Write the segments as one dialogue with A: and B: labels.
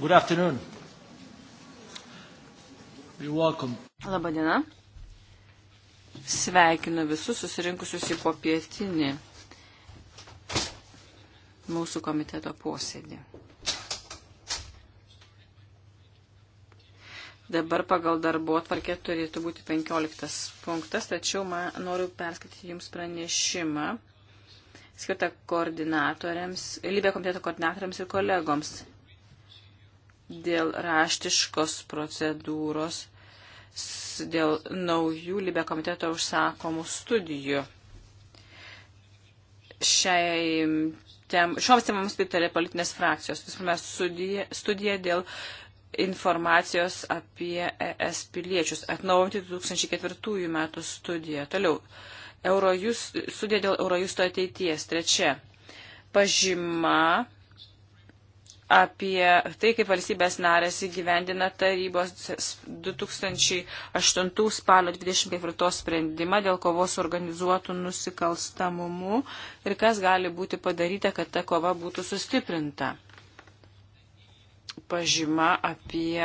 A: Good afternoon. You're welcome.
B: Labadiena. Sveikinu visus susirinkusius į popietinį mūsų komiteto posėdį. Dabar pagal darbo atvarkė turėtų būti 15 punktas, tačiau man, noriu perskaityti Jums pranešimą skirtą koordinatoriams, Libė komiteto koordinatoriams ir kolegoms dėl raštiškos procedūros, dėl naujų Libė komiteto užsakomų studijų. Šiai tem, šioms temams pritarė politinės frakcijos. Visų pirma, studija, studija dėl informacijos apie ES piliečius. Atnaujinti 2004 metų studiją. Toliau. Eurojus, studija dėl Eurojusto ateities. Trečia. Pažyma apie tai, kaip valstybės narės įgyvendina tarybos 2008 spalio 24 sprendimą dėl kovos organizuotų nusikalstamumu ir kas gali būti padaryta, kad ta kova būtų sustiprinta. Pažyma apie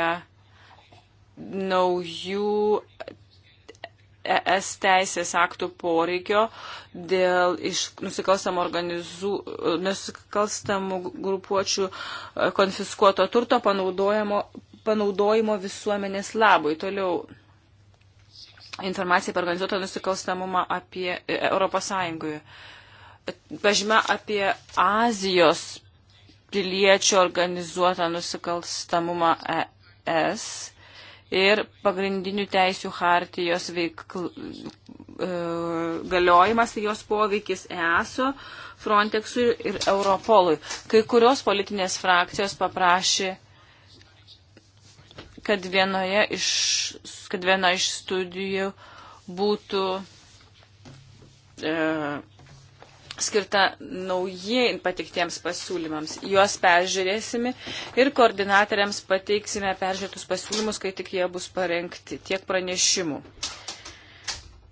B: naujų ES teisės aktų poreikio dėl iš nusikalstamų, organizu, nusikalstamų grupuočių e, konfiskuoto turto panaudojimo, panaudojimo visuomenės labui. Toliau informacija apie organizuotą nusikalstamumą apie e, Europos Sąjungoje. Pažyma apie Azijos piliečio organizuotą nusikalstamumą ES ir pagrindinių teisių hartijos veikl... E, galiojimas ir jos poveikis EASO, Frontexui ir Europolui. Kai kurios politinės frakcijos paprašė, kad, iš, kad viena iš studijų būtų e, skirta naujai patiktiems pasiūlymams. Juos peržiūrėsime ir koordinatoriams pateiksime peržiūrėtus pasiūlymus, kai tik jie bus parengti. Tiek pranešimų.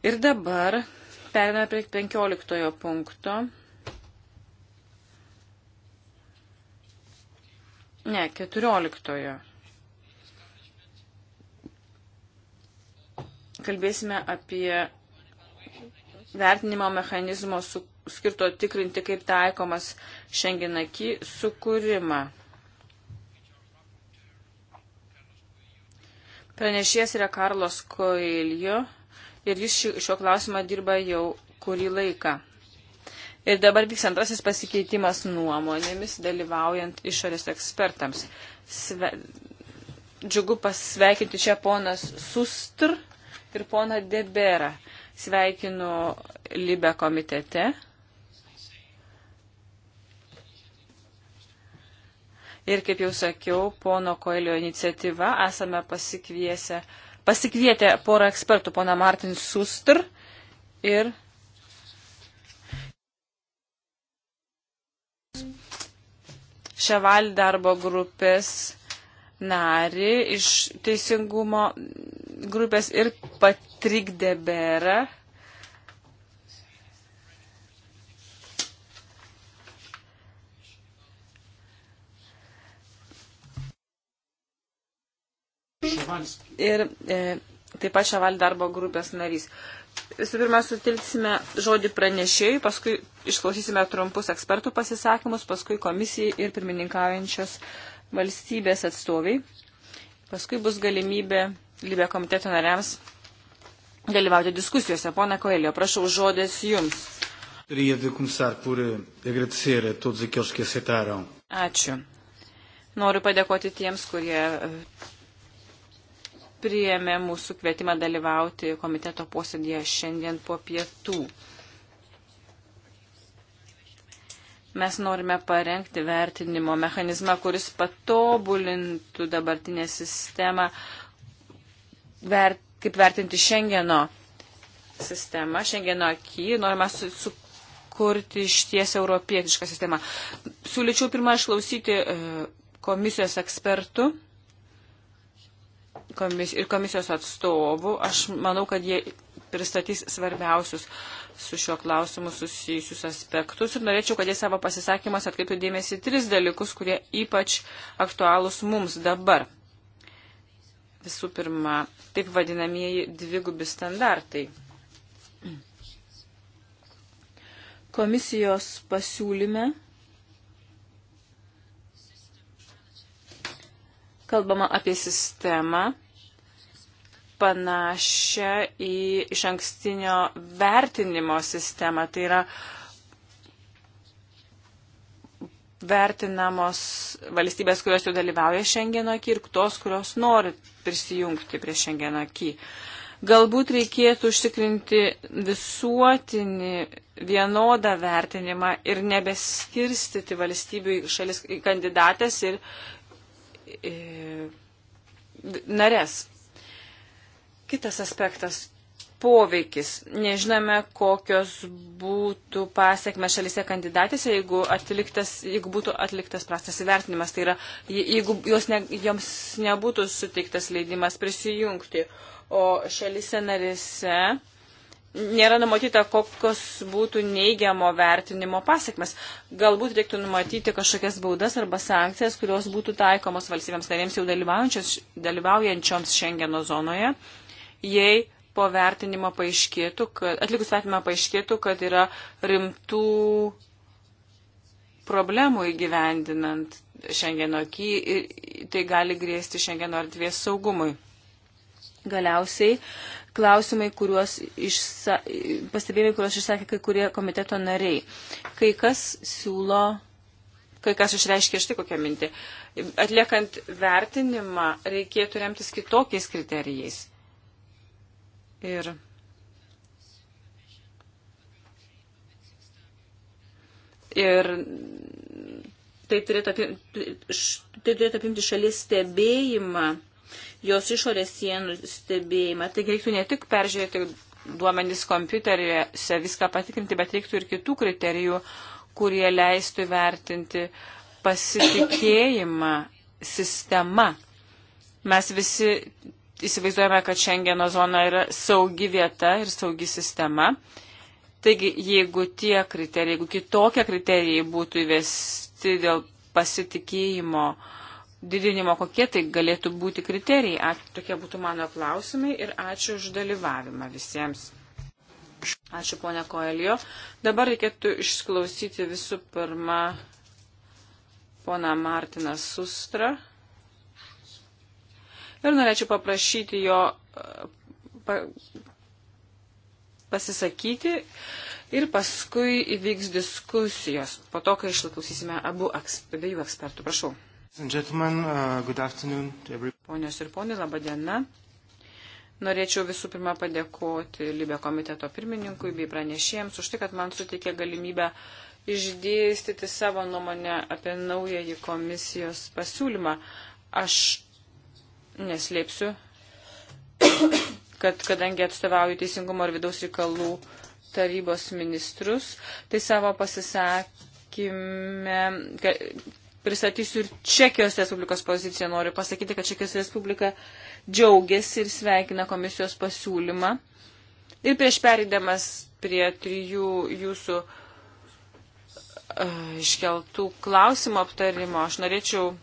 B: Ir dabar perėmė prie 15 punkto. Ne, 14. Kalbėsime apie vertinimo mechanizmo su skirto tikrinti, kaip taikomas šiandienakį sukūrimą. Pranešėjas yra Karlos Koilio ir jis šio klausimą dirba jau kurį laiką. Ir dabar vyks antrasis pasikeitimas nuomonėmis, dalyvaujant išorės ekspertams. Sve... Džiugu pasveikinti čia ponas Sustr ir poną Deberą. Sveikinu Libe komitete. Ir kaip jau sakiau, pono Koelio iniciatyva esame pasikviesę, pasikvietę porą ekspertų, pona Martin Sustr ir. Ševal darbo grupės narį iš teisingumo grupės ir Patrik Deberą ir e, taip pat Ševalį darbo grupės narys. Visų pirma, sutilksime žodį pranešėjui, paskui išklausysime trumpus ekspertų pasisakymus, paskui komisijai ir pirmininkaujančios valstybės atstoviai. Paskui bus galimybė Libė komiteto nariams dalyvauti diskusijose. Pone Koelio, prašau žodės jums. Eh, Ačiū. Noriu padėkoti tiems, kurie eh, priėmė mūsų kvietimą dalyvauti komiteto posėdėje šiandien po pietų. Mes norime parengti vertinimo mechanizmą, kuris patobulintų dabartinę sistemą, vert, kaip vertinti Šengeno sistemą, Šengeno akį, norime su, su kurti išties europietišką sistemą. Siūlyčiau pirmą išklausyti e, komisijos ekspertų komis, ir komisijos atstovų. Aš manau, kad jie pristatys svarbiausius su šiuo klausimu susijusius aspektus ir norėčiau, kad jie savo pasisakymas atkreiptų dėmesį tris dalykus, kurie ypač aktualūs mums dabar. Visų pirma, taip vadinamieji dvigubi standartai. Komisijos pasiūlyme kalbama apie sistemą panašią į iš ankstinio vertinimo sistemą. Tai yra vertinamos valstybės, kurios jau dalyvauja Šengeno akį ir tos, kurios nori prisijungti prie Šengeno akį. Galbūt reikėtų užtikrinti visuotinį vienodą vertinimą ir nebeskirstyti valstybių šalis kandidatės ir, ir e, narės Kitas aspektas poveikis. Nežinome, kokios būtų pasiekmes šalise kandidatėse, jeigu, atliktas, jeigu būtų atliktas prastas įvertinimas. Tai yra, jeigu ne, joms nebūtų suteiktas leidimas prisijungti. O šalise narise nėra numatyta, kokios būtų neigiamo vertinimo pasiekmes. Galbūt reiktų numatyti kažkokias baudas arba sankcijas, kurios būtų taikomos valstybėms narėms jau dalyvaujančioms Šengeno zonoje jei po vertinimo paaiškėtų, kad, atlikus vertinimą paaiškėtų, kad yra rimtų problemų įgyvendinant Šengeno akį ir tai gali grėsti Šengeno erdvės saugumui. Galiausiai klausimai, kuriuos išsa, pastebėjimai, kuriuos išsakė kai kurie komiteto nariai. Kai kas siūlo, kai kas išreiškė štai kokią mintį. Atliekant vertinimą reikėtų remtis kitokiais kriterijais. Ir Ir tai turėtų, apimti, tai turėtų apimti šalies stebėjimą, jos išorės sienų stebėjimą. Taigi reiktų ne tik peržiūrėti duomenys kompiuteriuose, viską patikrinti, bet reiktų ir kitų kriterijų, kurie leistų vertinti pasitikėjimą sistema. Mes visi įsivaizduojame, kad Šengeno zona yra saugi vieta ir saugi sistema. Taigi, jeigu tie kriterijai, jeigu kitokie kriterijai būtų įvesti dėl pasitikėjimo didinimo, kokie tai galėtų būti kriterijai, tokie būtų mano klausimai ir ačiū už dalyvavimą visiems. Ačiū ponia Koelio. Dabar reikėtų išklausyti visų pirma pona Martiną Sustrą ir norėčiau paprašyti jo e, pa, pasisakyti ir paskui įvyks diskusijos, po to, kai išklausysime abu abiejų ekspertų. Prašau.
A: Uh,
B: Ponios ir ponai, laba diena. Norėčiau visų pirma padėkoti Libė komiteto pirmininkui bei pranešėjams už tai, kad man suteikė galimybę išdėstyti savo nuomonę apie naująjį komisijos pasiūlymą. Aš neslėpsiu, kad kadangi atstovauju Teisingumo ir vidaus reikalų tarybos ministrus, tai savo pasisakymę pristatysiu ir Čekijos Respublikos poziciją. Noriu pasakyti, kad Čekijos Respublika džiaugiasi ir sveikina komisijos pasiūlymą. Ir prieš perėdamas prie trijų jūsų uh, iškeltų klausimų aptarimo, aš norėčiau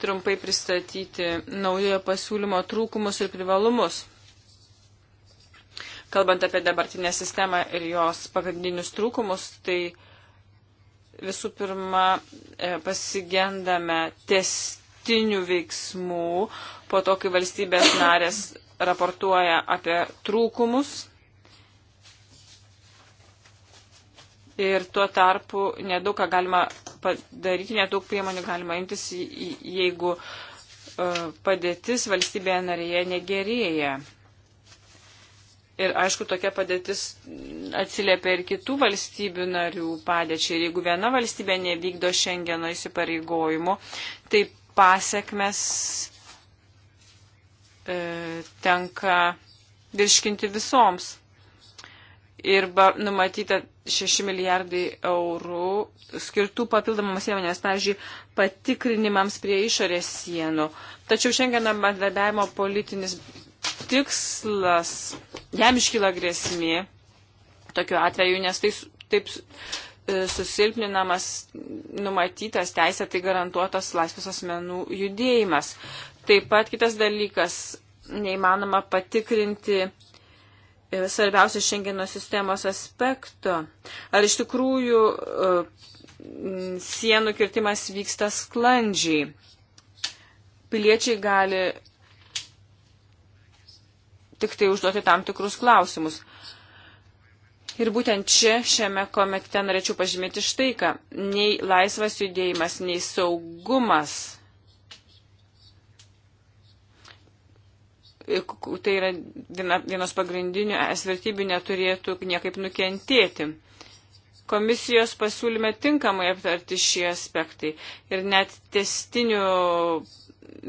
B: trumpai pristatyti naujojo pasiūlymo trūkumus ir privalumus. Kalbant apie dabartinę sistemą ir jos pagrindinius trūkumus, tai visų pirma e, pasigendame testinių veiksmų po to, kai valstybės narės raportuoja apie trūkumus ir tuo tarpu nedaug ką galima padaryti, nedaug priemonių galima imtis, jeigu e, padėtis valstybėje narėje negerėja. Ir aišku, tokia padėtis atsiliepia ir kitų valstybių narių padėčiai. Ir jeigu viena valstybė nevykdo šengeno įsipareigojimų, tai pasiekmes e, tenka virškinti visoms ir numatyta 6 milijardai eurų skirtų papildomams siemenės, pavyzdžiui, patikrinimams prie išorės sienų. Tačiau šiandien bendradarbiavimo politinis tikslas, jam iškyla grėsmė tokiu atveju, nes tai taip e, susilpninamas numatytas teisė, tai garantuotas laisvės asmenų judėjimas. Taip pat kitas dalykas, neįmanoma patikrinti svarbiausių šengeno sistemos aspektų. Ar iš tikrųjų e, sienų kirtimas vyksta sklandžiai? Piliečiai gali tik tai užduoti tam tikrus klausimus. Ir būtent čia, šiame komitete norėčiau pažymėti štai ką. Nei laisvas judėjimas, nei saugumas tai yra vienos pagrindinių es vertybių, neturėtų niekaip nukentėti. Komisijos pasiūlyme tinkamai aptarti šie aspektai ir net testinių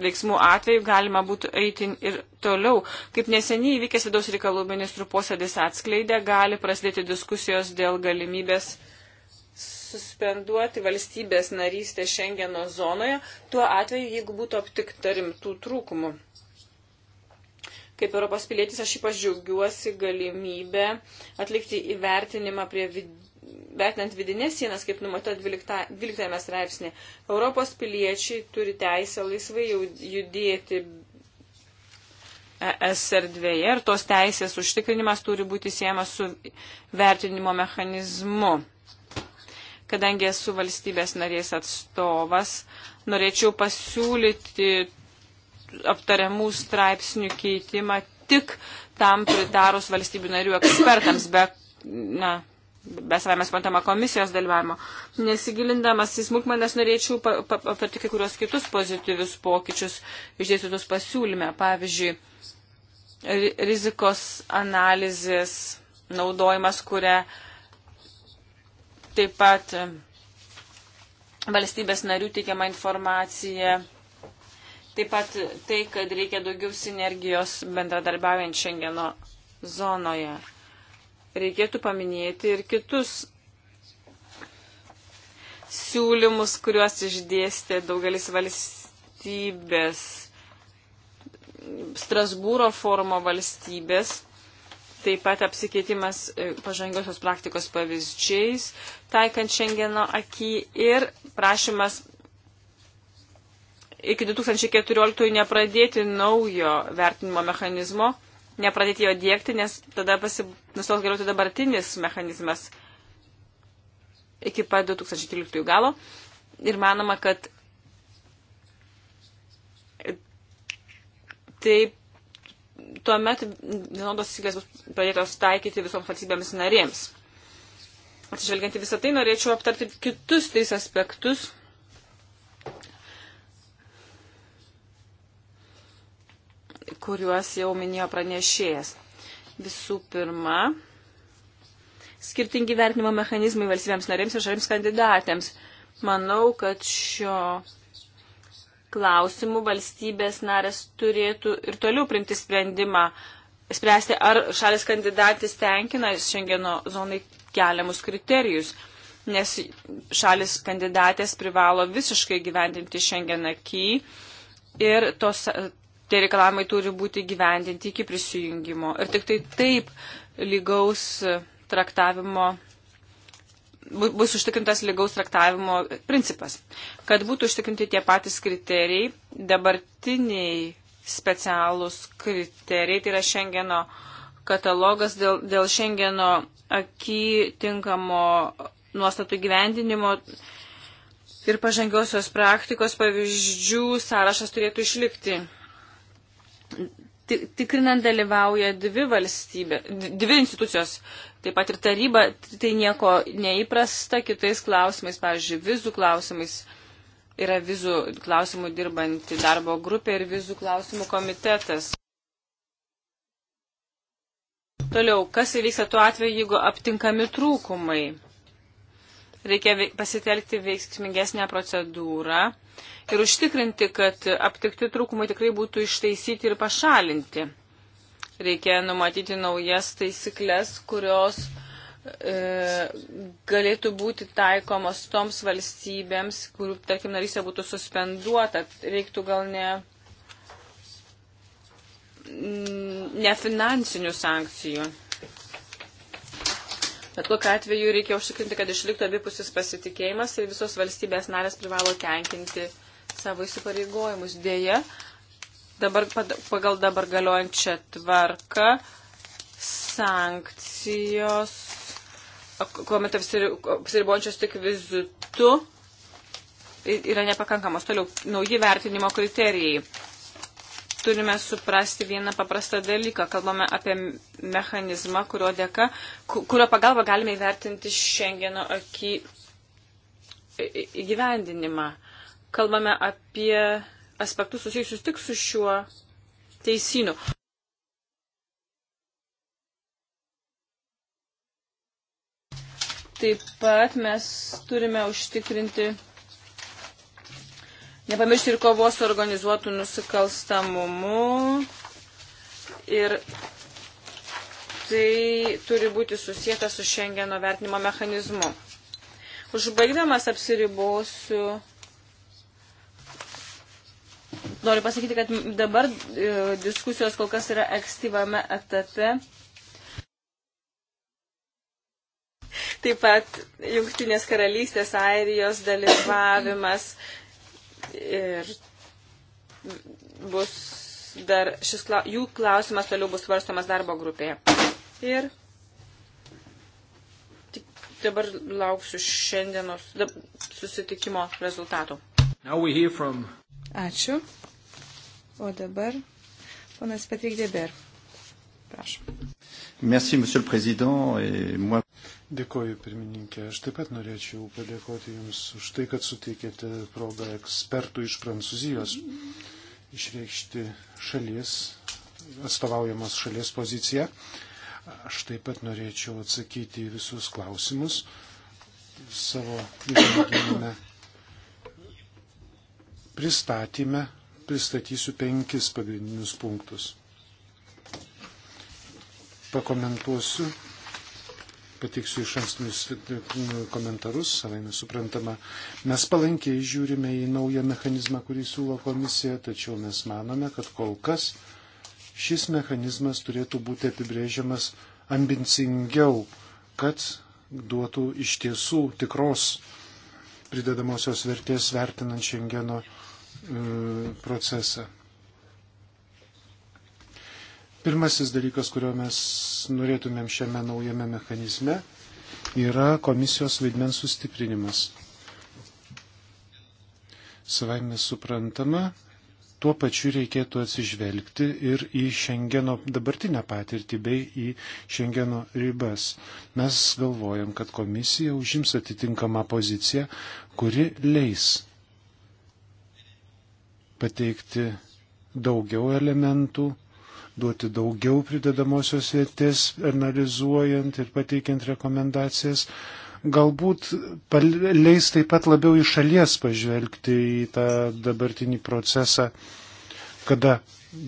B: veiksmų atveju galima būtų eiti ir toliau. Kaip neseniai įvykęs vidaus reikalų ministrų posėdis atskleidė, gali prasidėti diskusijos dėl galimybės suspenduoti valstybės narystę Šengeno zonoje, tuo atveju, jeigu būtų aptikta rimtų trūkumų. Kaip Europos pilietis aš ypač džiaugiuosi galimybę atlikti įvertinimą prie vid... vertinant vidinės sienas, kaip numatyta 12, 12 straipsnė. Europos piliečiai turi teisę laisvai judėti ES erdvėje ir tos teisės užtikrinimas turi būti siejamas su vertinimo mechanizmu. Kadangi esu valstybės narės atstovas, norėčiau pasiūlyti aptariamų straipsnių keitimą tik tam pritarus valstybių narių ekspertams, be, na, be savame spantama komisijos dalyvavimo. Nesigilindamas į smulkmenas norėčiau aptarti kai kurios kitus pozityvius pokyčius išdėstytus pasiūlyme. Pavyzdžiui, rizikos analizės naudojimas, kurią taip pat valstybės narių teikiama informacija Taip pat tai, kad reikia daugiau sinergijos bendradarbiaujant Šengeno zonoje. Reikėtų paminėti ir kitus siūlymus, kuriuos išdėstė daugelis valstybės, Strasbūro forumo valstybės, taip pat apsikeitimas e, pažangiosios praktikos pavyzdžiais, taikant Šengeno akį ir prašymas iki 2014 nepradėti naujo vertinimo mechanizmo, nepradėti jo dėkti, nes tada pasi... nustos galioti dabartinis mechanizmas iki pat 2013 galo. Ir manoma, kad taip tuomet vienodos įsiklės bus pradėtos taikyti visoms valstybėms narėms. Atsižvelgiant į visą tai, norėčiau aptarti kitus tais aspektus kuriuos jau minėjo pranešėjas. Visų pirma, skirtingi vertinimo mechanizmai valstybėms narėms ir šalims kandidatėms. Manau, kad šio klausimų valstybės narės turėtų ir toliau primti sprendimą, spręsti, ar šalis kandidatis tenkina Šengeno zonai keliamus kriterijus, nes šalis kandidatės privalo visiškai gyventinti Šengeną ky ir tos tie reikalavimai turi būti gyvendinti iki prisijungimo. Ir tik tai taip lygaus traktavimo bus užtikrintas lygaus traktavimo principas. Kad būtų užtikrinti tie patys kriterijai, dabartiniai specialūs kriterijai, tai yra Šengeno katalogas dėl, dėl Šengeno akį tinkamo nuostatų gyvendinimo ir pažangiosios praktikos pavyzdžių sąrašas turėtų išlikti tikrinant dalyvauja dvi valstybė, dvi institucijos, taip pat ir taryba, tai nieko neįprasta kitais klausimais, pavyzdžiui, vizų klausimais. Yra vizų klausimų dirbanti darbo grupė ir vizų klausimų komitetas. Toliau, kas įvyksta tuo atveju, jeigu aptinkami trūkumai? Reikia pasitelkti veiksmingesnę procedūrą ir užtikrinti, kad aptikti trūkumai tikrai būtų ištaisyti ir pašalinti. Reikia numatyti naujas taisyklės, kurios e, galėtų būti taikomos toms valstybėms, kurių, tarkim, narysė būtų suspenduota. Reiktų gal ne nefinansinių sankcijų. Bet kokiu atveju reikia užtikrinti, kad išliktų abipusis pasitikėjimas ir visos valstybės narės privalo tenkinti savo įsipareigojimus. Dėja, dabar, pagal dabar galiojančią tvarką sankcijos, kuomet apsiribuojančios tik vizitu, yra nepakankamos. Toliau, nauji vertinimo kriterijai. Turime suprasti vieną paprastą dalyką. Kalbame apie mechanizmą, kurio dėka, kurio pagalba galime įvertinti Šengeno akį įgyvendinimą. Aki kalbame apie aspektus susijusius tik su šiuo teisiniu. Taip pat mes turime užtikrinti, nepamiršti ir kovos su organizuotų nusikalstamumu. Ir tai turi būti susijęta su Šengeno vertinimo mechanizmu. Užbaigdamas apsiribosiu Noriu pasakyti, kad dabar e, diskusijos kol kas yra ekstyvame etape. Taip pat Jungtinės karalystės Airijos dalyvavimas ir bus dar šis, jų klausimas toliau bus svarstomas darbo grupėje. Ir dabar lauksiu šiandienos susitikimo rezultatų.
C: From... Ačiū. O dabar ponas
A: Patrik Deber. Prašom. Merci, monsieur le président. Et moi... Dėkoju, pirmininkė. Aš taip pat norėčiau padėkoti Jums už tai, kad suteikėte progą ekspertų iš Prancūzijos išreikšti šalies, atstovaujamos šalies poziciją. Aš taip pat norėčiau atsakyti į visus klausimus savo įžanginėme pristatyme pristatysiu penkis pagrindinius punktus. Pakomentuosiu, patiksiu iš ankstinius komentarus, savai nesuprantama. Mes palankiai žiūrime į naują mechanizmą, kurį siūlo komisija, tačiau mes manome, kad kol kas šis mechanizmas turėtų būti apibrėžiamas ambicingiau, kad duotų iš tiesų tikros pridedamosios vertės vertinant Šengeno procesą. Pirmasis dalykas, kurio mes norėtumėm šiame naujame mechanizme, yra komisijos vaidmens sustiprinimas. Savaime suprantama, tuo pačiu reikėtų atsižvelgti ir į Šengeno dabartinę patirtį bei į Šengeno ribas. Mes galvojam, kad komisija užims atitinkamą poziciją, kuri leis pateikti daugiau elementų, duoti daugiau pridedamosios vieties, analizuojant ir pateikiant rekomendacijas. Galbūt leis taip pat labiau iš šalies pažvelgti į tą dabartinį procesą, kada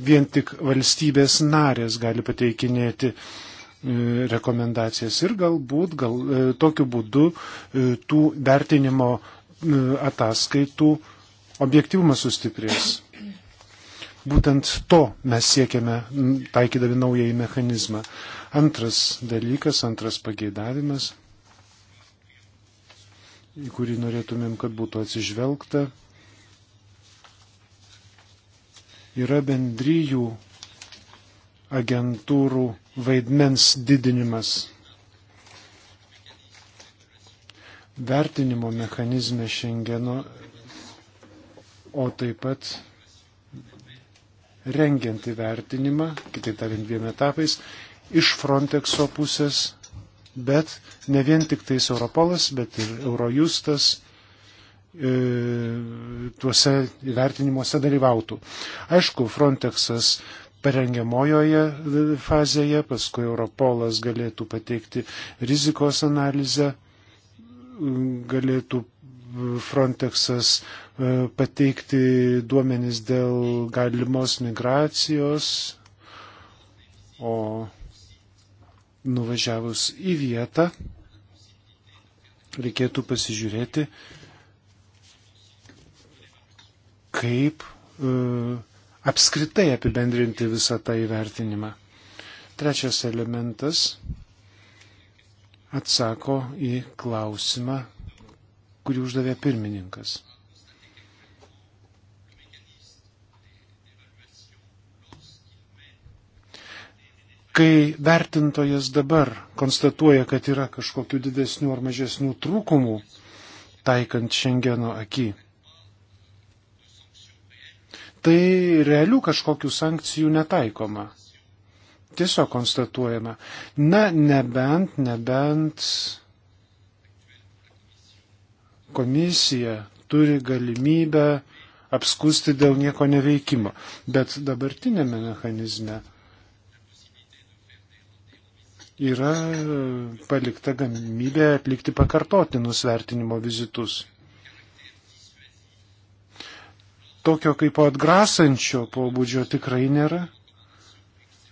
A: vien tik valstybės narės gali pateikinėti e, rekomendacijas ir galbūt gal, e, tokiu būdu e, tų vertinimo ataskaitų objektivumas sustiprės. Būtent to mes siekiame, taikydami naująjį mechanizmą. Antras dalykas, antras pageidavimas, į kurį norėtumėm, kad būtų atsižvelgta, yra bendryjų agentūrų vaidmens didinimas. Vertinimo mechanizme Šengeno o taip pat rengiant įvertinimą, kitaip tariant, dviem etapais, iš Frontexo pusės, bet ne vien tik tais Europolas, bet ir Eurojustas e, tuose įvertinimuose dalyvautų. Aišku, Frontexas parengiamojoje fazėje, paskui Europolas galėtų pateikti rizikos analizę, galėtų Frontexas e, pateikti duomenys dėl galimos migracijos, o nuvažiavus į vietą reikėtų pasižiūrėti, kaip e, apskritai apibendrinti visą tą įvertinimą. Trečias elementas atsako į klausimą, kurį uždavė pirmininkas. Kai vertintojas dabar konstatuoja, kad yra kažkokių didesnių ar mažesnių trūkumų, taikant Šengeno akį, tai realių kažkokių sankcijų netaikoma. Tiesiog konstatuojama. Na, nebent, nebent komisija turi galimybę apskusti dėl nieko neveikimo. Bet dabartinėme mechanizme yra palikta galimybė atlikti pakartotinus vertinimo vizitus. Tokio kaip atgrasančio pobūdžio tikrai nėra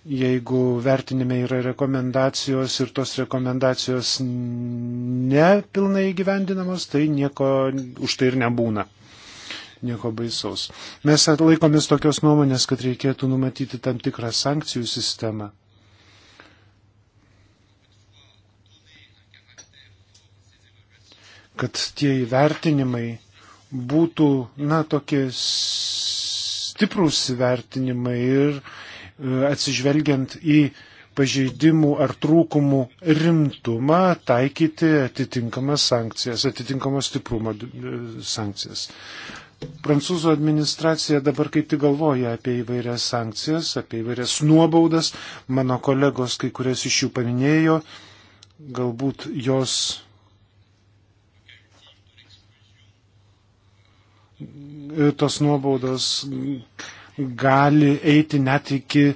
A: jeigu vertinime yra rekomendacijos ir tos rekomendacijos nepilnai gyvendinamos, tai nieko už tai ir nebūna nieko baisaus. Mes atlaikomės tokios nuomonės, kad reikėtų numatyti tam tikrą sankcijų sistemą. Kad tie įvertinimai būtų, na, tokie stiprūs įvertinimai ir E, atsižvelgiant į pažeidimų ar trūkumų rimtumą taikyti atitinkamas sankcijas, atitinkamos stiprumo e, sankcijas. Prancūzų administracija dabar kaip tik galvoja apie įvairias sankcijas, apie įvairias nuobaudas. Mano kolegos kai kurias iš jų paminėjo, galbūt jos e, tos nuobaudos gali eiti net iki e,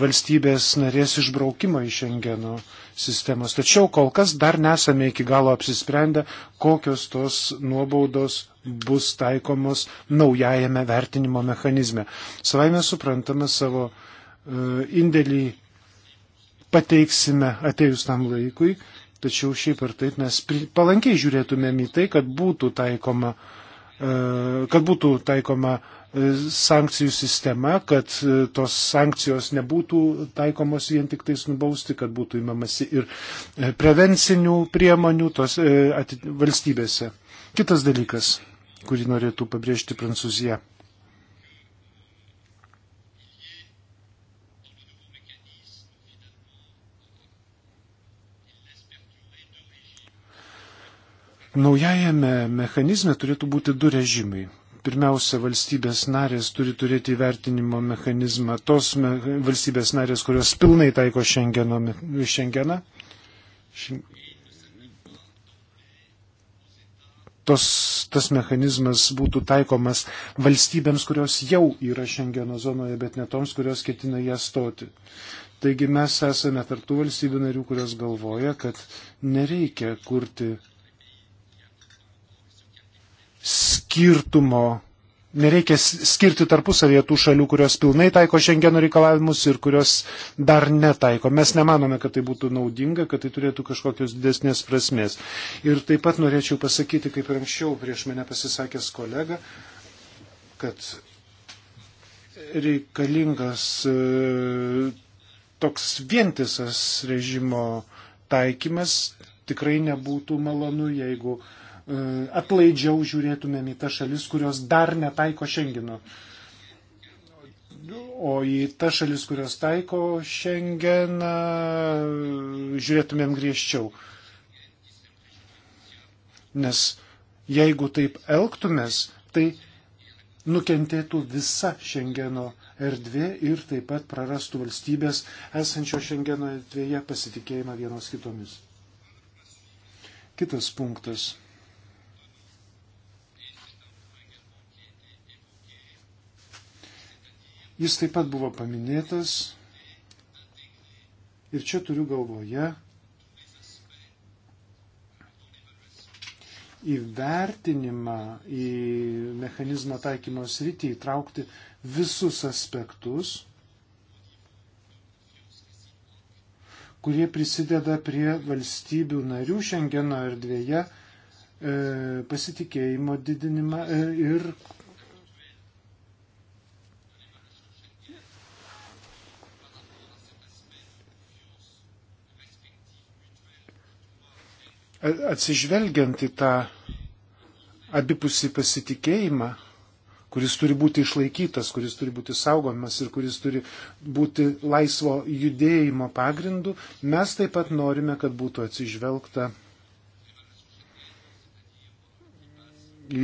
A: valstybės narės išbraukimo iš Schengeno sistemos. Tačiau kol kas dar nesame iki galo apsisprendę, kokios tos nuobaudos bus taikomos naujajame vertinimo mechanizme. Savaime suprantame savo e, indėlį pateiksime atejus tam laikui, tačiau šiaip ar taip mes palankiai žiūrėtumėm į tai, kad būtų taikoma, e, kad būtų taikoma E, sankcijų sistema, kad e, tos sankcijos nebūtų taikomos vien tik tais nubausti, kad būtų įmamasi ir e, prevencinių priemonių tos valstybėse. Kitas dalykas, kurį norėtų pabrėžti Prancūzija. Naujajame mechanizme turėtų būti du režimai pirmiausia, valstybės narės turi turėti įvertinimo mechanizmą. Tos me, valstybės narės, kurios pilnai taiko šengeno, šengeną, šen, tos, tas mechanizmas būtų taikomas valstybėms, kurios jau yra šengeno zonoje, bet ne toms, kurios ketina ją stoti. Taigi mes esame tarptų valstybių narių, kurios galvoja, kad nereikia kurti skirtumo, nereikia skirti tarpusavėje tų šalių, kurios pilnai taiko šengeno reikalavimus ir kurios dar netaiko. Mes nemanome, kad tai būtų naudinga, kad tai turėtų kažkokios didesnės prasmės. Ir taip pat norėčiau pasakyti, kaip ir anksčiau prieš mane pasisakęs kolega, kad reikalingas e, toks vientisas režimo taikymas tikrai nebūtų malonu, jeigu uh, E, atlaidžiau žiūrėtumėm į tas šalis, kurios dar netaiko Šengino. O į tas šalis, kurios taiko Šengeną, žiūrėtumėm griežčiau. Nes jeigu taip elgtumės, tai nukentėtų visa Šengeno erdvė ir taip pat prarastų valstybės esančio Šengeno erdvėje pasitikėjimą vienos kitomis. Kitas punktas Jis taip pat buvo paminėtas ir čia turiu galvoje įvertinimą į mechanizmą taikymo sritį įtraukti visus aspektus, kurie prisideda prie valstybių narių Šengeno erdvėje e, pasitikėjimo didinimą e, ir atsižvelgiant į tą abipusį pasitikėjimą, kuris turi būti išlaikytas, kuris turi būti saugomas ir kuris turi būti laisvo judėjimo pagrindu, mes taip pat norime, kad būtų atsižvelgta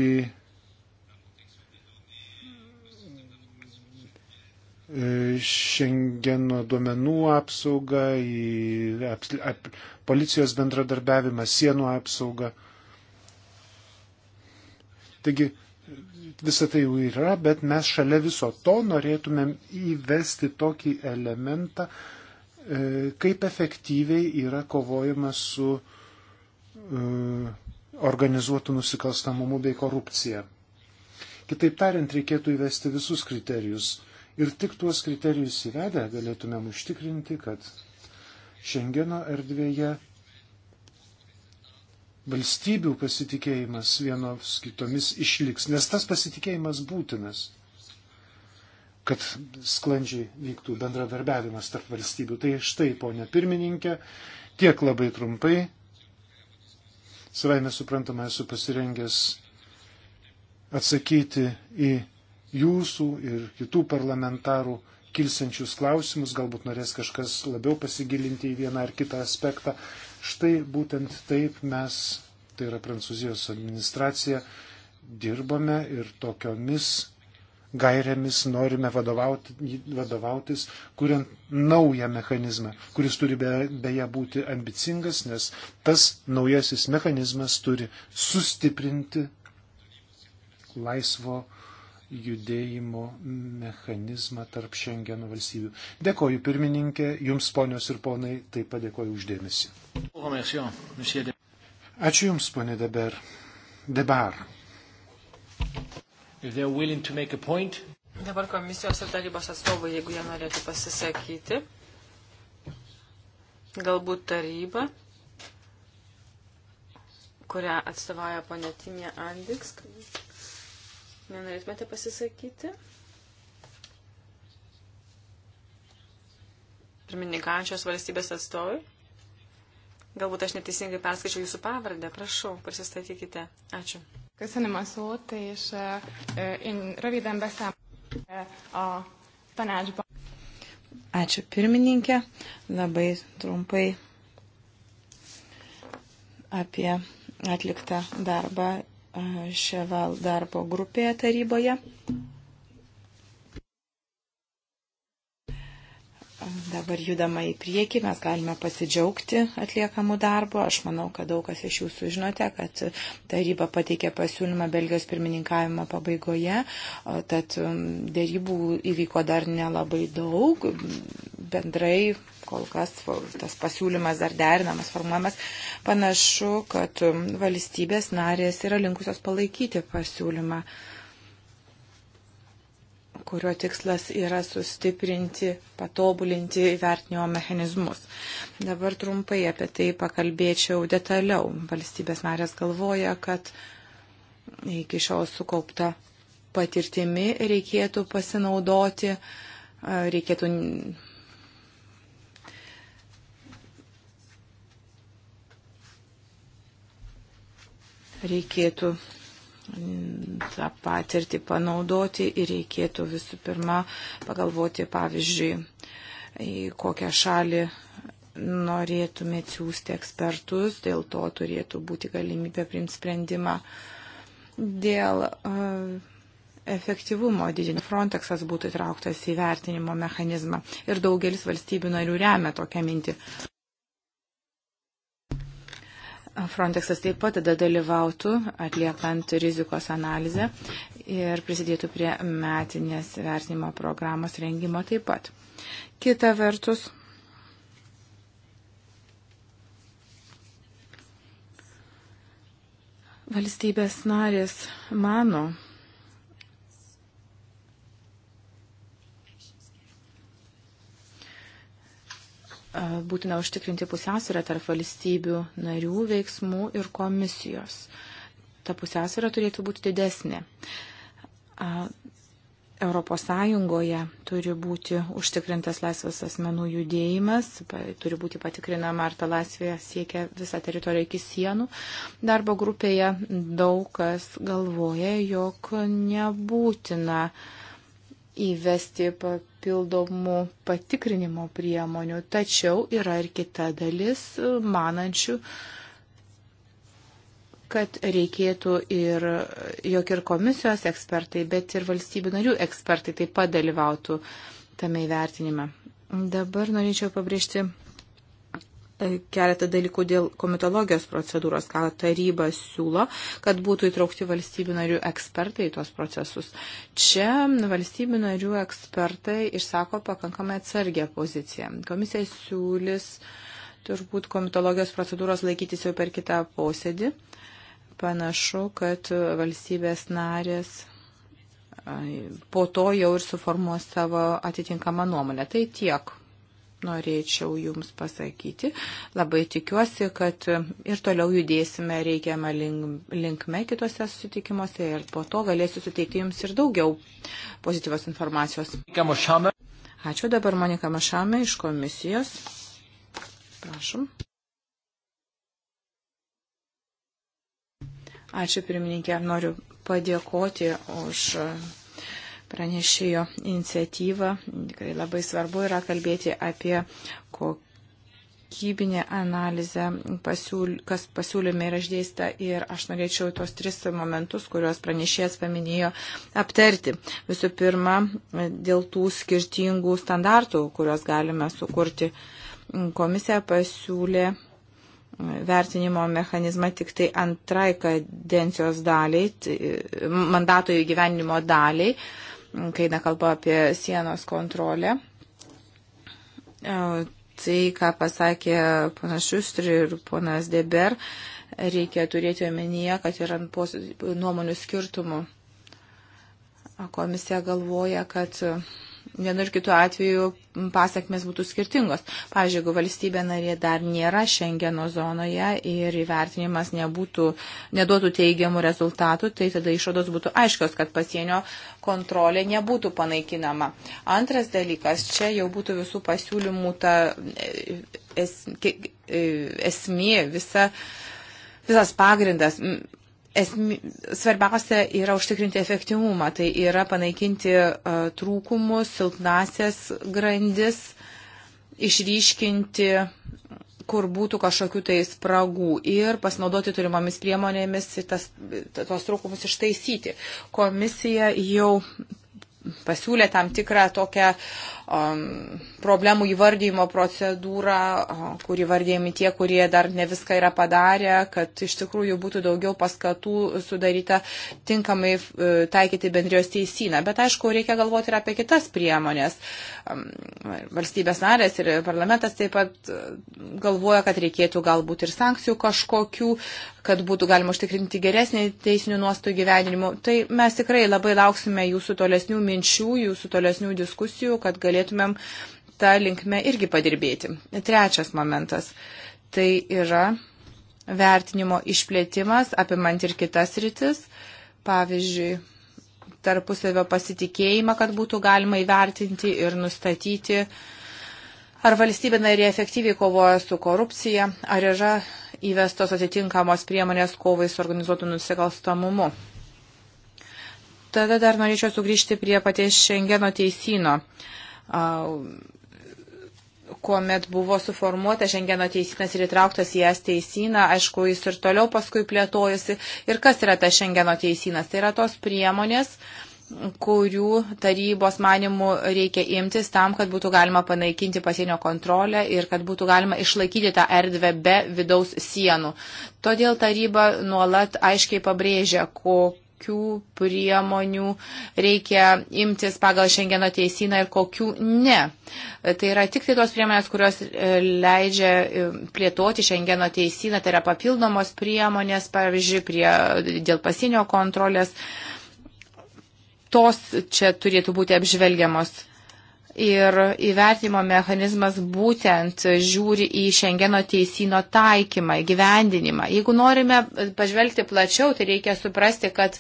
A: į E, Šengeno duomenų apsaugą, į aps, ap, policijos bendradarbiavimą, sienų apsaugą. Taigi visą tai jau yra, bet mes šalia viso to norėtumėm įvesti tokį elementą, e, kaip efektyviai yra kovojama su e, organizuotų nusikalstamumu bei korupcija. Kitaip tariant, reikėtų įvesti visus kriterijus Ir tik tuos kriterijus įvedę galėtumėm užtikrinti, kad Šengeno erdvėje valstybių pasitikėjimas vienos kitomis išliks, nes tas pasitikėjimas būtinas, kad sklandžiai vyktų bendradarbiavimas tarp valstybių. Tai štai, ponė pirmininkė, tiek labai trumpai. Savai mes suprantama, esu pasirengęs atsakyti į jūsų ir kitų parlamentarų kilsiančius klausimus, galbūt norės kažkas labiau pasigilinti į vieną ar kitą aspektą. Štai būtent taip mes, tai yra Prancūzijos administracija, dirbame ir tokiomis gairėmis norime vadovauti, vadovautis, kuriant naują mechanizmą, kuris turi be, beje būti ambicingas, nes tas naujasis mechanizmas turi sustiprinti laisvo judėjimo mechanizmą tarp Šengeno valstybių. Dėkoju pirmininkė, jums ponios ir ponai, taip pat dėkoju uždėmesi. Ačiū Jums, ponė Deber. Debar.
B: Dabar komisijos ir tarybos atstovai, jeigu jie norėtų pasisakyti, galbūt taryba, kurią atstovauja ponė Timė Andiks, Nenorėtumėte pasisakyti? Pirmininkančios valstybės atstovai? Galbūt aš neteisingai perskaičiau jūsų pavardę. Prašau, prisistatykite. Ačiū.
C: Köszönöm a szót, és eh, én röviden beszámolok eh, a tanácsban. Ačiū pirmininkė, labai trumpai apie atliktą darbą Ševal darbo grupėje taryboje. Dabar judama į priekį, mes galime pasidžiaugti atliekamų darbų. Aš manau, kad daug kas iš jūsų žinote, kad taryba pateikė pasiūlymą Belgijos pirmininkavimo pabaigoje, tad dėrybų įvyko dar nelabai daug. Bendrai kol kas tas pasiūlymas dar derinamas, formuojamas, panašu, kad um, valstybės narės yra linkusios palaikyti pasiūlymą, kurio tikslas yra sustiprinti, patobulinti įvertinimo mechanizmus. Dabar trumpai apie tai pakalbėčiau detaliau. Valstybės narės galvoja, kad iki šiol sukaupta patirtimi reikėtų pasinaudoti, reikėtų reikėtų mm, tą patirtį panaudoti ir reikėtų visų pirma pagalvoti, pavyzdžiui, į kokią šalį norėtumėt siūsti ekspertus, dėl to turėtų būti galimybė priimti sprendimą dėl uh, efektyvumo didinimo. Frontexas būtų įtrauktas į vertinimo mechanizmą ir daugelis valstybių narių remia tokią mintį. Frontexas taip pat tada dalyvautų atliekant rizikos analizę ir prisidėtų prie metinės vertinimo programos rengimo taip pat. Kita vertus, valstybės narės mano, būtina užtikrinti pusiausvyrą tarp valstybių narių veiksmų ir komisijos. Ta pusiausvyrą turėtų būti didesnė. Europos Sąjungoje turi būti užtikrintas laisvas asmenų judėjimas, turi būti patikrinama, ar ta laisvė siekia visą teritoriją iki sienų. Darbo grupėje daug kas galvoja, jog nebūtina uh, įvesti papildomų patikrinimo priemonių, tačiau yra ir kita dalis e, manančių, kad reikėtų ir, e, jog ir komisijos ekspertai, bet ir valstybių narių ekspertai taip pat dalyvautų tame įvertinime. Dabar norėčiau pabrėžti E, keletą dalykų dėl komitologijos procedūros, ką taryba siūlo, kad būtų įtraukti valstybių narių ekspertai į tuos procesus. Čia valstybių narių ekspertai išsako pakankamai atsargę poziciją. Komisija siūlis turbūt komitologijos procedūros laikytis jau per kitą posėdį. Panašu, kad valstybės narės e, po to jau ir suformuos savo atitinkamą nuomonę. Tai tiek norėčiau Jums pasakyti. Labai tikiuosi, kad ir toliau judėsime reikiamą linkme kitose sutikimuose ir po to galėsiu suteikti Jums ir daugiau pozityvos informacijos. Ačiū dabar Monika Mašame iš komisijos. Prašom. Ačiū pirmininkė, noriu padėkoti už pranešėjo iniciatyvą. Tikrai labai svarbu yra kalbėti apie kokybinę analizę, pasiūl, kas pasiūlyme yra išdėsta ir aš norėčiau tos tris momentus, kuriuos pranešėjas paminėjo, aptarti. Visų pirma, dėl tų skirtingų standartų, kuriuos galime sukurti. Komisija pasiūlė vertinimo mechanizmą tik tai antrai kadencijos daliai, tai mandato įgyvenimo daliai kai nekalba apie sienos kontrolę. E, tai, ką pasakė ponas Šustri ir ponas Deber, reikia turėti omenyje, kad yra nuomonių skirtumų. Komisija galvoja, kad vienu ir kitu atveju pasiekmes būtų skirtingos. Pavyzdžiui, jeigu valstybė narė dar nėra Šengeno zonoje ir įvertinimas nebūtų, neduotų teigiamų rezultatų, tai tada išvados būtų aiškios, kad pasienio kontrolė nebūtų panaikinama. Antras dalykas, čia jau būtų visų pasiūlymų ta es, esmė, visa, visas pagrindas esmi, svarbiausia yra užtikrinti efektyvumą, tai yra panaikinti uh, trūkumus, silpnasias grandis, išryškinti, kur būtų kažkokių tai spragų ir pasinaudoti turimomis priemonėmis ir tas, tos trūkumus ištaisyti. Komisija jau pasiūlė tam tikrą tokią uh, Um, problemų įvardyjimo procedūrą, uh, kur įvardyjami tie, kurie dar ne viską yra padarę, kad iš tikrųjų būtų daugiau paskatų sudaryta tinkamai uh, taikyti bendrijos teisyną. Bet aišku, reikia galvoti ir apie kitas priemonės. Um, valstybės narės ir parlamentas taip pat uh, galvoja, kad reikėtų galbūt ir sankcijų kažkokių, kad būtų galima užtikrinti geresnį teisinių nuostų gyvenimą. Tai mes tikrai labai lauksime jūsų tolesnių minčių, jūsų tolesnių diskusijų, kad galėtume galėtumėm tą linkmę irgi padirbėti. Trečias momentas - tai yra vertinimo išplėtimas, apimant ir kitas rytis, pavyzdžiui, tarpusavio pasitikėjimą, kad būtų galima įvertinti ir nustatyti, ar valstybė narė efektyviai kovoja su korupcija, ar yra įvestos atitinkamos priemonės kovai su organizuotų nusikalstamumu. Tada dar norėčiau sugrįžti prie paties Šengeno teisino. Uh, kuomet buvo suformuota Šengeno teisinas ir įtrauktas į es teisiną, aišku, jis ir toliau paskui plėtojusi. Ir kas yra ta Šengeno teisinas? Tai yra tos priemonės, kurių tarybos manimų reikia imtis tam, kad būtų galima panaikinti pasienio kontrolę ir kad būtų galima išlaikyti tą erdvę be vidaus sienų. Todėl taryba nuolat aiškiai pabrėžia, kokį kokių priemonių reikia imtis pagal Šengeno teisiną ir kokių ne. Tai yra tik tai tos priemonės, kurios e, leidžia e, plėtoti Šengeno teisiną, tai yra papildomos priemonės, pavyzdžiui, prie, dėl pasienio kontrolės. Tos čia turėtų būti apžvelgiamos. Ir įvertimo mechanizmas būtent žiūri į Šengeno teisino taikymą, gyvendinimą. Jeigu norime pažvelgti plačiau, tai reikia suprasti, kad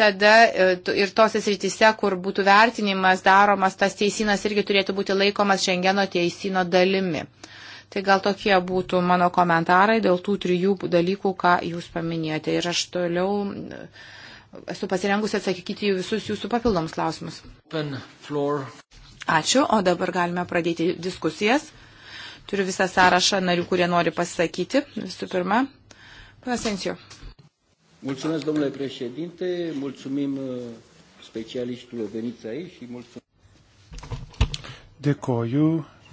C: tada e, ir tose srityse, kur būtų vertinimas daromas, tas teisinas irgi turėtų būti laikomas Šengeno teisino dalimi. Tai gal tokie būtų mano komentarai dėl tų trijų dalykų, ką jūs paminėjote. Ir aš toliau e, esu pasirengusi atsakyti į visus jūsų papildomus klausimus.
A: Open floor
C: Ačiū, o dabar galime pradėti diskusijas. Turiu visą sąrašą narių, kurie nori pasakyti. Visų pirma, Pasensiu. Mulțumesc, domnule președinte, mulțumim uh,
A: specialiștilor veniți aici și mulțumim. Dėkoju.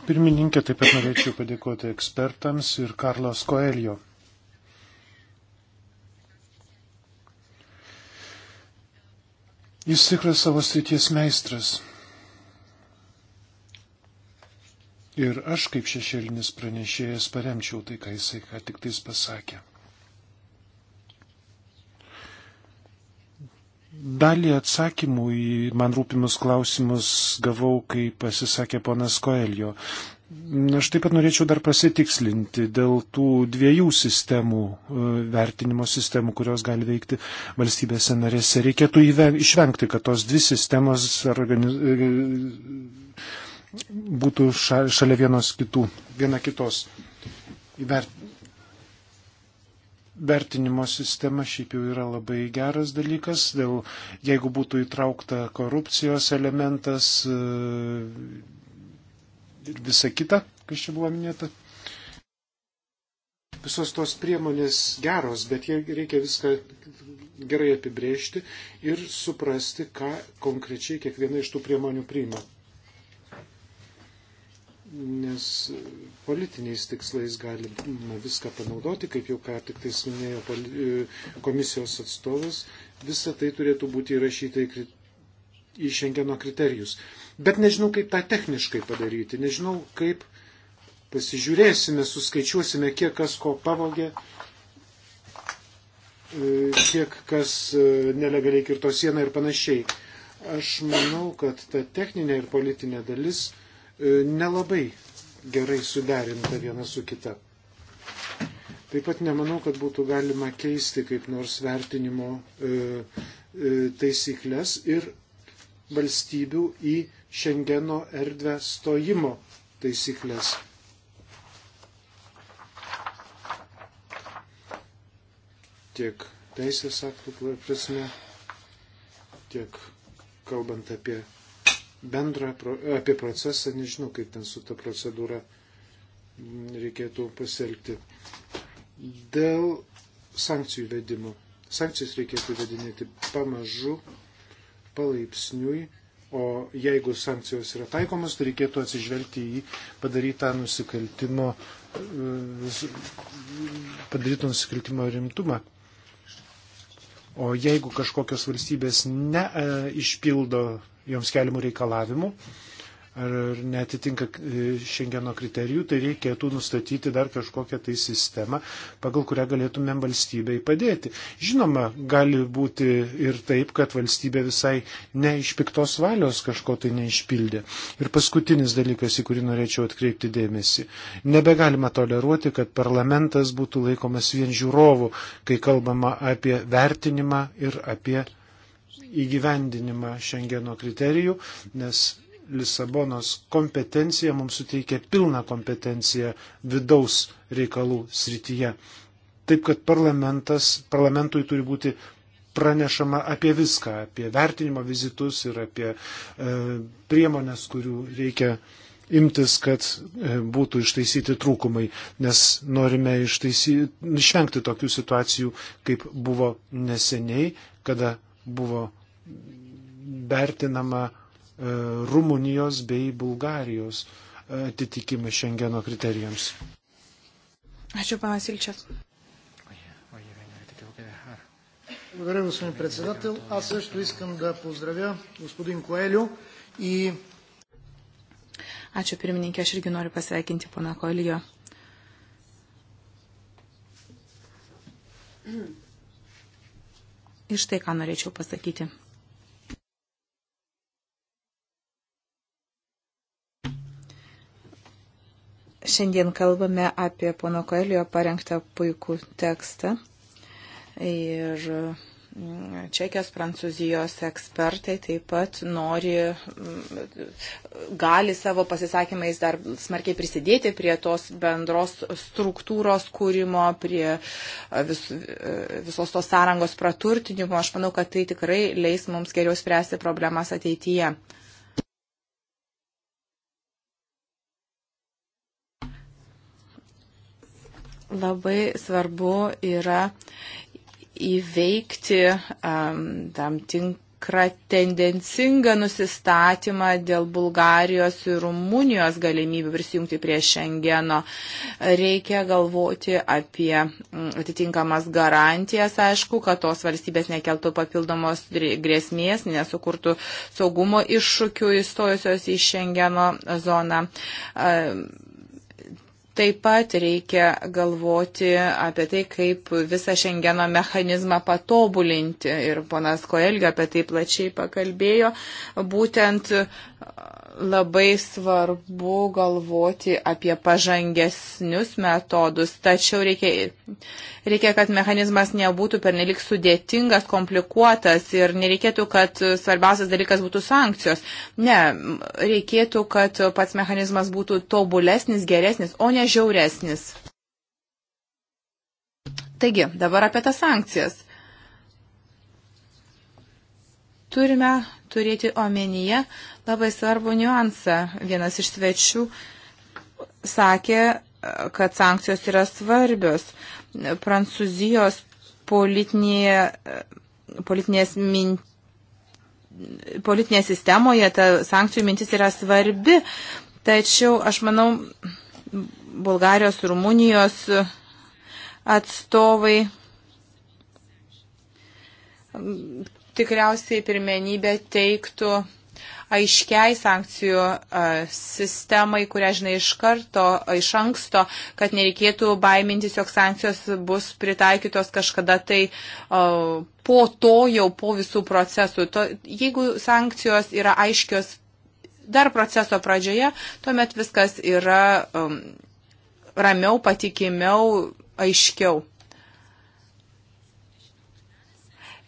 A: Pirmininkė, taip pat norėčiau padėkoti ekspertams ir Karlos Koelio. Jis tikras savo srities meistras. Ir aš kaip šešėlinis pranešėjas paremčiau tai, ką jisai ką tik tais pasakė. Dalį atsakymų į man rūpimus klausimus gavau, kai pasisakė ponas Koelio. Aš taip pat norėčiau dar pasitikslinti dėl tų dviejų sistemų, e, vertinimo sistemų, kurios gali veikti valstybėse narėse. Reikėtų įve, išvengti, kad tos dvi sistemos organiz... E, būtų šalia vienos kitų, viena kitos vertinimo sistema šiaip jau yra labai geras dalykas, dėl, jeigu būtų įtraukta korupcijos elementas e, ir visa kita, kas čia buvo minėta. Visos tos priemonės geros, bet reikia viską gerai apibrėžti ir suprasti, ką konkrečiai kiekviena iš tų priemonių priima nes politiniais tikslais galima viską panaudoti, kaip jau ką tik tais minėjo e, komisijos atstovas, visa tai turėtų būti įrašyta į, į Šengeno kriterijus. Bet nežinau, kaip tą techniškai padaryti, nežinau, kaip pasižiūrėsime, suskaičiuosime, kiek kas ko pavogė, e, kiek kas e, nelegaliai kirto sieną ir panašiai. Aš manau, kad ta techninė ir politinė dalis E, nelabai gerai suderinta viena su kita. Taip pat nemanau, kad būtų galima keisti kaip nors vertinimo e, e, taisyklės ir valstybių į Šengeno erdvę stojimo taisyklės. Tiek teisės aktų prasme, tiek kalbant apie bendrą, apie procesą, nežinau, kaip ten su ta procedūra reikėtų pasielgti. Dėl sankcijų vedimo. Sankcijas reikėtų vedinėti pamažu, palaipsniui, o jeigu sankcijos yra taikomas, tai reikėtų atsižvelgti į padarytą nusikaltimo, padarytą nusikaltimo rimtumą. O jeigu kažkokios valstybės neišpildo e, joms keliamų reikalavimų ar netitinka e, šengeno kriterijų, tai reikėtų nustatyti dar kažkokią tai sistemą, pagal kurią galėtumėm valstybei padėti. Žinoma, gali būti ir taip, kad valstybė visai ne iš piktos valios kažko tai neišpildė. Ir paskutinis dalykas, į kurį norėčiau atkreipti dėmesį. Nebegalima toleruoti, kad parlamentas būtų laikomas vien žiūrovų, kai kalbama apie vertinimą ir apie įgyvendinimą Šengeno kriterijų, nes Lisabonos kompetencija mums suteikia pilną kompetenciją vidaus reikalų srityje. Taip kad parlamentui turi būti pranešama apie viską, apie vertinimo vizitus ir apie e, priemonės, kurių reikia imtis, kad e, būtų ištaisyti trūkumai, nes norime ištaisyti, išvengti tokių situacijų, kaip buvo neseniai, kada buvo vertinama e, Rumunijos bei Bulgarijos atitikimai Šengeno kriterijams. Ačiū, panas Ilčias. Благодаря, господин председател. Аз също искам да поздравя господин Коелю и... Ačiū pirmininkė, aš irgi
C: noriu pasveikinti pana Koelijo. Mm. Iš tai, ką norėčiau pasakyti. Šiandien kalbame apie pono Koelio parengtą puikų tekstą. Ir Čekijos, Prancūzijos ekspertai taip pat nori, gali savo pasisakymais dar smarkiai prisidėti prie tos bendros struktūros kūrimo, prie vis, visos tos sąrangos praturtinimo. Aš manau, kad tai tikrai leis mums geriau spręsti problemas ateityje. Labai svarbu yra įveikti um, tam tinkrą tendencingą nusistatymą dėl Bulgarijos ir Rumunijos galimybių prisijungti prie Šengeno. Reikia galvoti apie mm, atitinkamas garantijas, aišku, kad tos valstybės nekeltų papildomos grėsmės, nesukurtų saugumo iššūkių įstojusios į Šengeno zoną. Um, Taip pat reikia galvoti apie tai, kaip visą šengeno mechanizmą patobulinti. Ir ponas Koelgio apie tai plačiai pakalbėjo. Būtent labai svarbu galvoti apie pažangesnius metodus, tačiau reikia, reikia kad mechanizmas nebūtų pernelik sudėtingas, komplikuotas ir nereikėtų, kad svarbiausias dalykas būtų sankcijos. Ne, reikėtų, kad pats mechanizmas būtų tobulesnis, geresnis, o ne žiauresnis. Taigi, dabar apie tas sankcijas. Turime turėti omenyje labai svarbų niuansą. Vienas iš svečių sakė, kad sankcijos yra svarbios. Prancūzijos politinėje, politinės mintis politinėje sistemoje ta sankcijų mintis yra svarbi, tačiau aš manau, Bulgarijos, Rumunijos atstovai tikriausiai pirmenybę teiktų aiškiai sankcijų e, sistemai, kurią žinai iš karto, iš anksto, kad nereikėtų baimintis, jog sankcijos bus pritaikytos kažkada tai po to jau, po visų procesų. To, jeigu sankcijos yra aiškios dar proceso pradžioje, tuomet viskas yra um, ramiau, patikimiau, aiškiau.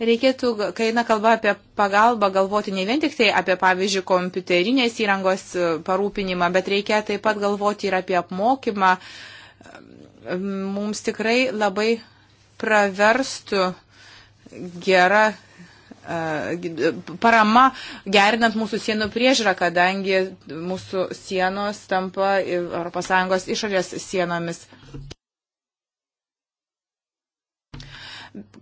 C: reikėtų, kai eina kalba apie pagalbą, galvoti ne vien tik tai apie, pavyzdžiui, kompiuterinės įrangos e, parūpinimą, bet reikia taip pat galvoti ir apie apmokymą. Mums tikrai labai praverstų gera e, e, parama gerinant mūsų sienų priežiūrą, kadangi mūsų sienos tampa ES išorės sienomis.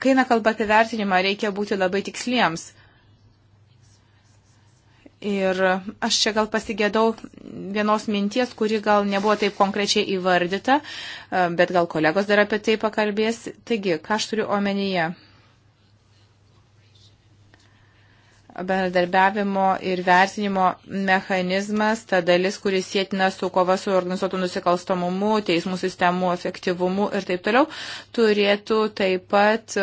C: Kai eina kalba apie vertinimą, reikia būti labai tiksliems. Ir aš čia gal pasigėdau vienos minties, kuri gal nebuvo taip konkrečiai įvardyta, bet gal kolegos dar apie tai pakalbės. Taigi, ką aš turiu omenyje? bendradarbiavimo ir vertinimo mechanizmas, ta dalis, kuris sėtina su kova su organizuotų nusikalstamumu, teismų sistemų efektyvumu ir taip toliau, turėtų taip pat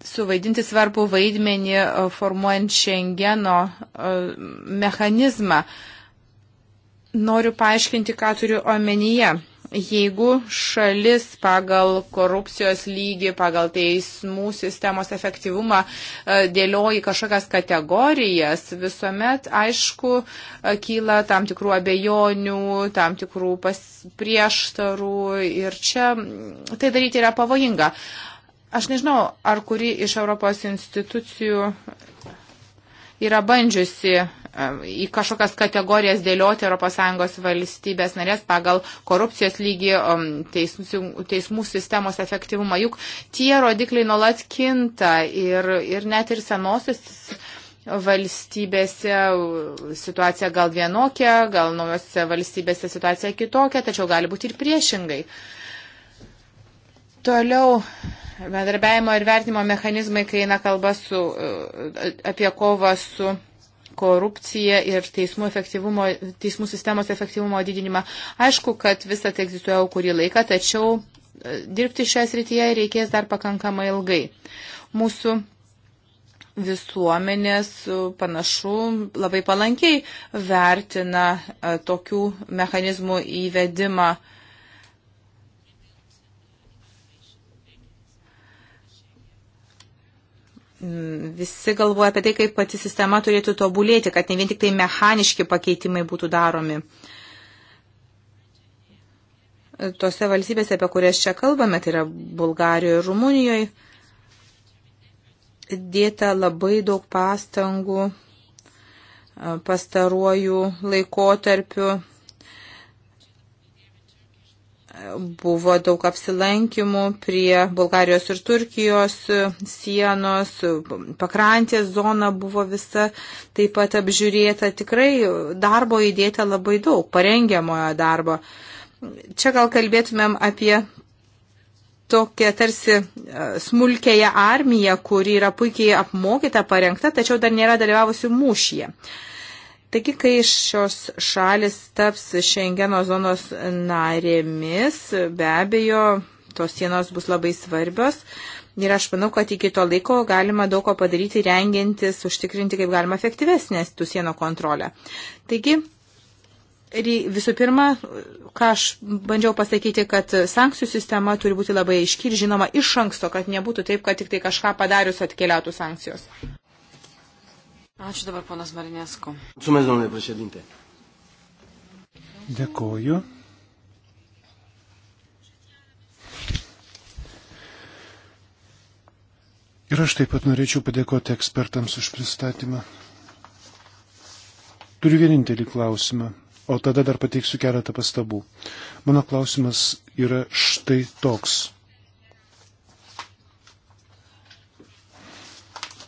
C: suvaidinti svarbų vaidmenį formuojant Schengeno mechanizmą. Noriu paaiškinti, ką turiu omenyje jeigu šalis pagal korupcijos lygį, pagal teismų sistemos efektyvumą e, dėlioji kažkokias kategorijas, visuomet, aišku, e, kyla tam tikrų abejonių, tam tikrų prieštarų ir čia mm, tai daryti yra pavojinga. Aš nežinau, ar kuri iš Europos institucijų yra bandžiusi į kažkokias kategorijas dėlioti ES valstybės narės pagal korupcijos lygį, um, teismų, teismų sistemos efektyvumą. Juk tie rodikliai nuolat kinta ir, ir net ir senosios valstybėse situacija gal vienokia, gal naujose valstybėse situacija kitokia, tačiau gali būti ir priešingai. Toliau bendarbiajimo ir vertimo mechanizmai, kai eina kalba su, uh, apie kovą su korupciją ir teismų, efektyvumo, teismų sistemos efektyvumo didinimą. Aišku, kad visą tai egzistuoja jau kurį laiką, tačiau e, dirbti šią srityje reikės dar pakankamai ilgai. Mūsų visuomenės e, panašu labai palankiai vertina e, tokių mechanizmų įvedimą uh, Mm, visi galvoja apie tai, kaip pati sistema turėtų tobulėti, kad ne vien tik tai mechaniški pakeitimai būtų daromi. Tose valstybėse, apie kurias čia kalbame, tai yra Bulgarijoje ir Rumunijoje, dėta labai daug pastangų e, pastaruoju laikotarpiu Buvo daug apsilankimų prie Bulgarijos ir Turkijos sienos, pakrantės zona buvo visa taip pat apžiūrėta, tikrai darbo įdėta labai daug, parengiamojo darbo. Čia gal kalbėtumėm apie tokia tarsi e, smulkėja armija, kuri yra puikiai apmokyta, parengta, tačiau dar nėra dalyvavusi mūšyje. Uh, Taigi, kai šios šalis taps Šengeno zonos narėmis, be abejo, tos sienos bus labai svarbios. Ir aš manau, kad iki to laiko galima daug ko padaryti, rengiantis, užtikrinti kaip galima efektyvesnę tų sienų kontrolę. Taigi, visų pirma, ką aš bandžiau pasakyti, kad sankcijų sistema turi būti labai aiški ir žinoma iš anksto, kad nebūtų taip, kad tik tai kažką padarius atkeliautų
A: sankcijos.
B: Ačiū dabar ponas Marinesku.
A: Sumės, domnule prezidente. Dėkoju. Ir aš taip pat norėčiau padėkoti ekspertams už pristatymą. Turiu vienintelį klausimą, o tada dar pateiksiu keletą pastabų. Mano klausimas yra štai toks.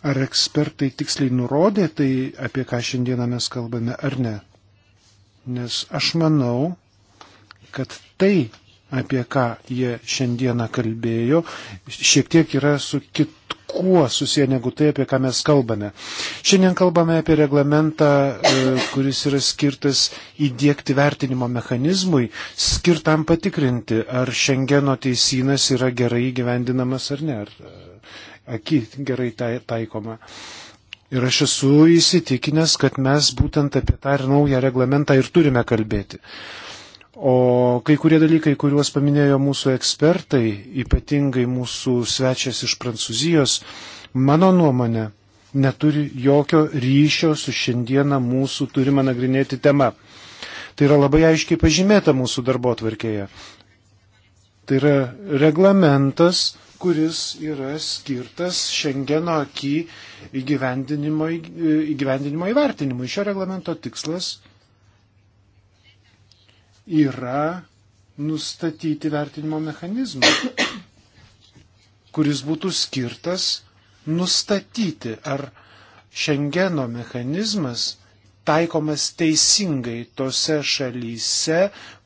A: Ar ekspertai tiksliai nurodė tai, apie ką šiandieną mes kalbame, ar ne? Nes aš manau, kad tai, apie ką jie šiandieną kalbėjo, šiek tiek yra su kitkuo susiję negu tai, apie ką mes kalbame. Šiandien kalbame apie reglamentą, e, kuris yra skirtas įdėkti vertinimo mechanizmui, skirtam patikrinti, ar Šengeno teisynas yra gerai gyvendinamas ar ne. Ar, aki gerai tai, taikoma. Ir aš esu įsitikinęs, kad mes būtent apie tą ir naują reglamentą ir turime kalbėti. O kai kurie dalykai, kuriuos paminėjo mūsų ekspertai, ypatingai mūsų svečias iš Prancūzijos, mano nuomonė, neturi jokio ryšio su šiandieną mūsų turima nagrinėti tema. Tai yra labai aiškiai pažymėta mūsų darbo atvarkėje. Tai yra reglamentas, kuris yra skirtas Šengeno akį įgyvendinimo, įgyvendinimo įvertinimui. Šio reglamento tikslas yra nustatyti vertinimo mechanizmą, kuris būtų skirtas nustatyti, ar Šengeno mechanizmas taikomas teisingai tose šalyse,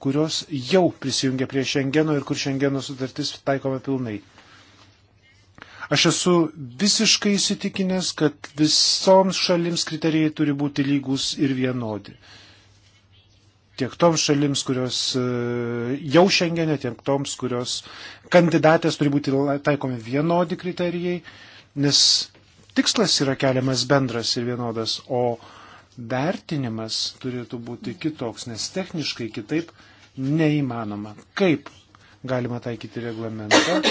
A: kurios jau prisijungia prie Šengeno ir kur Šengeno sutartis taikoma pilnai. Aš esu visiškai įsitikinęs, kad visoms šalims kriterijai turi būti lygus ir vienodi. Tiek toms šalims, kurios e, jau šiandienė, tiek toms, kurios kandidatės turi būti taikomi vienodi kriterijai, nes tikslas yra keliamas bendras ir vienodas, o vertinimas turėtų būti kitoks, nes techniškai kitaip neįmanoma. Kaip galima taikyti reglamentą,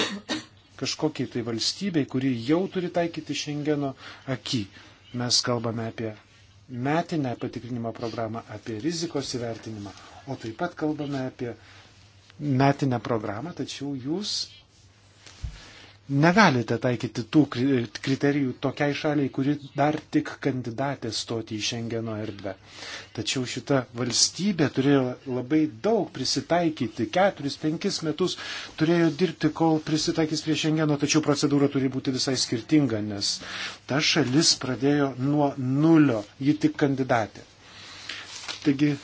A: kažkokiai tai valstybei, kuri jau turi taikyti Šengeno akį. Mes kalbame apie metinę patikrinimo programą, apie rizikos įvertinimą, o taip pat kalbame apie metinę programą, tačiau jūs negalite taikyti tų kriterijų tokiai šaliai, kuri dar tik kandidatė stoti į Šengeno erdvę. Tačiau šita valstybė turėjo labai daug prisitaikyti, keturis, penkis metus turėjo dirbti, kol prisitaikys prie Šengeno, tačiau procedūra turi būti visai skirtinga, nes ta šalis pradėjo nuo nulio, ji tik kandidatė. Taigi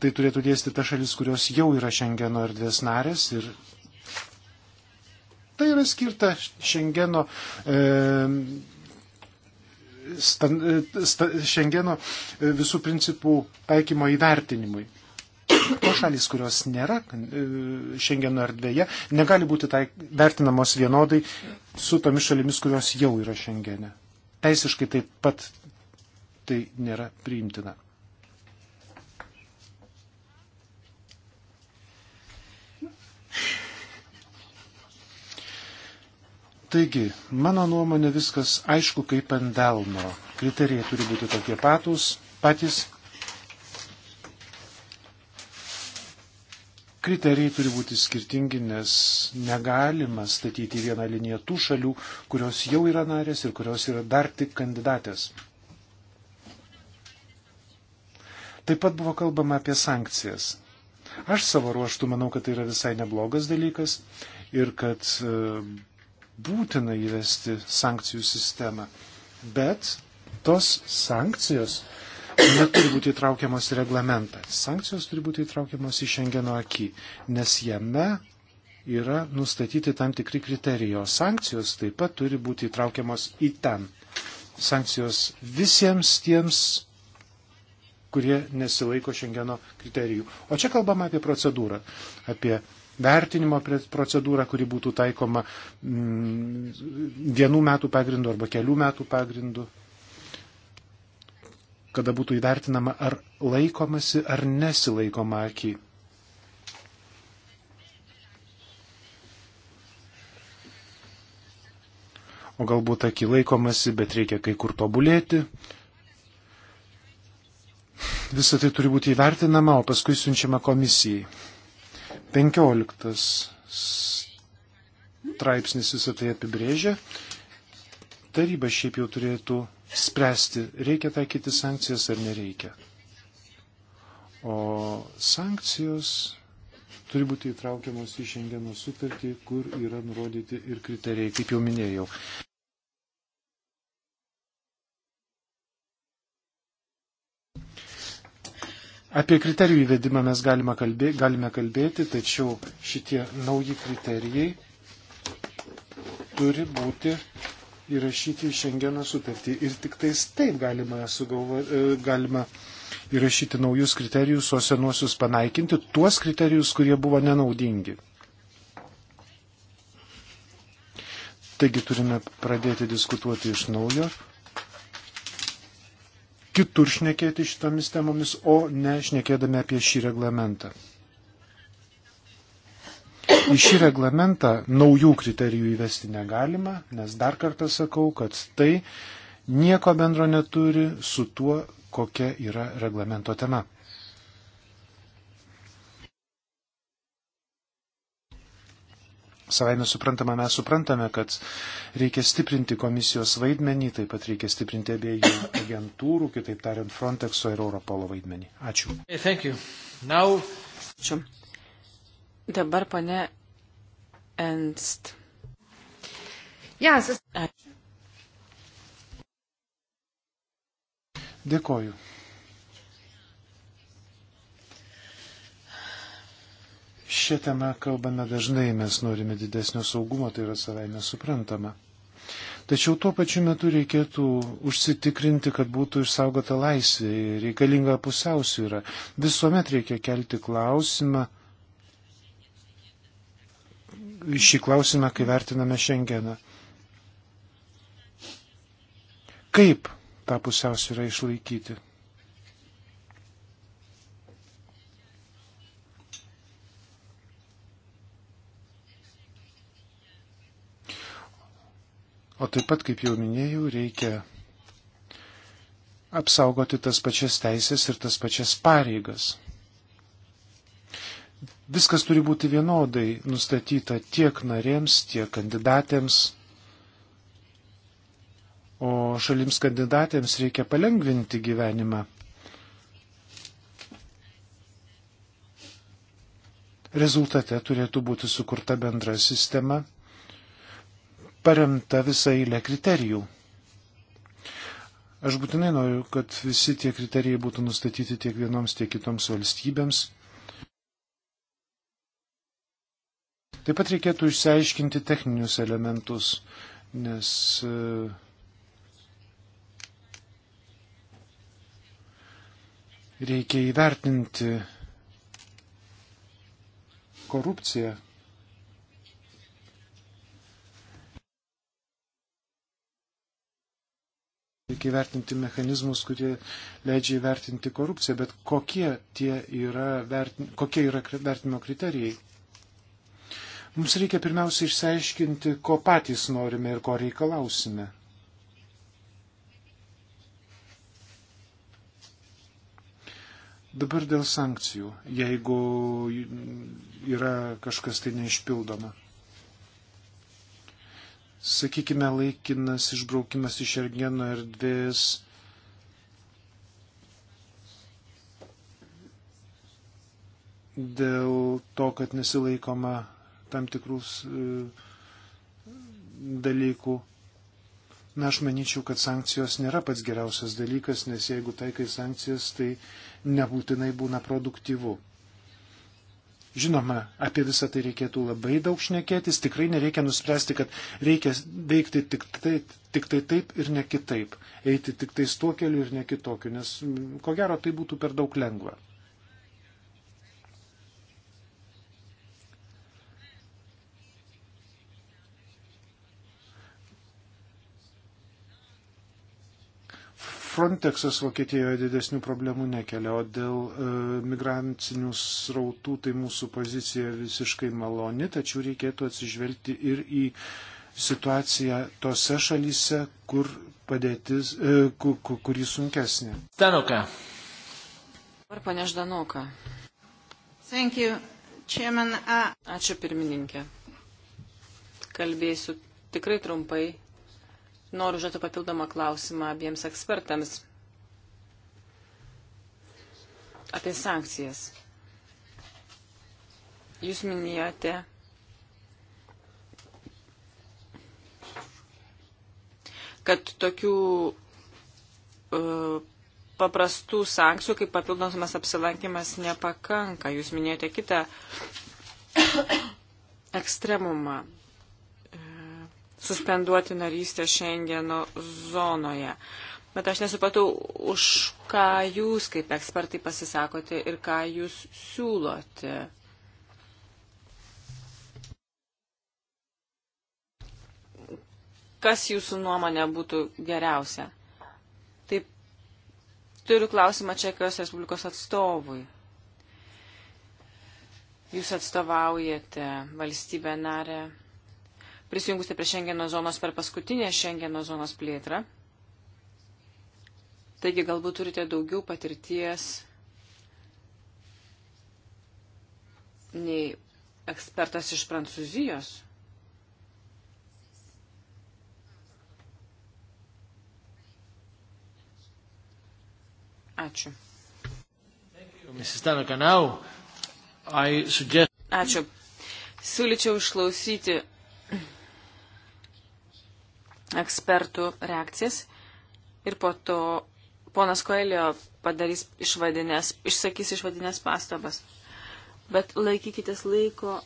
A: tai turėtų dėsti ta šalis, kurios jau yra Šengeno erdvės narės ir Tai yra skirta Šengeno, e, stan, e, sta, šengeno e, visų principų taikymo įvertinimui. To šalis, kurios nėra e, Šengeno erdvėje, negali būti taik, vertinamos vienodai su tomis šalimis, kurios jau yra Šengene. Teisiškai taip pat tai nėra priimtina. Taigi, mano nuomonė viskas aišku kaip ant delno. Kriterijai turi būti tokie patūs, patys. Kriterijai turi būti skirtingi, nes negalima statyti vieną liniją tų šalių, kurios jau yra narės ir kurios yra dar tik kandidatės. Taip pat buvo kalbama apie sankcijas. Aš savo ruoštų manau, kad tai yra visai neblogas dalykas ir kad e, būtina įvesti sankcijų sistemą. Bet tos sankcijos neturi būti įtraukiamos į reglamentą. Sankcijos turi būti įtraukiamos į Šengeno akį, nes jame yra nustatyti tam tikri kriterijai, o sankcijos taip pat turi būti įtraukiamos į ten. Sankcijos visiems tiems, kurie nesilaiko Šengeno kriterijų. O čia kalbama apie procedūrą, apie vertinimo procedūrą, kuri būtų taikoma mm, vienų metų pagrindu arba kelių metų pagrindu, kada būtų įvertinama, ar laikomasi ar nesilaikoma akį. O galbūt akį laikomasi, bet reikia kai kur tobulėti, Visą tai turi būti įvertinama, o paskui siunčiama komisijai. 15 straipsnis visą tai apibrėžia. Taryba šiaip jau turėtų spręsti, reikia taikyti sankcijas ar nereikia. O sankcijos turi būti įtraukiamos į Šengeno sutartį, kur yra nurodyti ir kriterijai, kaip jau minėjau. Apie kriterijų įvedimą mes galime kalbėti, galime kalbėti, tačiau šitie nauji kriterijai turi būti įrašyti į Šengeno sutartį. Ir tik tais taip galima, sugalvo, e, galima įrašyti naujus kriterijus, o senuosius panaikinti, tuos kriterijus, kurie buvo nenaudingi. Taigi turime pradėti diskutuoti iš naujo, kitur šnekėti šitomis temomis, o ne šnekėdami apie šį reglamentą. Į šį reglamentą naujų kriterijų įvesti negalima, nes dar kartą sakau, kad tai nieko bendro neturi su tuo, kokia yra reglamento tema. Savai nesuprantama, mes suprantame, kad reikia stiprinti komisijos vaidmenį, taip pat reikia stiprinti abiejų agentūrų, kitaip tariant, Frontexo ir Europolo vaidmenį. Ačiū.
B: Hey, Now... Ačiū. Dabar pane Enst. Yes. Ačiū.
A: Dėkoju. Šią temą kalbame dažnai, mes norime didesnio saugumo, tai yra savai nesuprantama. Tačiau tuo pačiu metu reikėtų užsitikrinti, kad būtų išsaugota laisvė, reikalinga pusiausvyrą. Visuomet reikia kelti klausimą, šį klausimą, kai vertiname šiandieną. Kaip tą pusiausvyrą išlaikyti? O taip pat, kaip jau minėjau, reikia apsaugoti tas pačias teisės ir tas pačias pareigas. Viskas turi būti vienodai nustatyta tiek narėms, tiek kandidatėms. O šalims kandidatėms reikia palengvinti gyvenimą. Rezultate turėtų būti sukurta bendra sistema paremta visą eilę kriterijų. Aš būtinai noriu, kad visi tie kriterijai būtų nustatyti tiek vienoms, tiek kitoms valstybėms. Taip pat reikėtų išsiaiškinti techninius elementus, nes e, reikia įvertinti korupciją Reikia įvertinti mechanizmus, kurie leidžia įvertinti korupciją, bet kokie, yra, vertin, kokie yra vertinimo kriterijai? Mums reikia pirmiausia išsiaiškinti, ko patys norime ir ko reikalausime. Dabar dėl sankcijų, jeigu yra kažkas tai neišpildoma sakykime, laikinas išbraukimas iš ergeno erdvės. Dėl to, kad nesilaikoma tam tikrus e, dalykų. Na, aš manyčiau, kad sankcijos nėra pats geriausias dalykas, nes jeigu taikai sankcijas, tai nebūtinai būna produktyvu. Žinoma, apie visą tai reikėtų labai daug šnekėtis, tikrai nereikia nuspręsti, kad reikia veikti tik tai, tik tai taip ir ne kitaip, eiti tik tais tuo keliu ir ne kitokiu, nes mm, ko gero tai būtų per daug lengva. Frontexas Vokietijoje didesnių problemų nekelia, o dėl e, migracinių srautų tai mūsų pozicija visiškai maloni, tačiau reikėtų atsižvelgti ir į situaciją tose šalyse, kur padėtis, e, kur, kur, kur jis sunkesnė. Danuka.
B: Ar pane Ždanuka? Ačiū pirmininkė. Kalbėsiu tikrai trumpai Noriu žodžiu papildomą klausimą abiems ekspertams apie sankcijas. Jūs minėjote kad tokių uh, paprastų sankcijų, kaip papildomas apsilankimas, nepakanka. Jūs minėjote kitą ekstremumą suspenduoti narystę Šengeno zonoje. Bet aš nesupratau, už ką jūs kaip ekspertai pasisakote ir ką jūs siūlote. Kas jūsų nuomonė būtų geriausia? Taip, turiu klausimą Čekijos Respublikos atstovui. Jūs atstovaujate valstybę narę prisijungusi prie Šengeno zonos per paskutinę Šengeno zonos plėtrą. Taigi galbūt turite daugiau patirties nei ekspertas iš Prancūzijos. Ačiū. Ačiū. Siūlyčiau išklausyti ekspertų reakcijas ir po to ponas Koelio padarys išvadinės, išsakys išvadinės pastabas. Bet laikykitės laiko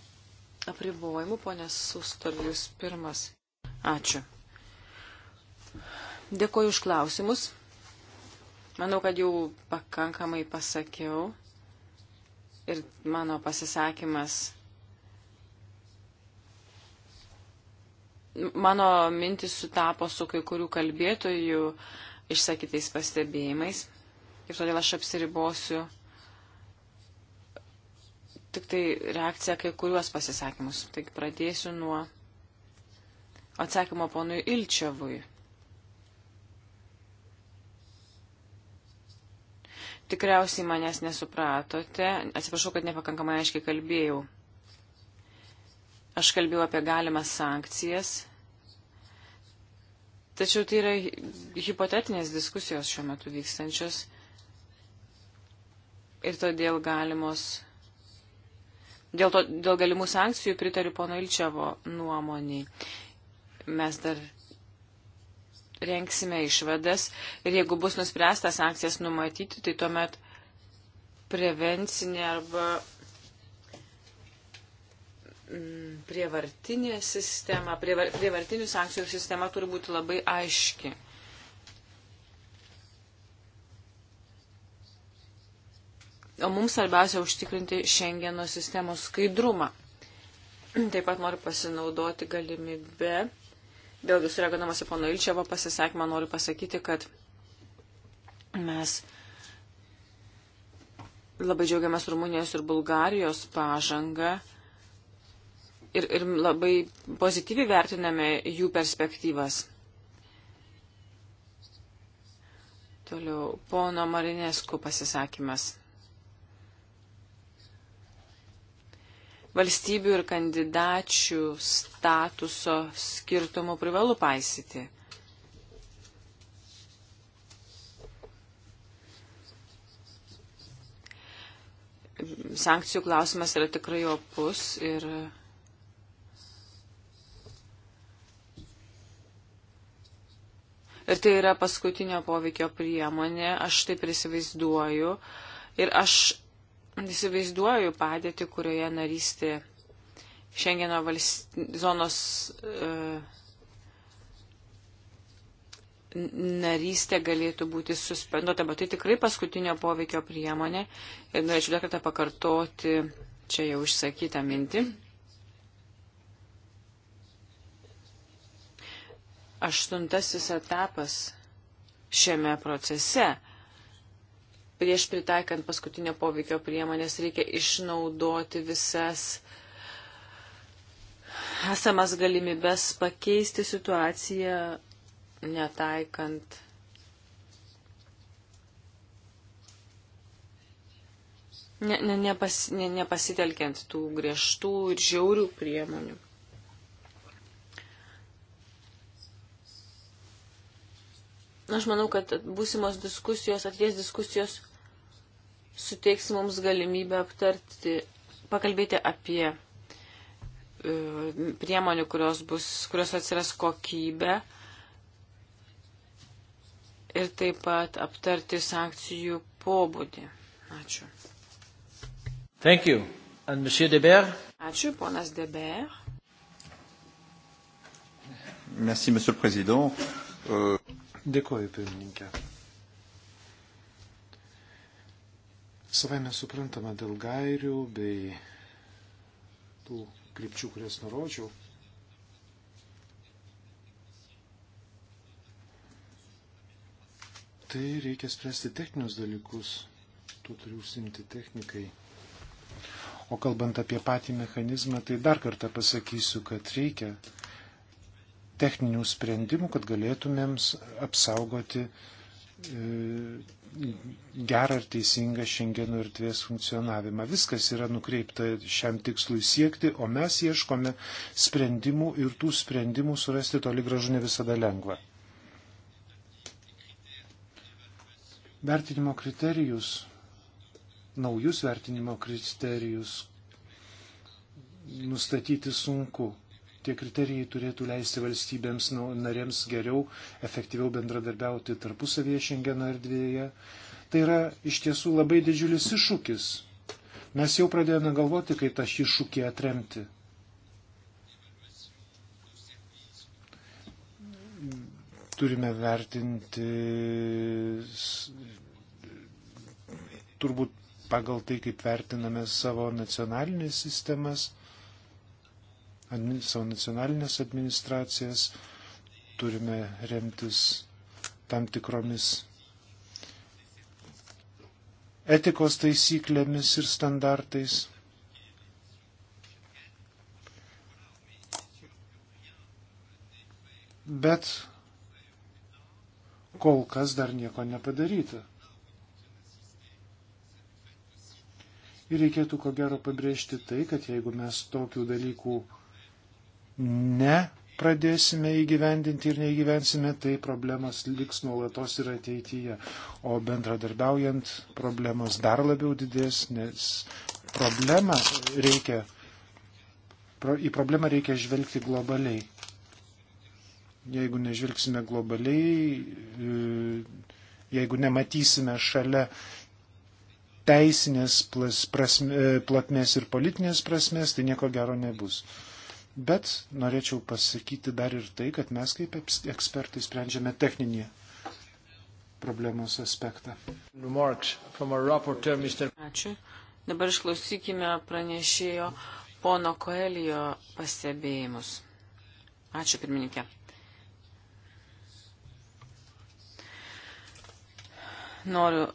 B: apribojimų, ponės Sustorlius pirmas. Ačiū. Dėkoju už klausimus. Manau, kad jau pakankamai pasakiau ir mano pasisakymas mano mintis sutapo su kai kurių kalbėtojų išsakytais pastebėjimais ir todėl aš apsiribosiu tik tai reakcija kai kuriuos pasisakymus. Taigi pradėsiu nuo atsakymo ponui Ilčiavui. Tikriausiai manęs nesupratote, atsiprašau, kad nepakankamai aiškiai kalbėjau. Aš kalbėjau apie galimas sankcijas. Tačiau tai yra hipotetinės diskusijos šiuo metu vykstančios ir todėl galimos. Dėl, to, dėl galimų sankcijų pritariu pono Ilčiavo nuomonį. Mes dar renksime išvadas ir jeigu bus nuspręsta sankcijas numatyti, tai tuomet prevencinė arba Mm, prievartinė sistema, prievar, prievartinių sankcijų sistema turi būti labai aiški. O mums svarbiausia užtikrinti Šengeno sistemos skaidrumą. Taip pat noriu pasinaudoti galimybę, vėlgi sureagamas į pono Ilčiavo pasisakymą, noriu pasakyti, kad mes labai džiaugiamės Rumunijos ir Bulgarijos pažanga ir, ir labai pozityviai vertiname jų perspektyvas. Toliau pono Marinesku pasisakymas. Valstybių ir kandidačių statuso skirtumų privalu paisyti. Sankcijų klausimas yra tikrai opus ir Ir tai yra paskutinio poveikio priemonė, aš taip įsivaizduoju. Ir aš įsivaizduoju padėtį, kurioje narystė Šengeno valst... zonos e, narystė galėtų būti suspenduota, bet tai tikrai paskutinio poveikio priemonė. Ir norėčiau dar kartą pakartoti čia jau išsakytą mintį. aštuntasis etapas šiame procese. Prieš pritaikant paskutinio poveikio priemonės reikia išnaudoti visas esamas galimybės pakeisti situaciją, netaikant ne, ne, nepas, ne, nepasitelkiant tų griežtų ir žiaurių priemonių. Aš manau, kad būsimos diskusijos, atvies diskusijos suteiks mums galimybę aptarti, pakalbėti apie e, priemonių, kurios, bus, kurios atsiras kokybę ir taip pat aptarti sankcijų pobūdį. Ačiū.
A: Thank you. And Monsieur Debert?
B: Ačiū, ponas Debert.
A: Merci, Monsieur le Président. Uh... Dėkoju, pirmininkė. Savai mes suprantama dėl gairių bei tų krypčių, kurias nurodžiau. Tai reikia spręsti techninius dalykus, tu turi užsimti technikai. O kalbant apie patį mechanizmą, tai dar kartą pasakysiu, kad reikia techninių sprendimų, kad galėtumėm apsaugoti e, gerą ir teisingą Šengeno erdvės funkcionavimą. Viskas yra nukreipta šiam tikslui siekti, o mes ieškome sprendimų ir tų sprendimų surasti toli gražu ne visada lengva. Vertinimo kriterijus, naujus vertinimo kriterijus nustatyti sunku. Tie kriterijai turėtų leisti valstybėms nu, narėms geriau, efektyviau bendradarbiauti tarpusavėje šiandieno erdvėje. Tai yra iš tiesų labai didžiulis iššūkis. Mes jau pradėjome galvoti, kaip tą iššūkį atremti. Turime vertinti turbūt pagal tai, kaip vertiname savo nacionalinės sistemas administ, savo nacionalinės administracijas, turime remtis tam tikromis etikos taisyklėmis ir standartais. Bet kol kas dar nieko nepadaryta. Ir reikėtų ko gero pabrėžti tai, kad jeigu mes tokių dalykų nepradėsime įgyvendinti ir neįgyvensime, tai problemas liks nuolatos ir ateityje. O bendradarbiaujant problemas dar labiau didės, nes problemą reikia, į problemą reikia žvelgti globaliai. Jeigu nežvelgsime globaliai, e, jeigu nematysime šalia teisinės plas, prasme, e, platmės ir politinės prasmės, tai nieko gero nebus. Bet norėčiau pasakyti dar ir tai, kad mes kaip ekspertai sprendžiame techninį problemos aspektą. Ačiū.
B: Dabar išklausykime pranešėjo pono Koelijo pastebėjimus. Ačiū pirmininkė. Noriu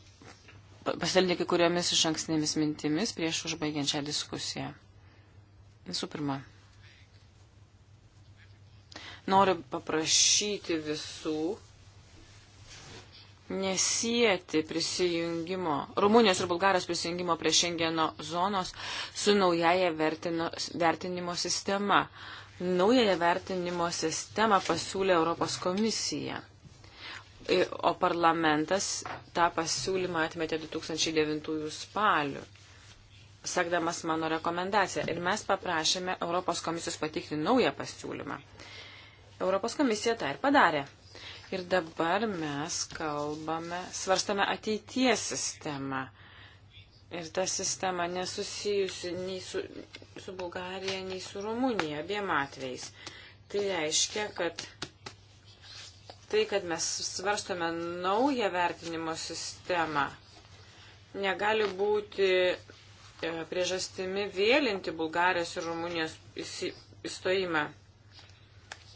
B: pasidalinti kai kuriomis iš ankstinėmis mintimis prieš užbaigiant šią diskusiją. Visų pirma, Noriu paprašyti visų nesijėti prisijungimo, Rumunijos ir Bulgarijos prisijungimo prie Šengeno zonos su naujaja vertino, vertinimo sistema. Naujaja vertinimo sistema pasiūlė Europos komisija o parlamentas tą pasiūlymą atmetė 2009 spalių, sekdamas mano rekomendaciją. Ir mes paprašėme Europos komisijos pateikti naują pasiūlymą. Europos komisija tą ir padarė. Ir dabar mes kalbame, svarstame ateities sistemą. Ir ta sistema nesusijusi nei su, su Bulgarija, nei su Rumunija, abiem atvejais. Tai reiškia, kad tai, kad mes svarstome naują vertinimo sistemą, negali būti e, priežastimi vėlinti Bulgarijos ir Rumunijos įstojimą. Įsi,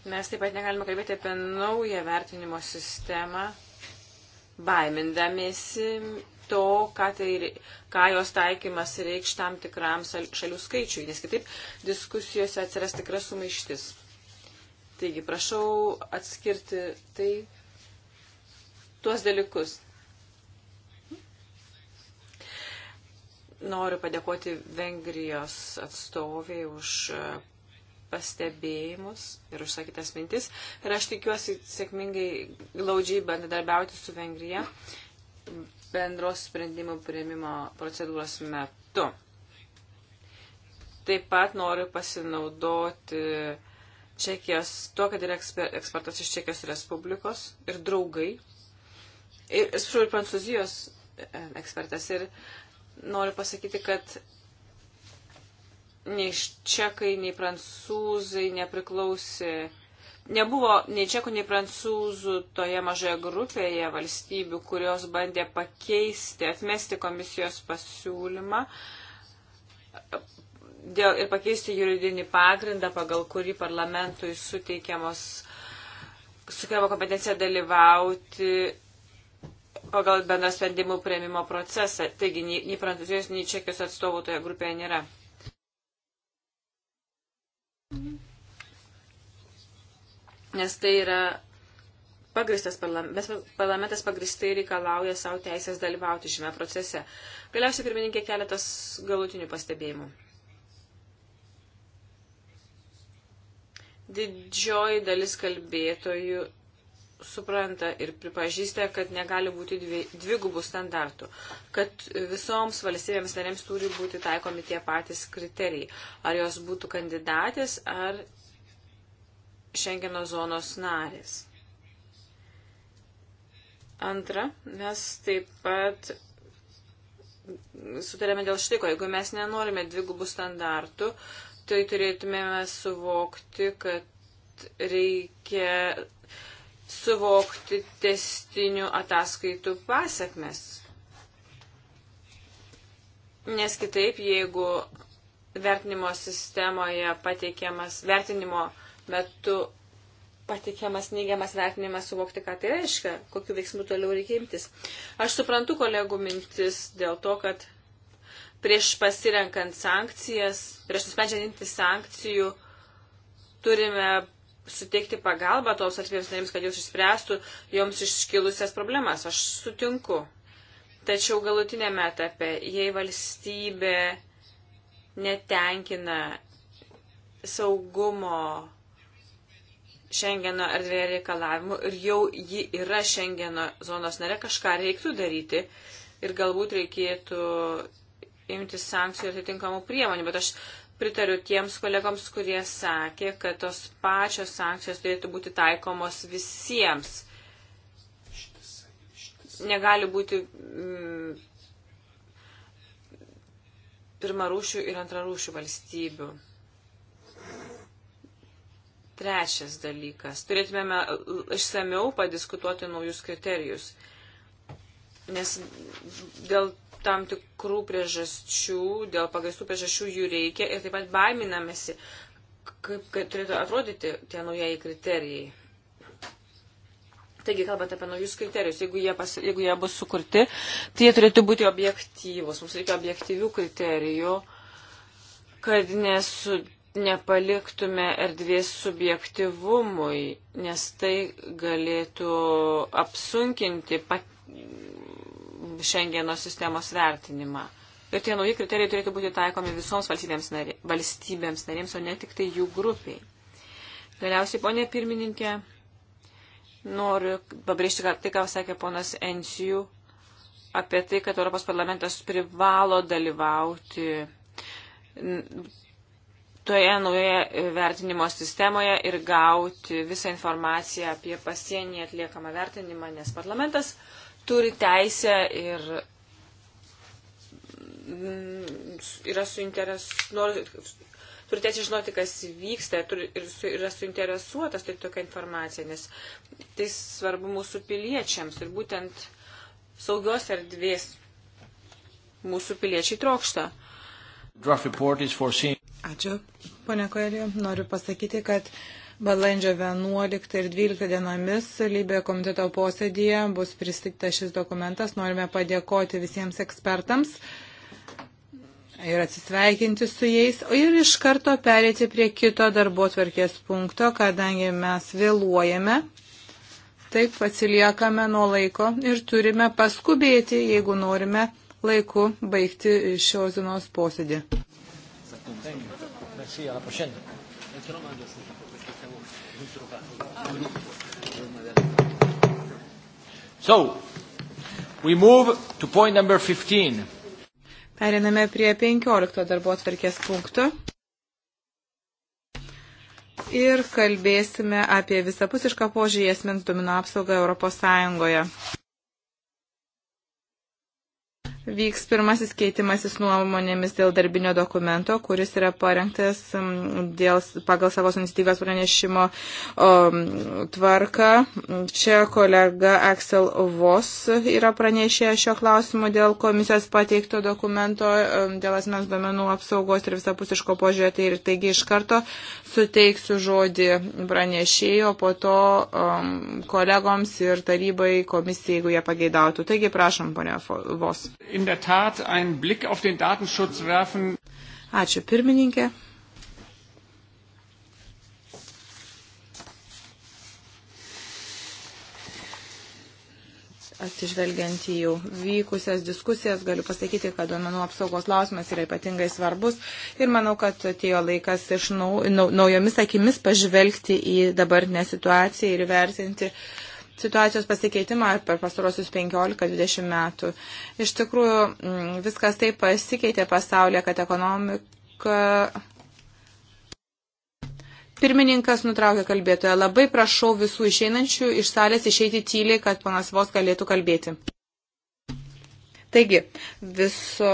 B: Mes taip pat negalime kalbėti apie naują vertinimo sistemą, baimindamėsi to, ką, tai, ką jos taikymas reikš tam tikram šalių skaičiui, nes kitaip diskusijose atsiras tikras sumaištis. Taigi, prašau atskirti tai tuos dalykus. Noriu padėkoti Vengrijos atstoviai už pastebėjimus ir užsakytas mintis. Ir aš tikiuosi sėkmingai glaudžiai bendradarbiauti su Vengrija bendros sprendimų prieimimo procedūros metu. Taip pat noriu pasinaudoti Čekijos, tuo, kad yra eksper, ekspertas iš Čekijos Respublikos ir draugai. Ir, ir, ir Prancūzijos e, e, ekspertas. Ir noriu pasakyti, kad nei čekai, nei prancūzai nepriklausė. Nebuvo nei čekų, nei prancūzų toje mažoje grupėje valstybių, kurios bandė pakeisti, atmesti komisijos pasiūlymą dėl, ir pakeisti juridinį pagrindą, pagal kurį parlamentui suteikiamos sukeliamo kompetencija dalyvauti pagal bendrą sprendimų prieimimo procesą. Taigi, nei, nei Prancūzijos, nei Čekijos atstovų toje grupėje nėra. nes tai yra pagristas parlamentas, parlamentas pagristai reikalauja savo teisės dalyvauti šiame procese. Galiausiai, pirmininkė, keletas galutinių pastebėjimų. Didžioji dalis kalbėtojų supranta ir pripažįsta, kad negali būti dvi, dvigubų standartų, kad visoms valstybėms narėms turi būti taikomi tie patys kriterijai, ar jos būtų kandidatės, ar Šengeno zonos narės. Antra, mes taip pat sutarėme dėl štiko, jeigu mes nenorime dvigubų standartų, tai turėtumėme suvokti, kad reikia suvokti testinių ataskaitų pasiekmes. Nes kitaip, jeigu vertinimo sistemoje pateikiamas vertinimo sistemoje, metu patikiamas neigiamas vertinimas suvokti, ką tai reiškia, kokiu veiksmu toliau reikia imtis. Aš suprantu kolegų mintis dėl to, kad prieš pasirenkant sankcijas, prieš nusprendžiant imtis sankcijų, turime suteikti pagalbą tos atvejams narėms, kad jūs išspręstų joms iškilusias problemas. Aš sutinku. Tačiau galutinėme etape, jei valstybė netenkina saugumo Šengeno erdvėje reikalavimų ir jau ji yra Šengeno zonos nare, kažką reiktų daryti ir galbūt reikėtų imtis sankcijų ir atitinkamų priemonių. Bet aš pritariu tiems kolegoms, kurie sakė, kad tos pačios sankcijos turėtų būti taikomos visiems. Negali būti mm, pirmarūšių ir antrarūšių valstybių. Trečias dalykas. Turėtumėme e, išsameu padiskutuoti naujus kriterijus. Nes dėl tam tikrų priežasčių, dėl pagristų priežasčių jų reikia ir taip pat baiminamėsi, kaip, kaip turėtų atrodyti tie naujieji kriterijai. Taigi, kalbant apie naujus kriterijus, jeigu jie, pas, jeigu jie bus sukurti, tai jie turėtų būti objektyvus. Mums reikia objektyvių kriterijų, kad nesu nepaliktume erdvės subjektivumui, nes tai galėtų apsunkinti Šengeno sistemos vertinimą. Ir tie nauji kriterijai turėtų būti taikomi visoms valstybėms, narė, valstybėms narėms, o ne tik tai jų grupiai. Galiausiai, ponė pirmininkė, noriu pabrėžti tai, ką sakė ponas Ensijų apie tai, kad Europos parlamentas privalo dalyvauti toje naujoje e, vertinimo sistemoje ir gauti visą informaciją apie pasienį atliekamą vertinimą, nes parlamentas turi teisę ir mm, yra suinteres, nori, turi teisę žinoti, kas vyksta turi, ir su, yra suinteresuotas turėti tokią informaciją, nes tai svarbu mūsų piliečiams ir būtent saugios erdvės mūsų piliečiai
C: trokšta. Draft report is foreseen. Ačiū, ponia Koelė. Noriu pasakyti, kad balandžio 11 ir 12 dienomis Lybė komiteto posėdėje bus pristatytas šis dokumentas. Norime padėkoti visiems ekspertams ir atsisveikinti su jais, ir iš karto perėti prie kito darbo tvarkės punkto, kadangi mes vėluojame, taip atsiliekame nuo laiko ir turime paskubėti, jeigu norime laiku baigti šios dienos posėdį.
A: Thank you sì, alla prossima. Te lo mando subito perché stiamo introvando.
B: So, we move to point number 15.
C: Periname prie 15 darbo atvarkės punktų ir kalbėsime apie visapusišką požiūrį asmens duomenų apsaugą Europos Sąjungoje vyks pirmasis keitimasis nuomonėmis dėl darbinio dokumento, kuris yra parengtas mm, dėl, pagal savo iniciatyvos pranešimo o, um, tvarką. Čia kolega Axel Vos yra pranešė šio klausimo dėl komisijos pateikto dokumento um, dėl asmens domenų apsaugos ir visapusiško požiūrė. Tai ir taigi iš karto suteiksiu žodį pranešėjo, po to um, kolegoms ir tarybai komisijai, jeigu jie pageidautų. Taigi prašom, ponia Vos
B: in der Tat einen Blick auf den Datenschutz werfen. Ačiū pirmininkė.
C: atsižvelgiant į jau vykusias diskusijas, galiu pasakyti, kad duomenų apsaugos klausimas yra ypatingai svarbus ir manau, kad atėjo laikas iš nau, nau, naujomis akimis pažvelgti į dabartinę situaciją ir vertinti uh, situacijos pasikeitimą per pastarosius 15-20 metų. Iš tikrųjų, mm, viskas taip pasikeitė pasaulyje, kad ekonomika. Pirmininkas nutraukė kalbėtoją. Labai prašau visų išeinančių iš salės išeiti tyliai, kad panas vos galėtų kalbėti. Taigi, viso,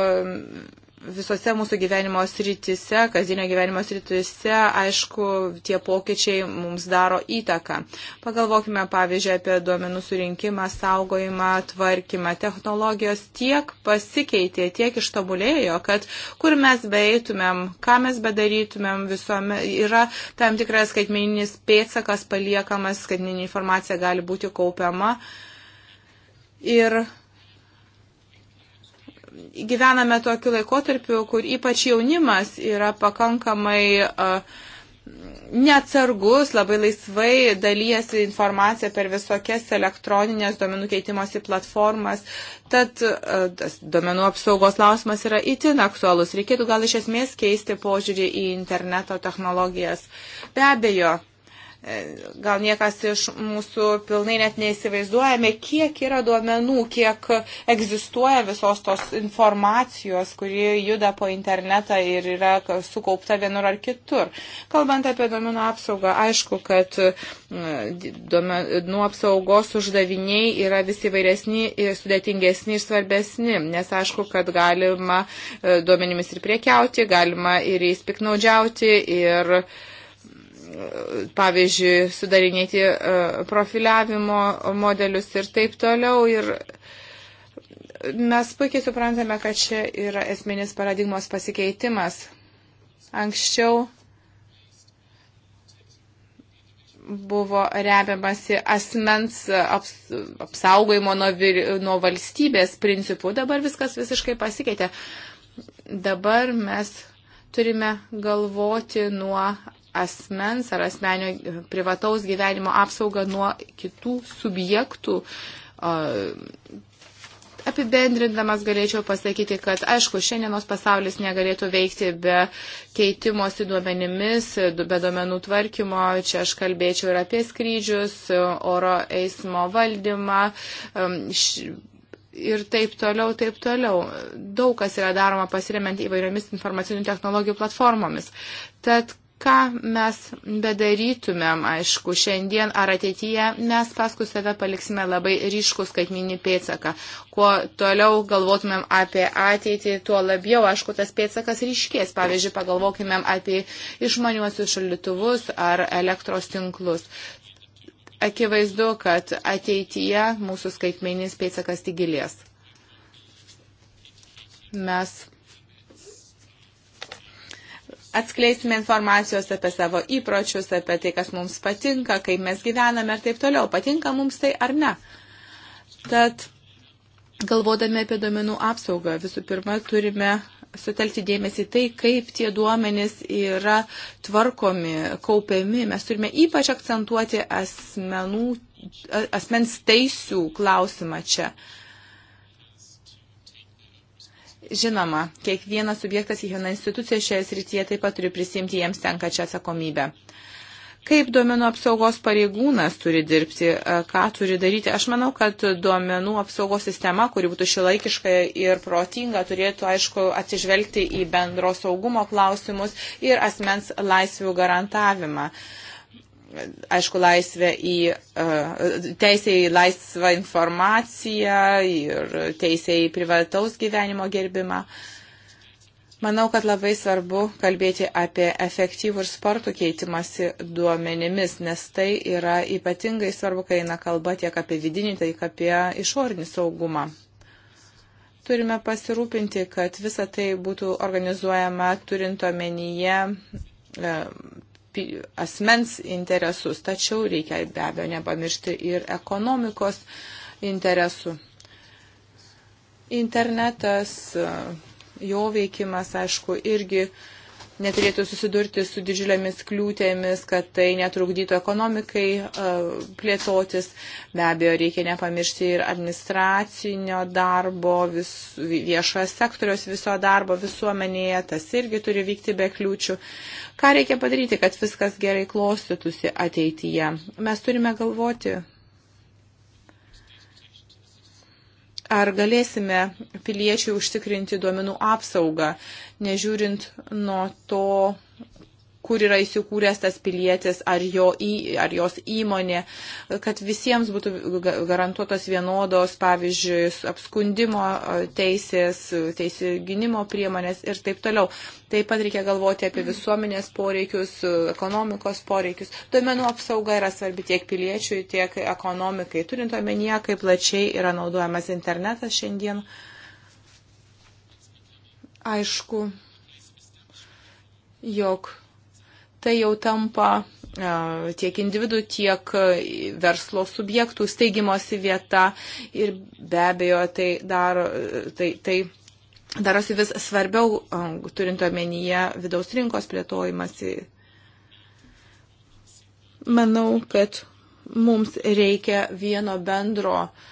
C: visose mūsų gyvenimo sritise, kasdienio gyvenimo sritise, aišku, tie pokyčiai mums daro įtaką. Pagalvokime, pavyzdžiui, apie duomenų surinkimą, saugojimą, tvarkymą. Technologijos tiek pasikeitė, tiek ištobulėjo, kad kur mes beeitumėm, ką mes bedarytumėm, visuome yra tam tikras skaitmeninis pėtsakas paliekamas, skaitmeninė informacija gali būti kaupiama. Ir gyvename tokiu laikotarpiu, kur ypač jaunimas yra pakankamai neatsargus, labai laisvai dalyjasi informaciją per visokias elektroninės duomenų keitimosi platformas. Tad tas duomenų apsaugos klausimas yra itin aktualus. Reikėtų gal iš esmės keisti požiūrį į interneto technologijas. Be abejo, E, gal niekas iš mūsų pilnai net neįsivaizduojame, kiek yra duomenų, kiek egzistuoja visos tos informacijos, kuri juda po internetą ir yra sukaupta vienur ar kitur. Kalbant apie duomenų apsaugą, aišku, kad e, duomenų apsaugos uždaviniai yra vis įvairesni ir sudėtingesni ir svarbesni, nes aišku, kad galima e, duomenimis ir priekiauti, galima ir įspiknaudžiauti ir uh, pavyzdžiui, sudarinėti e, profiliavimo modelius ir taip toliau. Ir mes puikiai suprantame, kad čia yra esminis paradigmos pasikeitimas. Anksčiau buvo remiamasi asmens aps, apsaugojimo nuo, vir, nuo valstybės principų. Dabar viskas visiškai pasikeitė. Dabar mes turime galvoti nuo asmens ar asmenio privataus gyvenimo apsaugą nuo kitų subjektų. Apibendrindamas galėčiau pasakyti, kad aišku, šiandienos pasaulis negalėtų veikti be keitimosi duomenimis, be duomenų tvarkymo. Čia aš kalbėčiau ir apie skrydžius, oro eismo valdymą. Š ir taip toliau, taip toliau. Daug kas yra daroma pasiremiant įvairiomis informacinių technologijų platformomis. Tad ką mes bedarytumėm, aišku, šiandien ar ateityje, mes paskui save paliksime labai ryškus skaitminį pėtsaką. Kuo toliau galvotumėm apie ateitį, tuo labiau, aišku, tas pėtsakas ryškės. Pavyzdžiui, pagalvokimėm apie išmaniuosius šaldytuvus ar elektros tinklus. Akivaizdu, kad ateityje mūsų skaitmeninis pėtsakas tik gilės. Mes atskleistume informacijos apie savo įpročius, apie tai, kas mums patinka, kaip mes gyvename ir taip toliau. Patinka mums tai ar ne. Tad galvodami apie domenų apsaugą, visų pirma, turime sutelkti dėmesį tai, kaip tie duomenys yra tvarkomi, kaupiami. Mes turime ypač akcentuoti asmenų, asmens teisų klausimą čia. Uh, Žinoma, kiekvienas subjektas, kiekviena institucija šioje srityje taip pat turi prisimti jiems tenkačią atsakomybę kaip duomenų apsaugos pareigūnas turi dirbti, e, ką turi daryti. Aš manau, kad duomenų apsaugos sistema, kuri būtų šilaikiška ir protinga, turėtų, aišku, atsižvelgti į bendro saugumo klausimus ir asmens laisvių garantavimą. Uh, aišku, laisvę į, e, teisę į laisvą informaciją ir teisę į privataus gyvenimo gerbimą. Manau, kad labai svarbu kalbėti apie efektyvų ir sportų keitimąsi duomenimis, nes tai yra ypatingai svarbu, kai eina kalba tiek apie vidinį, tiek apie išorinį saugumą. Turime pasirūpinti, kad visa tai būtų organizuojama turint omenyje e, asmens interesus, tačiau reikia be abejo nepamiršti ir ekonomikos interesų. Internetas, jo veikimas, aišku, irgi uh, neturėtų susidurti su didžiulėmis kliūtėmis, kad tai netrukdytų ekonomikai e, plėtotis. Be abejo, reikia nepamiršti ir administracinio darbo, vis, viešojo sektoriaus viso darbo visuomenėje, tas irgi turi vykti be kliūčių. Ką reikia padaryti, kad viskas gerai klostytųsi ateityje? Mes turime galvoti ar galėsime piliečiai užtikrinti duomenų apsaugą, nežiūrint nuo to, kur yra įsikūręs tas pilietis ar, jo, į, ar jos įmonė, kad visiems būtų garantuotos vienodos, pavyzdžiui, apskundimo teisės, teisė gynimo priemonės ir taip toliau. Taip pat reikia galvoti apie visuomenės poreikius, ekonomikos poreikius. Duomenų apsauga yra svarbi tiek piliečiui, tiek ekonomikai, turint omenyje, kaip plačiai yra naudojamas internetas šiandien. Aišku, jog tai jau tampa tiek individų, tiek verslo subjektų steigimosi vieta ir be abejo tai daro, tai, tai darosi vis svarbiau, turint omenyje vidaus rinkos plėtojimasi. Manau, kad mums reikia vieno bendro uh,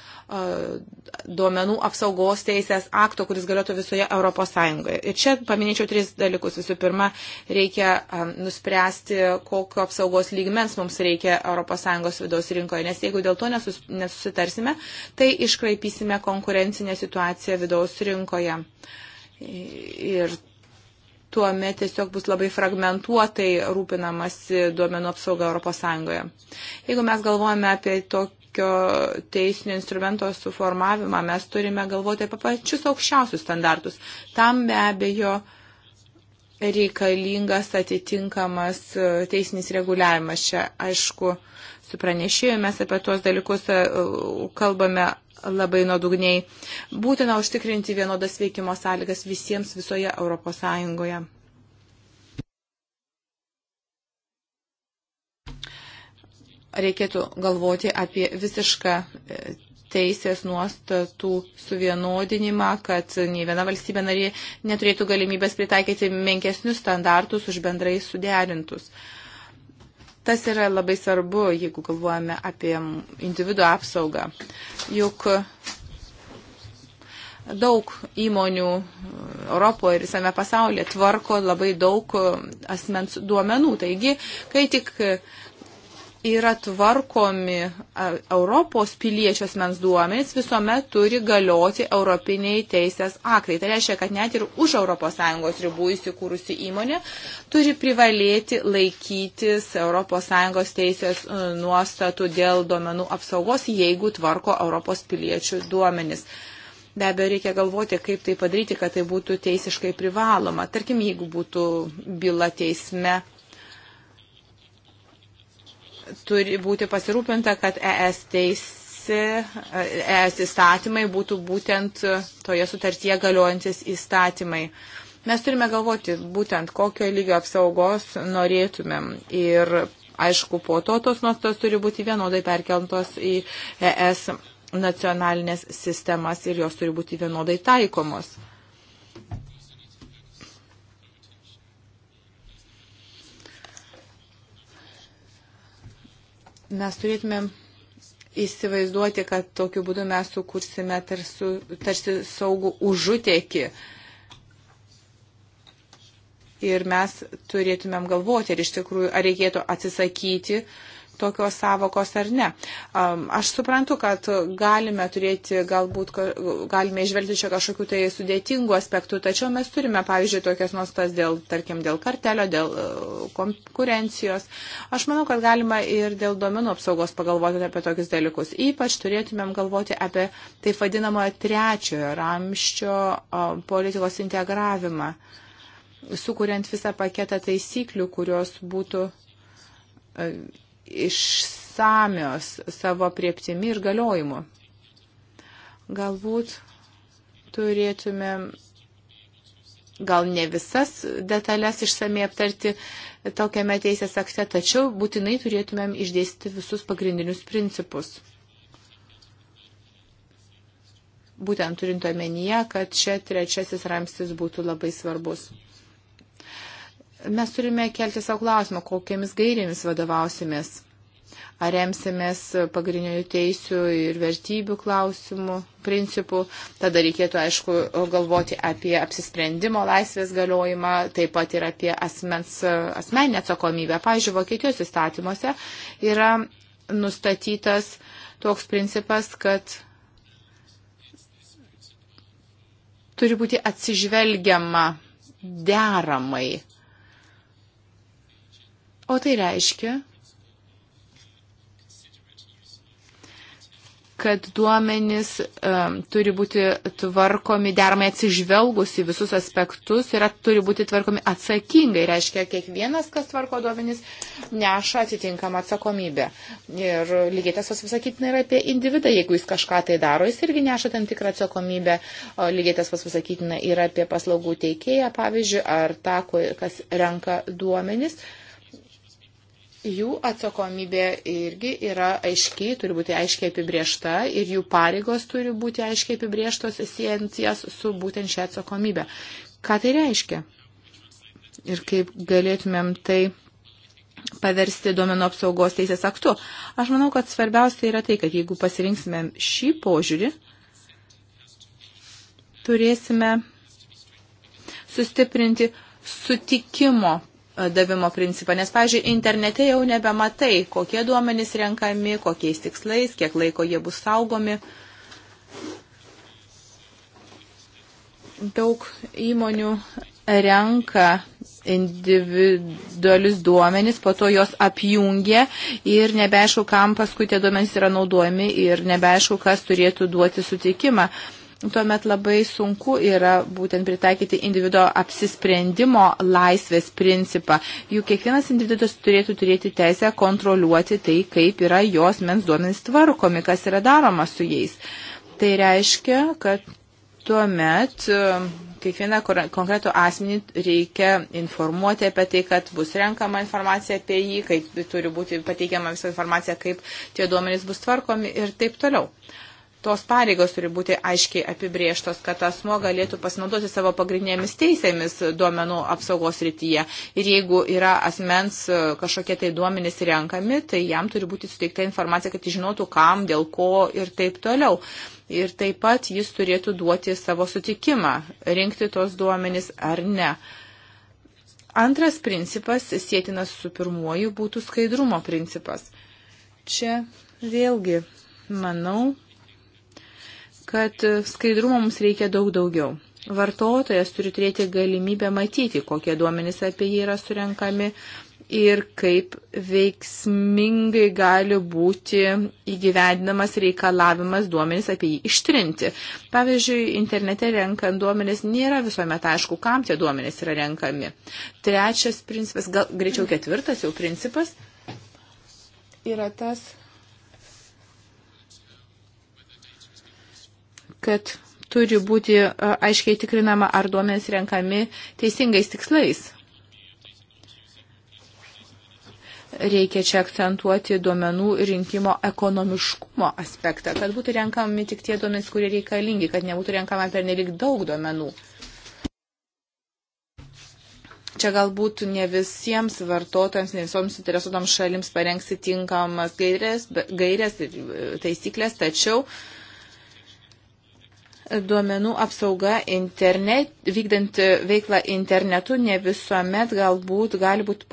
C: duomenų apsaugos teisės akto, kuris galėtų visoje Europos Sąjungoje. Ir čia paminėčiau tris dalykus. Visų pirma, reikia nuspręsti, kokio apsaugos lygmens mums reikia Europos Sąjungos vidaus rinkoje, nes jeigu dėl to nesus, nesusitarsime, tai iškraipysime konkurencinę situaciją vidaus rinkoje. Ir tuomet tiesiog bus labai fragmentuotai rūpinamasi duomenų apsauga Europos Sąjungoje. Jeigu mes galvojame apie tokį tokio teisinio instrumento suformavimą mes turime galvoti apie pačius aukščiausius standartus. Tam be abejo reikalingas atitinkamas e, teisinis reguliavimas. Čia, aišku, su pranešėjų mes apie tuos dalykus e, kalbame labai nuodugniai. Būtina užtikrinti vienodas veikimo sąlygas visiems visoje Europos Sąjungoje. reikėtų galvoti apie visišką e, teisės nuostatų suvienodinimą, kad nei viena valstybė narė neturėtų galimybės pritaikyti menkesnius standartus už bendrai suderintus. Tas yra labai svarbu, jeigu galvojame apie individuo apsaugą. Juk daug įmonių e, Europoje ir visame pasaulyje tvarko labai daug e, asmens duomenų. Taigi, kai tik yra tvarkomi Europos piliečio asmens duomenys, visuomet turi galioti europiniai teisės aktai. Tai reiškia, kad net ir už ES ribų įsikūrusi įmonė turi privalėti laikytis ES teisės e, nuostatų dėl duomenų apsaugos, jeigu tvarko Europos piliečių duomenys. Be abejo, reikia galvoti, kaip tai padaryti, kad tai būtų teisiškai privaloma. Tarkim, jeigu būtų byla teisme turi būti pasirūpinta, kad ES teisė, ES įstatymai būtų būtent toje sutartyje galiojantis įstatymai. Mes turime galvoti būtent, kokio lygio apsaugos norėtumėm. Ir aišku, po to tos nuostos turi būti vienodai perkeltos į ES nacionalinės sistemas ir jos turi būti vienodai taikomos. mes turėtumėm įsivaizduoti, kad tokiu būdu mes sukursime tarsi, tarsi saugų užutėki. Ir mes turėtumėm galvoti, ar iš tikrųjų, ar reikėtų atsisakyti uh, tokios savokos ar ne. Aš suprantu, kad galime turėti, galbūt galime išvelgti čia kažkokių tai sudėtingų aspektų, tačiau mes turime, pavyzdžiui, tokias nuostas dėl, tarkim, dėl kartelio, dėl e, konkurencijos. Aš manau, kad galima ir dėl domenų apsaugos pagalvoti apie tokius dalykus. Ypač turėtumėm galvoti apie taip vadinamojo trečiojo ramščio politikos integravimą sukuriant visą paketą taisyklių, kurios būtų e, išsamios savo prieptimi ir galiojimu. Galbūt turėtume gal ne visas detalės išsamei aptarti tokiame teisės akte, tačiau būtinai turėtumėm išdėstyti visus pagrindinius principus būtent turint omenyje, kad čia trečiasis ramstis būtų labai svarbus. Mes turime kelti savo klausimą, kokiamis gairėmis vadovausimės. Ar remsimės pagrindinių teisių ir vertybių klausimų, principų. Tada reikėtų, aišku, galvoti apie apsisprendimo laisvės galiojimą, taip pat ir apie asmens, asmeninę atsakomybę. Pavyzdžiui, Vokietijos įstatymuose yra nustatytas toks principas, kad turi būti atsižvelgiama deramai O tai reiškia, kad duomenys um, turi būti tvarkomi dermai atsižvelgus į visus aspektus ir at, turi būti tvarkomi atsakingai. Reiškia, kiekvienas, kas tvarko duomenys, neša atitinkamą atsakomybę. Ir lygiai tas pasakytina yra apie individą. Jeigu jis kažką tai daro, jis irgi neša tam tikrą atsakomybę. O lygiai tas pasakytina yra apie paslaugų teikėją, pavyzdžiui, ar tą, kas renka duomenys. Uh, jų atsakomybė irgi yra aiškiai, turi būti aiškiai apibriešta ir jų pareigos turi būti aiškiai apibrieštos, siejant jas su būtent šią atsakomybę. Ką tai reiškia? Ir kaip galėtumėm tai paversti duomenų apsaugos teisės aktu. Aš manau, kad svarbiausia yra tai, kad jeigu pasirinksime šį požiūrį, turėsime sustiprinti sutikimo davimo principą, nes, pažiūrėjau, internete jau nebematai, kokie duomenys renkami, kokiais tikslais, kiek laiko jie bus saugomi. Daug įmonių renka individualius duomenys, po to jos apjungia ir nebeaišku, kam paskui tie duomenys yra naudojami ir nebeaišku, kas turėtų duoti sutikimą. Uh, tuomet labai sunku yra būtent pritaikyti individuo apsisprendimo laisvės principą. Juk kiekvienas individuas turėtų turėti teisę kontroliuoti tai, kaip yra jos mens duomenys tvarkomi, kas yra daroma su jais. Tai reiškia, kad tuomet e, kiekvieną konkretų asmenį reikia informuoti apie tai, kad bus renkama informacija apie jį, kaip turi būti pateikiama visa informacija, kaip tie duomenys bus tvarkomi ir taip toliau. Uh, tos pareigos turi būti aiškiai apibrieštos, kad asmo galėtų pasinaudoti savo pagrindinėmis teisėmis duomenų apsaugos rytyje. Ir jeigu yra asmens e, kažkokie tai duomenys renkami, tai jam turi būti suteikta informacija, kad jis žinotų, kam, dėl ko ir taip toliau. Ir taip pat jis turėtų duoti savo sutikimą, rinkti tos duomenys ar ne. Antras principas, sėtinas su pirmuoju, būtų skaidrumo principas. Čia vėlgi, manau, kad skaidrumo mums reikia daug daugiau. Vartotojas turi turėti galimybę matyti, kokie duomenys apie jį yra surenkami ir kaip veiksmingai gali būti įgyvendinamas reikalavimas duomenys apie jį ištrinti. Pavyzdžiui, internete renkant duomenys nėra visuomet aišku, kam tie duomenys yra renkami. Trečias principas, gal greičiau ketvirtas jau principas, yra tas kad turi būti e, aiškiai tikrinama, ar duomenys renkami teisingais tikslais. Reikia čia akcentuoti duomenų rinkimo ekonomiškumo aspektą, kad būtų renkami tik tie duomenys, kurie reikalingi, kad nebūtų renkama per nelik daug duomenų. Čia galbūt ne visiems vartotojams, ne visoms interesuotams šalims parengsi tinkamas gairės, gairės ir e, taisyklės, tačiau uh, duomenų apsauga internet, vykdant veiklą internetu ne visuomet galbūt gali būti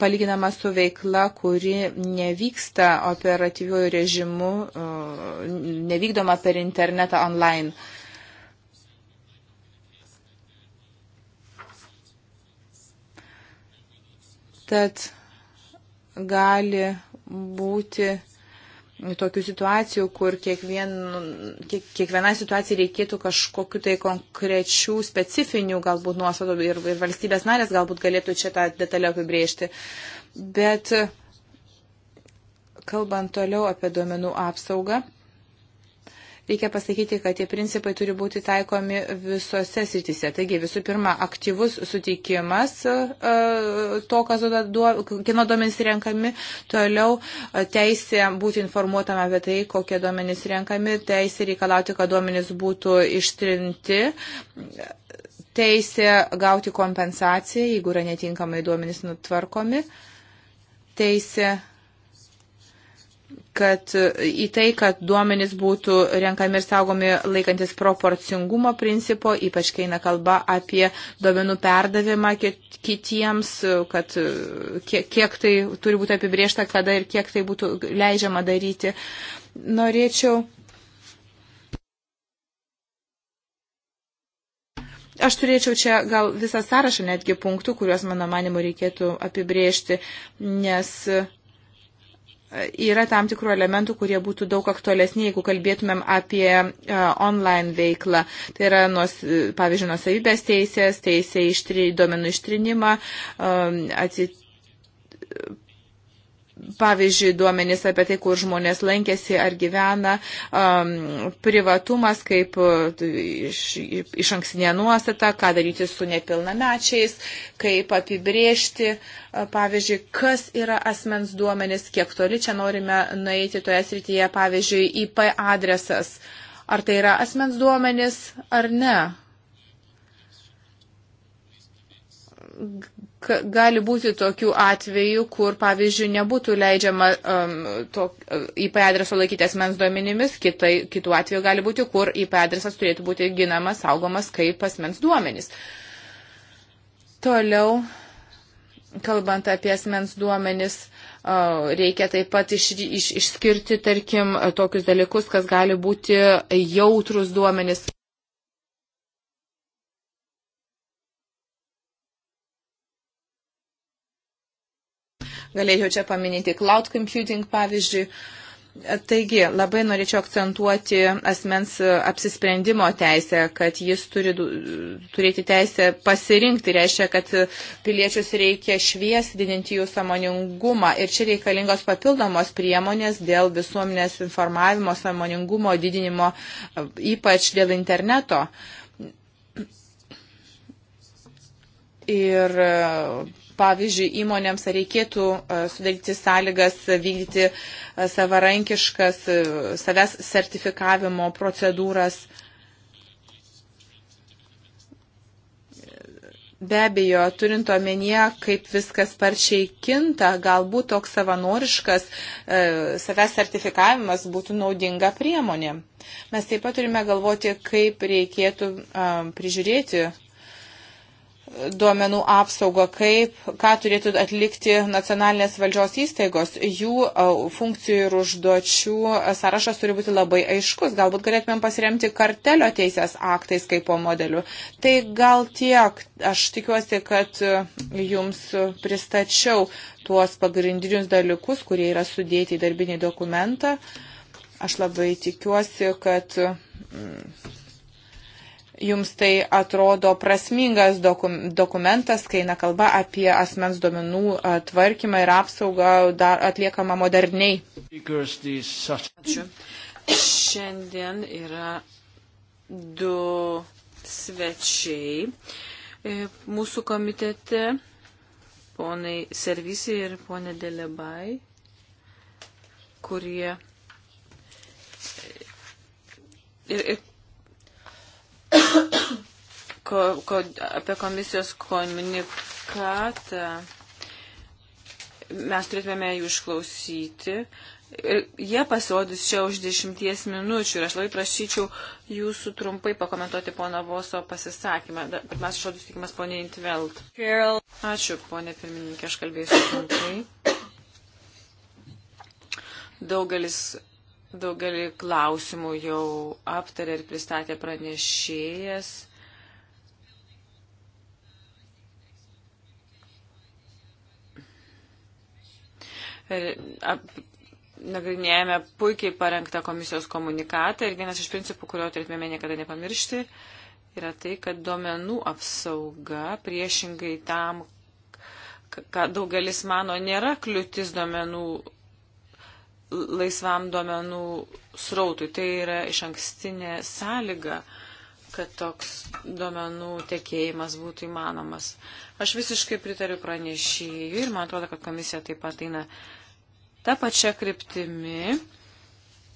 C: palyginama su veikla, kuri nevyksta operatyviuoju režimu, uh, nevykdoma per internetą online. Tad gali būti tokių situacijų, kur kiekvien, kiek, kiekviena situacija reikėtų kažkokiu tai konkrečių, specifinių galbūt nuostatų ir, ir valstybės narės galbūt galėtų čia tą detalę apibrėžti. Bet kalbant toliau apie duomenų apsaugą, reikia pasakyti, kad tie principai turi būti taikomi visose sritise. Taigi visų pirma, aktyvus sutikimas e, to, kas kino duomenys renkami, toliau e, teisė būti informuotam apie tai, kokie duomenys renkami, teisė reikalauti, kad duomenys būtų ištrinti teisė gauti kompensaciją, jeigu yra netinkamai duomenys nutvarkomi, teisė kad į tai, kad duomenys būtų renkami ir saugomi laikantis proporcingumo principo, ypač kai eina kalba apie duomenų perdavimą kitiems, kad kiek, kiek tai turi būti apibriešta, kada ir kiek tai būtų leidžiama daryti. Norėčiau Aš turėčiau čia gal visą sąrašą netgi punktų, kuriuos mano manimu reikėtų apibriežti, nes yra tam tikrų elementų, kurie būtų daug aktualesni, jeigu kalbėtumėm apie e, online veiklą. Tai yra, nuos, e, pavyzdžiui, nusavybės teisės, teisė ištri, duomenų ištrinimą, e, atsitikimą pavyzdžiui, duomenys apie tai, kur žmonės lankėsi ar gyvena, um, privatumas kaip uh, iš, iš anksinė nuostata, ką daryti su nepilnamečiais, kaip apibriežti, uh, pavyzdžiui, kas yra asmens duomenys, kiek toli čia norime nueiti toje srityje, pavyzdžiui, IP adresas. Ar tai yra asmens duomenys ar ne? gali būti tokių atvejų, kur, pavyzdžiui, nebūtų leidžiama um, to, IP adreso laikyti asmens duomenimis, kitai, kitų atvejų gali būti, kur IP adresas turėtų būti ginamas, saugomas kaip asmens duomenys. Toliau, kalbant apie asmens duomenis, uh, reikia taip pat iš, iš, išskirti, tarkim, tokius dalykus, kas gali būti jautrus duomenis. Galėjau čia paminėti cloud computing pavyzdžiui. Taigi, labai norėčiau akcentuoti asmens apsisprendimo teisę, kad jis turi turėti teisę pasirinkti, reiškia, kad piliečius reikia švies didinti jų samoningumą ir čia reikalingos papildomos priemonės dėl visuomenės informavimo, samoningumo didinimo, ypač dėl interneto. Ir pavyzdžiui, įmonėms reikėtų e, sudaryti sąlygas vykdyti e, savarankiškas e, savęs sertifikavimo procedūras. Be abejo, turint omenyje, kaip viskas sparčiai kinta, galbūt toks savanoriškas e, savęs sertifikavimas būtų naudinga priemonė. Mes taip pat turime galvoti, kaip reikėtų e, prižiūrėti duomenų apsaugą, kaip, ką turėtų atlikti nacionalinės valdžios įstaigos. Jų funkcijų ir užduočių sąrašas turi būti labai aiškus. Galbūt galėtumėm pasiremti kartelio teisės aktais kaip po modeliu. Tai gal tiek. Aš tikiuosi, kad jums pristačiau tuos pagrindinius dalykus, kurie yra sudėti į darbinį dokumentą. Aš labai tikiuosi, kad.
B: Mm,
C: jums tai atrodo prasmingas dokum, dokumentas, kai eina kalba apie asmens duomenų tvarkymą ir apsaugą dar atliekamą moderniai? Ačiū.
B: Šiandien yra du svečiai e, mūsų komitete, ponai Servisi ir ponė Delebai, kurie e, ir, ir ko, ko, apie komisijos komunikatą. Mes turėtume jų išklausyti. Ir jie pasirodys čia už dešimties minučių ir aš labai prašyčiau jūsų trumpai pakomentuoti pono Voso pasisakymą. Pirmiausia, šodus tikimas ponė Intveld. Ačiū, ponė pirmininkė, aš kalbėsiu trumpai. Daugelis Daugelį klausimų jau aptarė ir pristatė pranešėjas. Ir ap, nagrinėjame puikiai parengtą komisijos komunikatą ir vienas iš principų, kurio turėtume niekada nepamiršti, yra tai, kad duomenų apsauga priešingai tam, ką daugelis mano, nėra kliūtis duomenų laisvam duomenų srautui. Tai yra iš ankstinė sąlyga, kad toks duomenų tekėjimas būtų įmanomas. Aš visiškai pritariu pranešėjui ir man atrodo, kad komisija taip pat eina tą pačią kryptimį.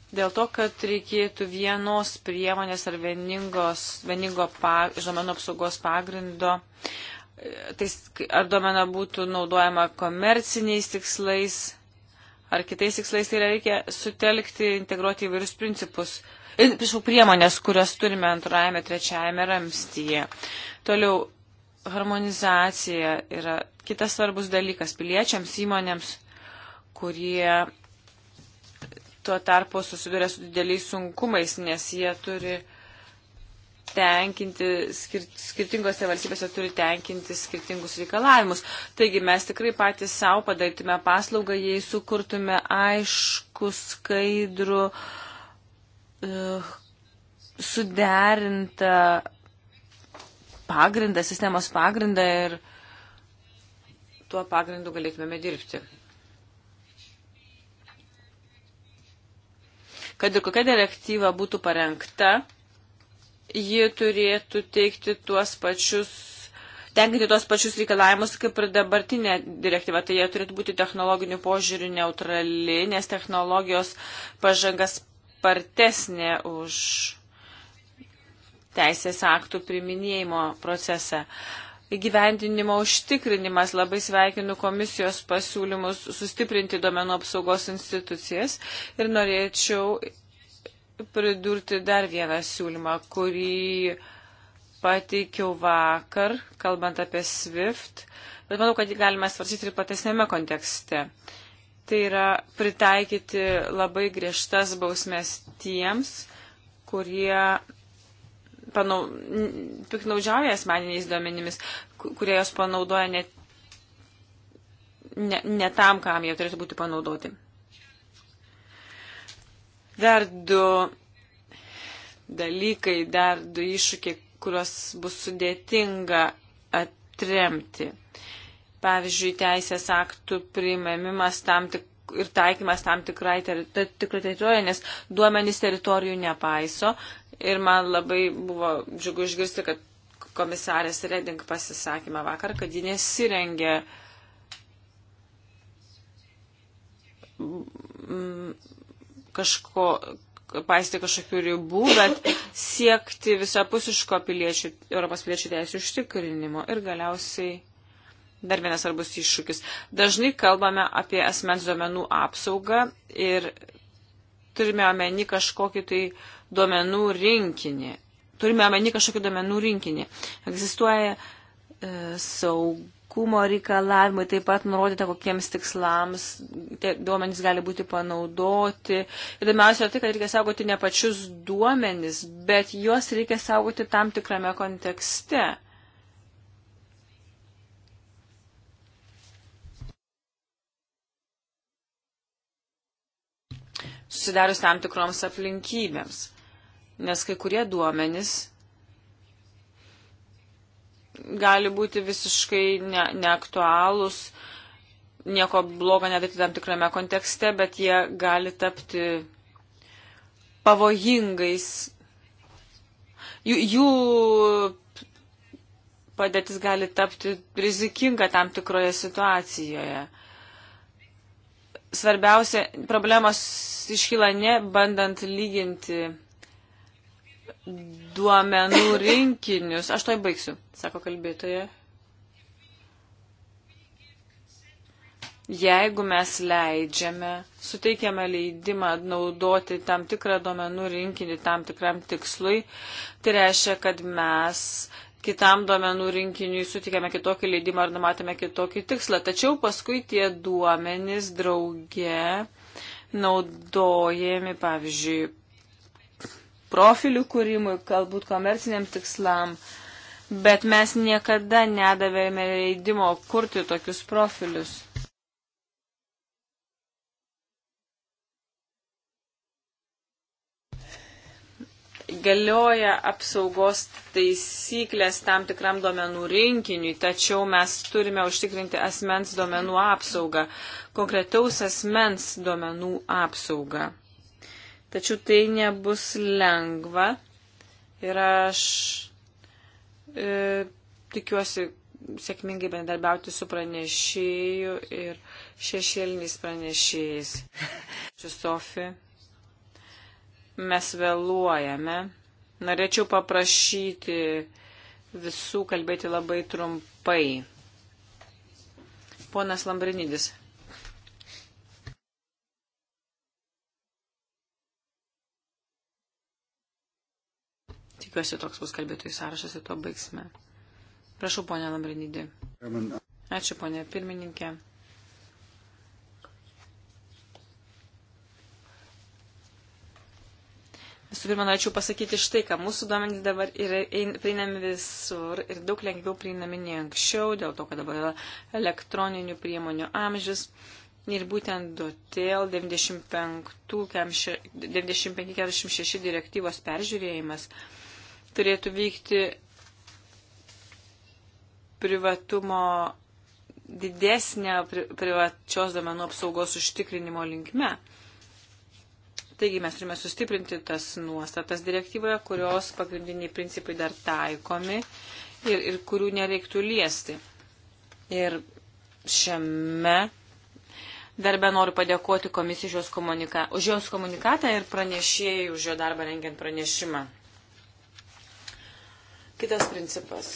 B: Dėl to, kad reikėtų vienos priemonės ar vieningos, vieningo pa, duomenų apsaugos pagrindo, e, tais, ar duomena būtų naudojama komerciniais tikslais, ar kitais tikslais, tai reikia sutelkti, integruoti įvairius principus. E, Pišau priemonės, kurias turime antrajame, trečiajame ramstyje. Toliau harmonizacija yra kitas svarbus dalykas piliečiams, įmonėms, kurie tuo tarpu susiduria su dideliais sunkumais, nes jie turi uh, tenkinti, skirtingose valstybėse turi tenkinti skirtingus reikalavimus. Taigi mes tikrai patys savo padarytume paslaugą, jei sukurtume aišku, skaidrų, uh, suderintą pagrindą, sistemos pagrindą ir tuo pagrindu galėtume dirbti. Kad ir kokia direktyva būtų parengta, ji turėtų teikti tuos pačius, tenkinti tuos pačius reikalavimus kaip ir dabartinė direktyva. Tai jie turėtų būti technologinių požiūrių neutrali, nes technologijos pažangas spartesnė už teisės aktų priminėjimo procesą. Įgyvendinimo užtikrinimas labai sveikinu komisijos pasiūlymus sustiprinti domenų apsaugos institucijas ir norėčiau pridurti dar vieną siūlymą, kurį pateikiau vakar, kalbant apie SWIFT, bet manau, kad jį galima svarstyti ir platesnėme kontekste. Tai yra pritaikyti labai griežtas bausmės tiems, kurie panau, piknaudžiauja asmeniniais duomenimis, kurie jos panaudoja ne, ne, ne tam, kam jie turėtų būti panaudoti. Dar du dalykai, dar du iššūkiai, kuriuos bus sudėtinga atremti. Pavyzdžiui, teisės aktų priimamimas tam tik ir taikymas tam tikrai teritorijoje, nes duomenys teritorijų nepaiso. Ir man labai buvo džiugu išgirsti, kad komisarės Reding pasisakymą vakar, kad ji nesirengė kažko, paisti kažkokių ribų, bet siekti visapusiško piliečių, Europos piliečių teisų užtikrinimo ir galiausiai dar vienas svarbus iššūkis. Dažnai kalbame apie asmens duomenų apsaugą ir turime omeny kažkokį tai duomenų rinkinį. Turime omeny kažkokį duomenų rinkinį. Egzistuoja e, saug atsargumo reikalavimai, taip pat nurodyta, kokiems tikslams tie duomenys gali būti panaudoti. Įdomiausia yra tai, kad reikia saugoti ne pačius duomenys, bet juos reikia saugoti tam tikrame kontekste. Susidarius tam tikroms aplinkybėms. Nes kai kurie duomenys gali būti visiškai ne, neaktualūs, nieko blogo nedaryti tam tikrame kontekste, bet jie gali tapti pavojingais. Jų, jų padėtis gali tapti rizikinga tam tikroje situacijoje. Svarbiausia, problemas iškyla ne bandant lyginti duomenų rinkinius. Aš to įbaigsiu, sako kalbėtoje. Jeigu mes leidžiame, suteikiame leidimą naudoti tam tikrą duomenų rinkinį tam tikram tikslui, tai reiškia, kad mes kitam duomenų rinkiniui sutikėme kitokį leidimą ar numatėme kitokį tikslą. Tačiau paskui tie duomenys drauge naudojami, pavyzdžiui, profilių kūrimui, galbūt komerciniam tikslam, bet mes niekada nedavėme leidimo kurti tokius profilius. Galioja apsaugos taisyklės tam tikram duomenų rinkiniui, tačiau mes turime užtikrinti asmens duomenų apsaugą, konkretaus asmens duomenų apsaugą. Tačiau tai nebus lengva ir aš e, tikiuosi sėkmingai bendarbiauti su pranešėju ir šešėliniais pranešėjais. Ačiū, Sofi. Mes vėluojame. Norėčiau paprašyti visų kalbėti labai trumpai. Ponas Lambrinidis. Tikiuosi, toks bus kalbėtojų sąrašas ir tuo baigsime. Prašau, ponė Lambrinidį. Ačiū, ponė pirmininkė. Visų pirma, norėčiau pasakyti štai, kad mūsų duomenys dabar yra prieinami visur ir daug lengviau prieinami nei anksčiau, dėl to, kad dabar yra elektroninių priemonių amžius. Ir būtent dėl 95-46 direktyvos peržiūrėjimas turėtų vykti privatumo didesnė privačios domenų apsaugos užtikrinimo linkme. Taigi mes turime sustiprinti tas nuostatas direktyvoje, kurios pagrindiniai principai dar taikomi ir, ir kurių nereiktų liesti. Ir šiame darbe noriu padėkoti komisijai už jos komunikatą ir pranešėjai už jo darbą rengiant pranešimą. Kitas principas,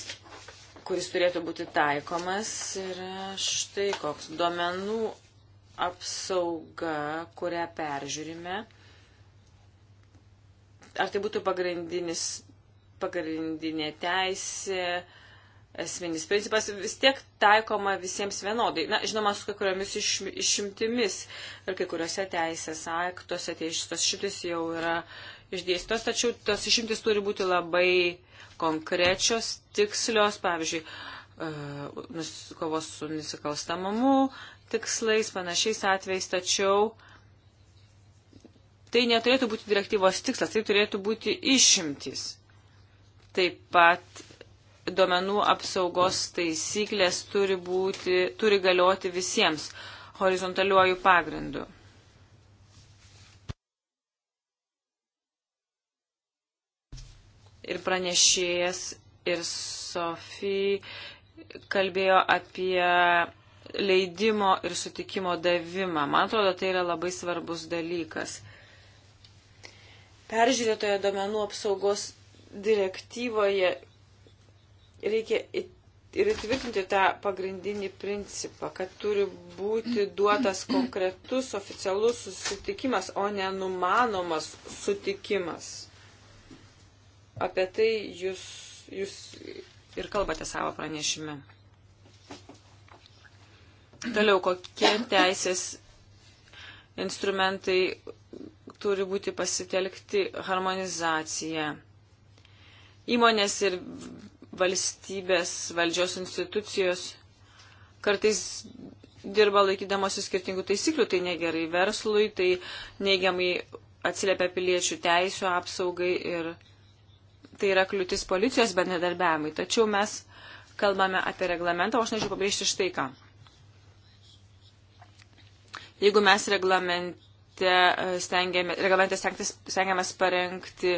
B: kuris turėtų būti taikomas, yra štai koks duomenų apsauga, kurią peržiūrime. Ar tai būtų pagrindinis, pagrindinė teisė, esminis principas, vis tiek taikoma visiems vienodai. Na, žinoma, su kai kuriomis iš, išimtimis ir kai kuriuose teisės aktuose tai šitos šitis jau yra išdėstos, tačiau tos išimtis turi būti labai konkrečios, tikslios, pavyzdžiui, e, kovos su nusikalstamumu tikslais, panašiais atvejais, tačiau tai neturėtų būti direktyvos tikslas, tai turėtų būti išimtis. Taip pat duomenų apsaugos taisyklės turi, būti, turi galioti visiems horizontaliuoju pagrindu. ir pranešėjas, ir Sofija kalbėjo apie leidimo ir sutikimo davimą. Man atrodo, tai yra labai svarbus dalykas. Peržiūrėtoje domenų apsaugos direktyvoje reikia ir įtvirtinti tą pagrindinį principą, kad turi būti duotas konkretus oficialus susitikimas, o nenumanomas sutikimas apie tai jūs, jūs ir kalbate savo pranešime. Toliau, kokie teisės instrumentai turi būti pasitelkti harmonizacija. Įmonės ir valstybės valdžios institucijos kartais dirba laikydamosi skirtingų taisyklių, tai negerai verslui, tai neigiamai atsiliepia piliečių teisų apsaugai ir tai yra kliūtis policijos bendradarbiavimui. Tačiau mes kalbame apie reglamentą, o aš norėčiau pabrėžti štai ką. Jeigu mes reglamente e, stengiamės, reglamente stengiamės parengti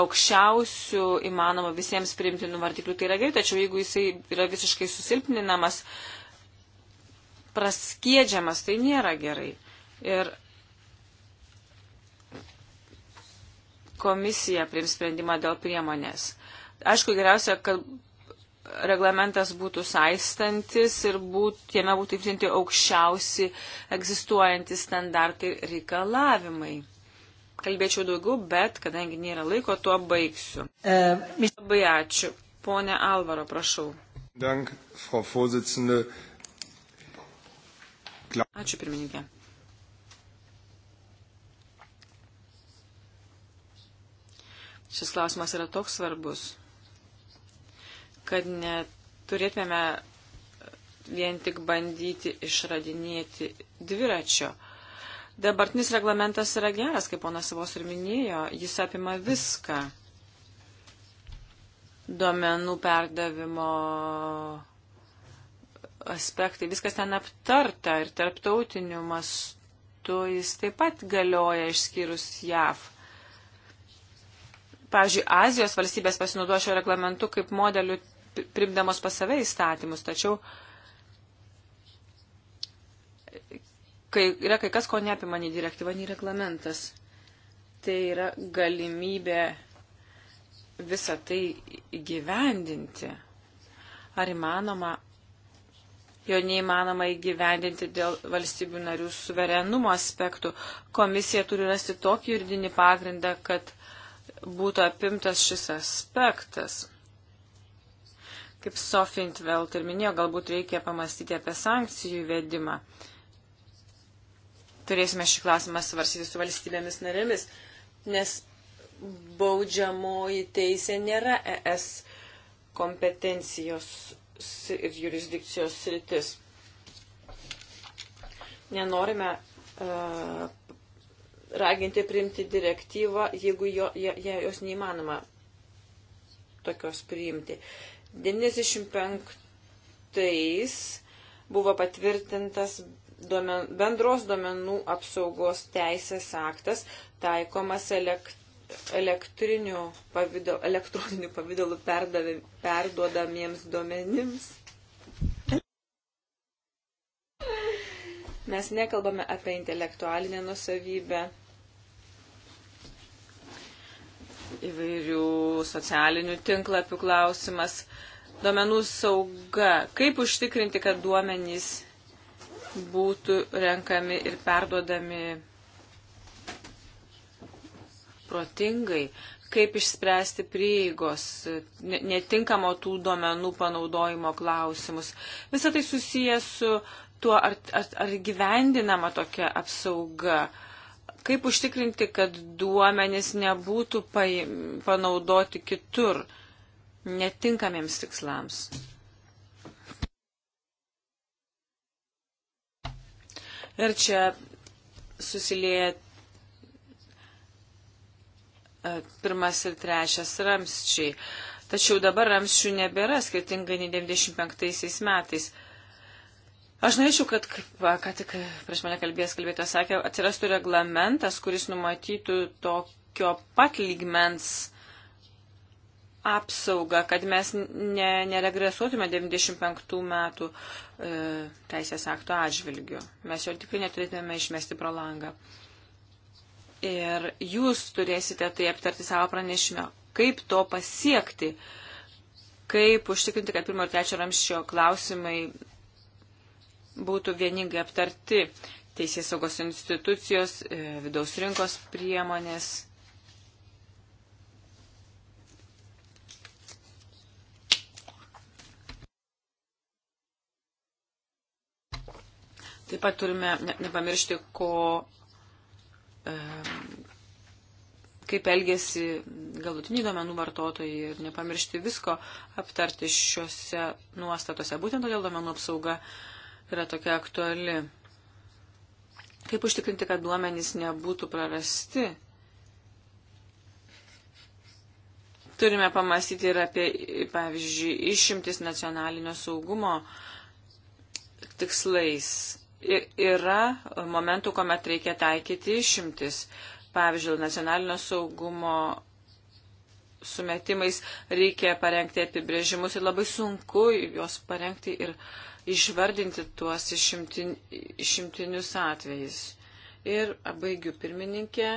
B: aukščiausių įmanomų visiems priimtinų vardiklių, tai yra gerai, tačiau jeigu jisai yra visiškai susilpninamas, praskiedžiamas, tai nėra gerai. Ir komisija priims sprendimą dėl priemonės. Aišku, geriausia, kad reglamentas būtų saistantis ir būt, jame būtų įtvirtinti aukščiausi egzistuojantys standartai ir reikalavimai. Kalbėčiau daugiau, bet kadangi nėra laiko, tuo baigsiu. Uh, Labai ačiū. Pone Alvaro, prašau.
A: Dank, Frau Vorsitzende.
B: Ačiū pirmininkė. šis klausimas yra toks svarbus, kad neturėtume vien tik bandyti išradinėti dviračio. Dabartinis reglamentas yra geras, kaip ponas Savos ir minėjo, jis apima viską. Duomenų perdavimo aspektai, viskas ten aptarta ir tarptautiniu mastu jis taip pat galioja išskyrus JAV pavyzdžiui, Azijos valstybės pasinaudojo šio reglamentu kaip modeliu primdamos pas save įstatymus, tačiau kai, yra kai kas, ko neapima nei direktyva, nei reglamentas. Tai yra galimybė visą tai įgyvendinti. Ar įmanoma? Jo neįmanoma įgyvendinti dėl valstybių narių suverenumo aspektų. Komisija turi rasti tokį juridinį pagrindą, kad būtų apimtas šis aspektas. Kaip Sofintvelt ir minėjo, galbūt reikia pamastyti apie sankcijų įvedimą. Turėsime šį klausimą svarsyti su valstybėmis narėmis, nes baudžiamoji teisė nėra ES kompetencijos ir jurisdikcijos sritis. Nenorime uh, raginti priimti direktyvą, jeigu jo, je, je, jos neįmanoma tokios priimti. 95-ais buvo patvirtintas duomen, bendros duomenų apsaugos teisės aktas, taikomas elekt, elektriniu pavidal, elektroniniu pavydalu perduodamiems duomenims. Mes nekalbame apie intelektualinę nusavybę įvairių socialinių tinklapių klausimas. Duomenų sauga. Kaip užtikrinti, kad duomenys būtų renkami ir perduodami protingai? Kaip išspręsti prieigos, netinkamo tų duomenų panaudojimo klausimus? Visą tai susijęs su tuo, ar, ar, ar gyvendinama tokia apsauga. Kaip užtikrinti, kad duomenys nebūtų paim, panaudoti kitur netinkamiems tikslams? Ir čia susilieja e, pirmas ir trečias ramščiai. Tačiau dabar ramščių nebėra, skirtingai nei 95 metais. Aš norėčiau, kad, va, ką tik prieš mane kalbėjęs kalbėtojas sakė, atsirastų reglamentas, kuris numatytų tokio pat lygmens apsaugą, kad mes ne, neregresuotume 95 metų e, teisės akto atžvilgiu. Mes jo tikrai neturėtume išmesti pro langą. Ir jūs turėsite tai aptarti savo pranešime. Kaip to pasiekti? Kaip užtikrinti, kad pirmo ir trečio ramščio klausimai būtų vieningai aptarti teisės saugos institucijos, e, vidaus rinkos priemonės. Taip pat turime nepamiršti, ko, e, kaip elgesi galutiniai domenų vartotojai ir nepamiršti visko aptarti šiuose nuostatose. Būtent todėl domenų apsauga uh, yra tokia aktuali. Kaip užtikrinti, kad duomenys nebūtų prarasti? Turime pamastyti ir apie, pavyzdžiui, išimtis nacionalinio saugumo tikslais. Yra momentų, kuomet reikia taikyti išimtis. Pavyzdžiui, nacionalinio saugumo sumetimais reikia parengti apibrėžimus ir labai sunku juos parengti ir išvardinti tuos išimtin, išimtinius atvejais. Ir baigiu pirmininkė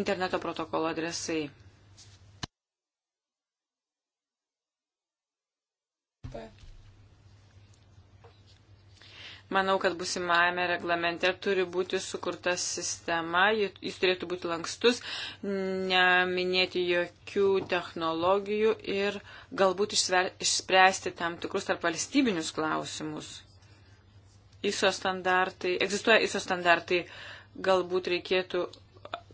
B: interneto protokolo adresai. Manau, kad busimajame reglamente turi būti sukurta sistema, jis turėtų būti lankstus, neminėti jokių technologijų ir galbūt išsver, išspręsti tam tikrus tarp valstybinius klausimus. ISO standartai, egzistuoja ISO standartai, galbūt reikėtų,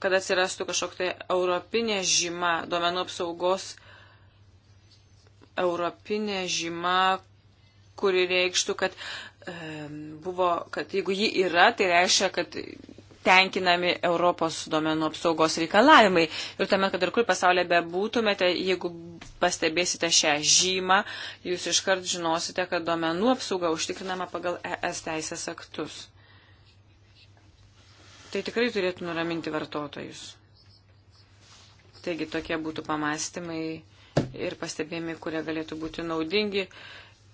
B: kad atsirastų kažkokia tai europinė žyma, duomenų apsaugos europinė žyma, kuri reikštų, kad buvo, kad jeigu ji yra, tai reiškia, kad tenkinami Europos duomenų apsaugos reikalavimai. Ir tame, kad ir kur pasaulyje bebūtumėte, jeigu pastebėsite šią žymą, jūs iškart žinosite, kad duomenų apsauga užtikrinama pagal ES teisės aktus. Tai tikrai turėtų nuraminti vartotojus. Taigi tokie būtų pamastymai ir pastebėjimai, kurie galėtų būti naudingi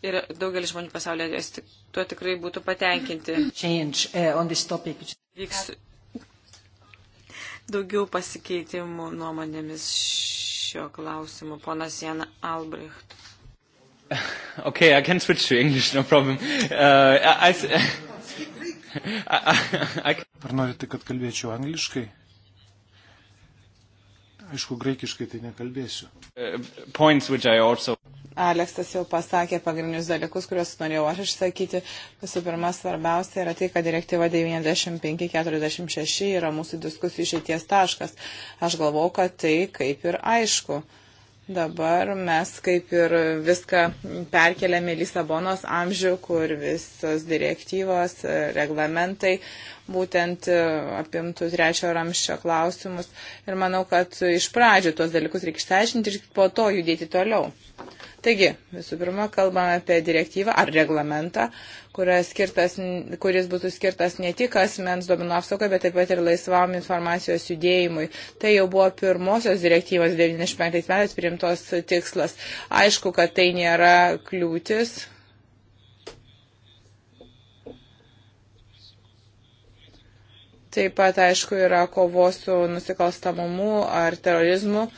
B: ir daugelis žmonių pasaulyje tuo tikrai būtų patenkinti. Change, uh, Vyks daugiau pasikeitimų nuomonėmis šio klausimu, ponas Jana Albrecht.
C: Okay, I can
A: switch to English, no problem. Uh, I, I, I, I... Ar norite, kad kalbėčiau angliškai? Aišku, graikiškai tai nekalbėsiu. Uh, points which I also
C: Aleksas jau pasakė pagrindinius dalykus, kuriuos norėjau aš išsakyti. Visų pirma, svarbiausia yra tai, kad direktyva 95-46 yra mūsų diskusijų išeities taškas. Aš galvau, kad tai kaip ir aišku. Dabar mes kaip ir viską perkeliame į Lisabonos amžių, kur visos direktyvos, reglamentai būtent apimtų trečio ramščio klausimus. Ir manau, kad iš pradžių tuos dalykus reikia išsiaiškinti ir po to judėti toliau. Taigi, visų pirma, kalbame apie direktyvą ar reglamentą, skirtas, kuris būtų skirtas ne tik asmens domino apsaugai, bet taip pat ir laisvam informacijos judėjimui. Tai jau buvo pirmosios direktyvos 95 metais priimtos tikslas. Aišku, kad tai nėra kliūtis. Taip pat, aišku, yra kovos su nusikalstamumu ar terorizmu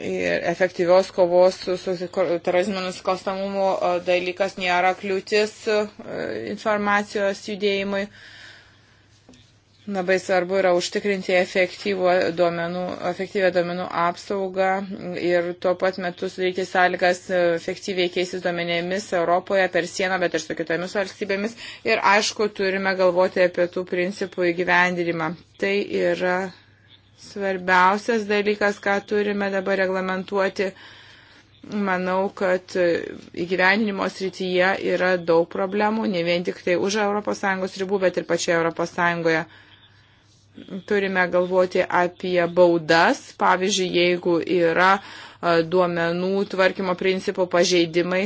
C: ir efektyvios kovos su, su terorizmo nusikalstamumu dalykas nėra kliūtis e, informacijos judėjimui. Labai svarbu yra užtikrinti duomenų, efektyvę duomenų apsaugą ir tuo pat metu sudaryti sąlygas e, efektyviai keistis duomenėmis Europoje per sieną, bet ir su kitomis valstybėmis. Ir aišku, turime galvoti apie tų principų įgyvendinimą. Tai yra svarbiausias dalykas, ką turime dabar reglamentuoti. Manau, kad įgyveninimo srityje yra daug problemų, ne vien tik tai už ES ribų, bet ir pačioje ES. Turime galvoti apie baudas, pavyzdžiui, jeigu yra duomenų tvarkymo principų pažeidimai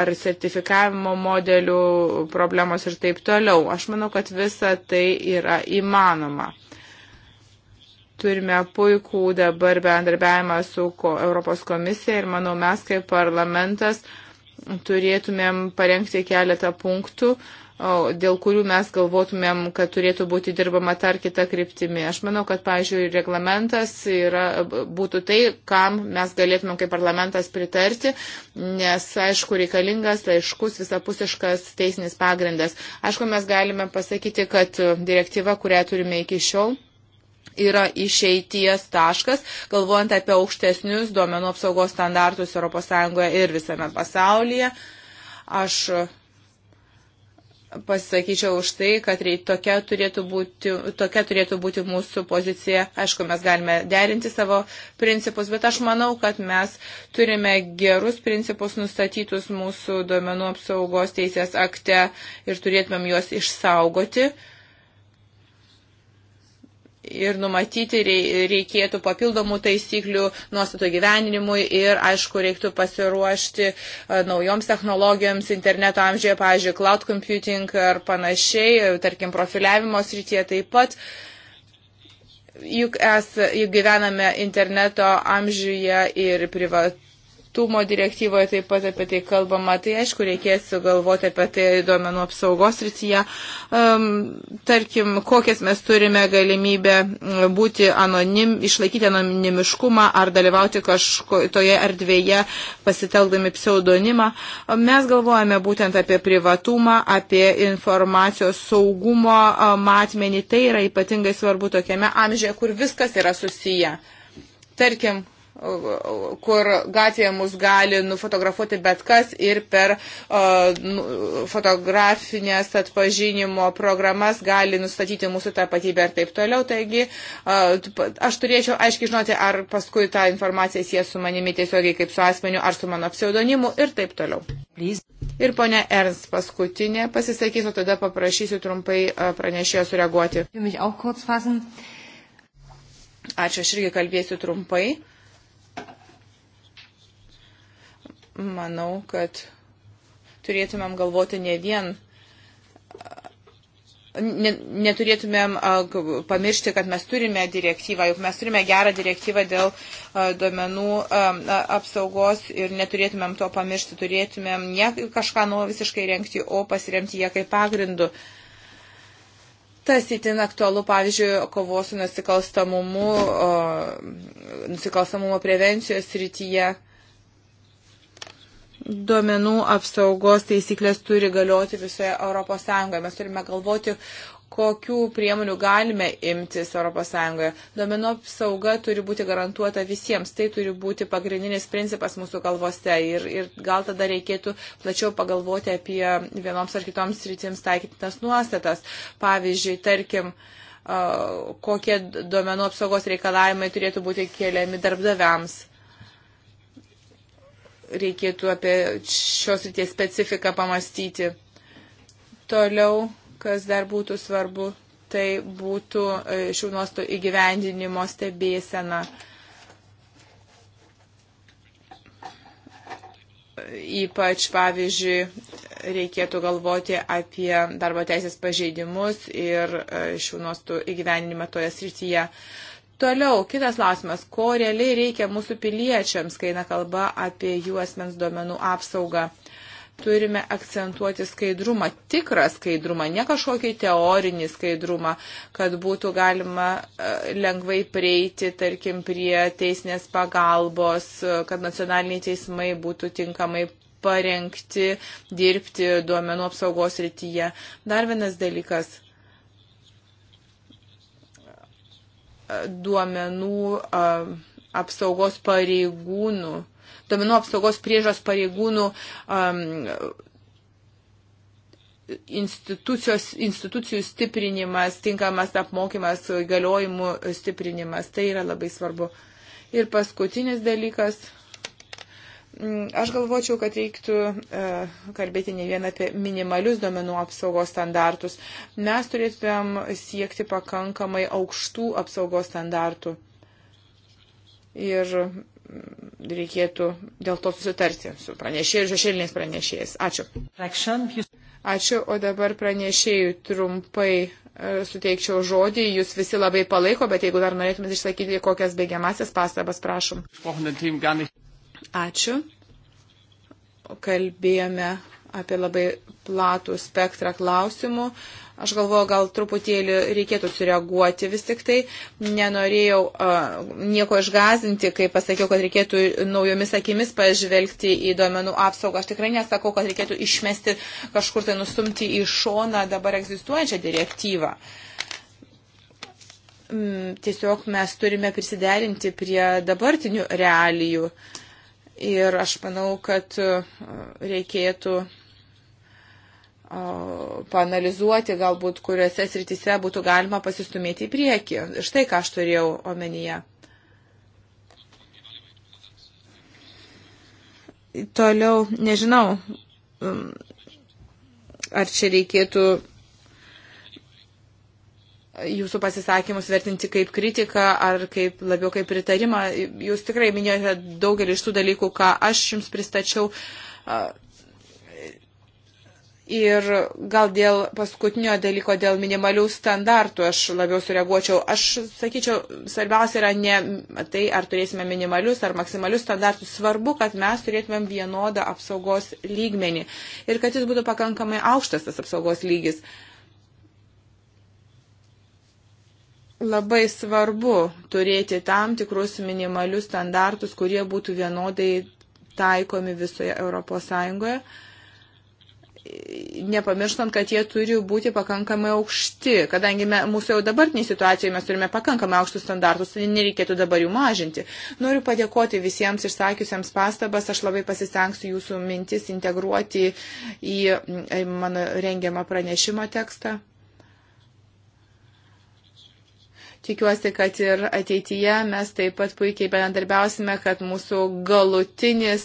C: ar sertifikavimo modelių problemos ir taip toliau. Aš manau, kad visa tai yra įmanoma. Turime puikų dabar bendarbiavimą su Europos komisija ir manau mes kaip parlamentas turėtumėm parengti keletą punktų, dėl kurių mes galvotumėm, kad turėtų būti dirbama tar kita kryptimi. Aš manau, kad, pavyzdžiui, reglamentas yra, būtų tai, kam mes galėtumėm kaip parlamentas pritarti, nes, aišku, reikalingas, aiškus, visapusiškas teisinis pagrindas. Aišku, mes galime pasakyti, kad direktyva, kurią turime iki šiol, yra išeities taškas, galvojant apie aukštesnius duomenų apsaugos standartus ES ir visame pasaulyje. Aš pasisakyčiau už tai, kad rei, tokia, turėtų būti, tokia turėtų būti mūsų pozicija. Aišku, mes galime derinti savo principus, bet aš manau, kad mes turime gerus principus nustatytus mūsų duomenų apsaugos teisės akte ir turėtumėm juos išsaugoti. Uh, ir numatyti reikėtų papildomų taisyklių nuostato gyveninimui ir, aišku, reiktų pasiruošti e, naujoms technologijoms interneto amžiuje, pavyzdžiui, cloud computing ar panašiai, tarkim, profiliavimo srityje taip pat. Juk, es, juk gyvename interneto amžiuje ir privat, privatumo direktyvoje taip pat apie tai kalbama, tai aišku, reikės galvoti apie tai duomenų apsaugos rytyje. Um, tarkim, kokias mes turime galimybę būti anonim, išlaikyti anonimiškumą ar dalyvauti kažkoje erdvėje pasitelkdami pseudonimą. Mes galvojame būtent apie privatumą, apie informacijos saugumo matmenį. Tai yra ypatingai svarbu tokiame amžiuje, kur viskas yra susiję. Tarkim, kur gatvėje mus gali nufotografuoti bet kas ir per uh, fotografinės atpažinimo programas gali nustatyti mūsų tapatybę ir taip toliau. Taigi uh, aš turėčiau aiškiai žinoti, ar paskui tą informaciją sieja su manimi tiesiogiai kaip su asmeniu, ar su mano pseudonimu ir taip toliau. Please. Ir ponia Ernst paskutinė pasisakys, o tada paprašysiu trumpai pranešėjo sureaguoti. Ačiū, aš irgi kalbėsiu trumpai. manau, kad turėtumėm galvoti ne vien neturėtumėm pamiršti, kad mes turime direktyvą, juk mes turime gerą direktyvą dėl duomenų apsaugos ir neturėtumėm to pamiršti, turėtumėm ne kažką naujo visiškai renkti, o pasiremti ją kaip pagrindu. Tas įtin aktualu, pavyzdžiui, kovos su nusikalstamumu, nusikalstamumo prevencijos rytyje duomenų apsaugos taisyklės turi galioti visoje Europos Sąjungoje. Mes turime galvoti, kokių priemonių galime imtis ES. Domino apsauga turi būti garantuota visiems. Tai turi būti pagrindinis principas mūsų galvose. Ir, ir gal tada reikėtų plačiau pagalvoti apie vienoms ar kitoms rytims taikytinas nuostatas. Pavyzdžiui, tarkim, kokie duomenų apsaugos reikalavimai turėtų būti keliami darbdaviams reikėtų apie šios ryties specifiką pamastyti. Toliau, kas dar būtų svarbu, tai būtų e, šių nuostų įgyvendinimo stebėsena. Ypač, pavyzdžiui, reikėtų galvoti apie darbo teisės pažeidimus ir e, šių nuostų įgyvendinimą toje srityje. Uh, Toliau, kitas klausimas, ko realiai reikia mūsų piliečiams, kai eina kalba apie jų asmens duomenų apsaugą. Turime akcentuoti skaidrumą, tikrą skaidrumą, ne kažkokį teorinį skaidrumą, kad būtų galima e, lengvai prieiti, tarkim, prie teisinės pagalbos, e, kad nacionaliniai teismai būtų tinkamai parengti dirbti duomenų apsaugos rytyje. Dar vienas dalykas duomenų apsaugos pareigūnų, duomenų apsaugos priežos pareigūnų um, institucijų stiprinimas, tinkamas apmokymas, galiojimų stiprinimas. Tai yra labai svarbu. Ir paskutinis dalykas – Mm, aš galvočiau, kad reiktų e, kalbėti ne vien apie minimalius duomenų apsaugos standartus. Mes turėtumėm siekti pakankamai aukštų apsaugos standartų. Ir mm, reikėtų dėl to susitarti su pranešėjais ir žešėliniais pranešėjais. Ačiū. Ačiū, o dabar pranešėjų trumpai e, suteikčiau žodį. Jūs visi labai palaiko, bet jeigu dar norėtumėte išsakyti kokias baigiamasias pastabas, prašom. Ačiū. Kalbėjome apie labai platų spektrą klausimų. Aš galvoju, gal truputėlį reikėtų sureaguoti vis tik tai. Nenorėjau uh, nieko išgazinti, kai pasakiau, kad reikėtų naujomis akimis pažvelgti į duomenų apsaugą. Aš tikrai nesakau, kad reikėtų išmesti kažkur tai nustumti į šoną dabar egzistuojančią direktyvą. Mm, tiesiog mes turime prisiderinti prie dabartinių realijų. Uh, Ir aš manau, kad e, reikėtų panalizuoti galbūt, kuriuose srityse būtų galima pasistumėti į priekį. Štai ką aš turėjau omenyje. Toliau, nežinau, ar čia reikėtų jūsų pasisakymus vertinti kaip kritiką ar kaip labiau kaip pritarimą. Jūs tikrai minėjote daugelį iš tų dalykų, ką aš jums pristačiau. Ir gal dėl paskutinio dalyko, dėl minimalių standartų aš labiau sureaguočiau. Aš sakyčiau, svarbiausia yra ne tai, ar turėsime minimalius ar maksimalius standartus. Svarbu, kad mes turėtumėm vienodą apsaugos lygmenį ir kad jis būtų pakankamai aukštas tas apsaugos lygis. Uh, labai svarbu turėti tam tikrus minimalius standartus, kurie būtų vienodai taikomi visoje Europos Sąjungoje. Nepamirštant, kad jie turi būti pakankamai aukšti, kadangi me, mūsų jau dabartinė situacija, mes turime pakankamai aukštus standartus, tai nereikėtų dabar jų mažinti. Noriu padėkoti visiems išsakiusiems pastabas, aš labai pasistengsiu jūsų mintis integruoti į mano rengiamą pranešimo tekstą. Tikiuosi, kad ir ateityje mes taip pat puikiai bendarbiausime, kad mūsų galutinis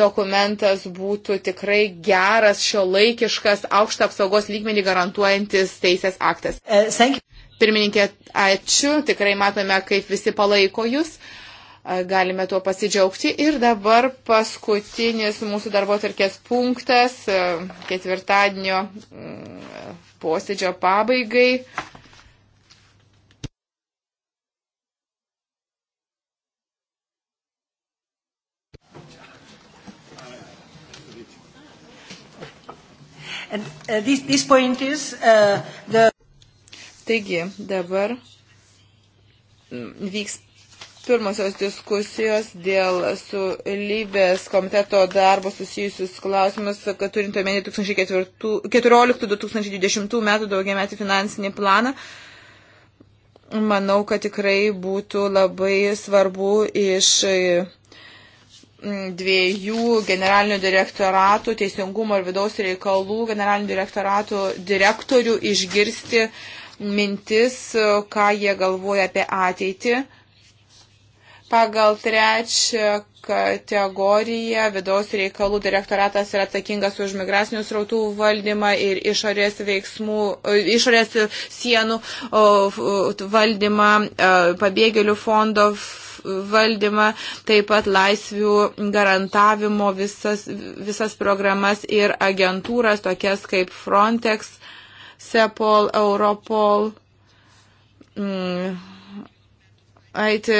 C: dokumentas būtų tikrai geras, šio laikiškas, aukštą apsaugos lygmenį garantuojantis teisės aktas. Uh, Pirmininkė, ačiū, tikrai matome, kaip visi palaiko jūs. Uh, galime tuo pasidžiaugti. Ir dabar paskutinis mūsų darbo tarkės punktas uh, ketvirtadienio mm, posėdžio pabaigai.
A: And, uh, this, this point is, uh, the...
C: Taigi, dabar mm, vyks pirmosios diskusijos dėl su lybės komiteto darbo susijusius klausimus, kad turint omeny 2014-2020 metų daugiametį finansinį planą. Manau, kad tikrai būtų labai svarbu iš dviejų generalinių direktoratų, teisingumo ir vidaus reikalų generalinių direktoratų direktorių išgirsti mintis, ką jie galvoja apie ateitį. Pagal trečią kategoriją vidaus reikalų direktoratas yra atsakingas už migracinių srautų valdymą ir išorės, veiksmų, išorės sienų valdymą, e, pabėgėlių fondo valdymą, taip pat laisvių garantavimo visas, visas programas ir agentūras, tokias kaip Frontex, Sepol, Europol. Mm, IT e,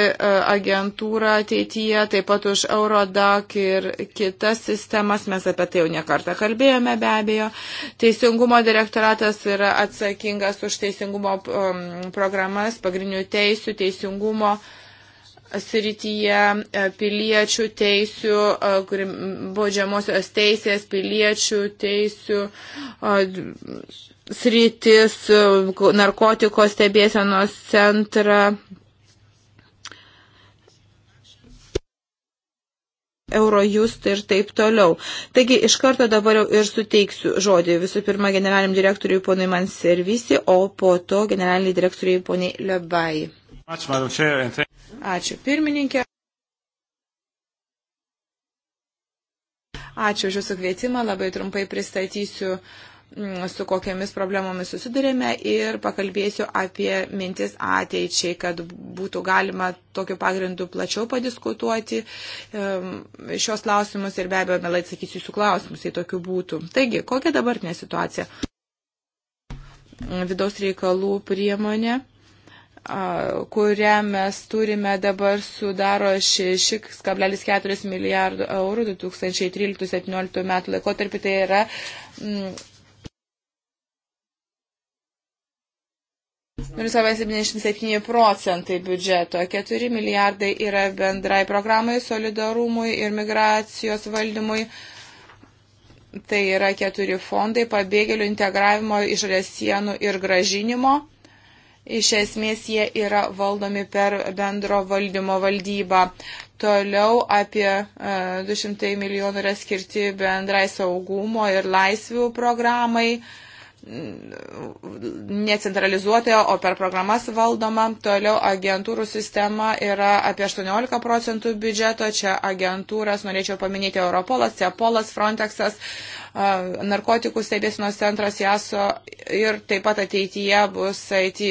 C: agentūrą ateityje, taip pat už Eurodac ir kitas sistemas, mes apie tai jau nekartą kalbėjome be abejo. Teisingumo direktoratas yra atsakingas už teisingumo mm, programas, pagrindinių teisų, teisingumo uh, srityje e, piliečių teisių, e, baudžiamosios teisės, piliečių teisių e, sritis, narkotikos stebėsenos centrą. Eurojust ir taip toliau. Taigi iš karto dabar jau ir suteiksiu žodį visų pirma generaliniam direktoriui ponui Manservisi, o po to generaliniai direktoriui poniai Lebai.
B: Ačiū
C: pirmininkė. Ačiū už Jūsų kvietimą, labai trumpai pristatysiu mm, su kokiamis problemomis susidurėme ir pakalbėsiu apie mintis ateičiai, kad būtų galima tokiu pagrindu plačiau padiskutuoti šios klausimus ir be abejo, melai atsakysiu jūsų klausimus, jei tokių būtų. Taigi, kokia dabartinė situacija? Vidaus reikalų priemonė kurią mes turime dabar sudaro 6,4 milijardų eurų 2013-2017 metų laikotarpį. Tai yra mm, 0,77 procentai biudžeto, 4 milijardai yra bendrai programai, solidarumui ir migracijos valdymui. Tai yra keturi fondai pabėgėlių integravimo, išorės sienų ir gražinimo Iš esmės jie yra valdomi per bendro valdymo valdybą. Toliau apie 200 e, milijonų yra skirti bendrai saugumo ir laisvių programai necentralizuotai, o per programas valdoma. Toliau agentūrų sistema yra apie 18 procentų biudžeto. Čia agentūras norėčiau paminėti Europolas, Cepolas, Frontexas, narkotikų stebėsinos centras JASO ir taip pat ateityje bus IT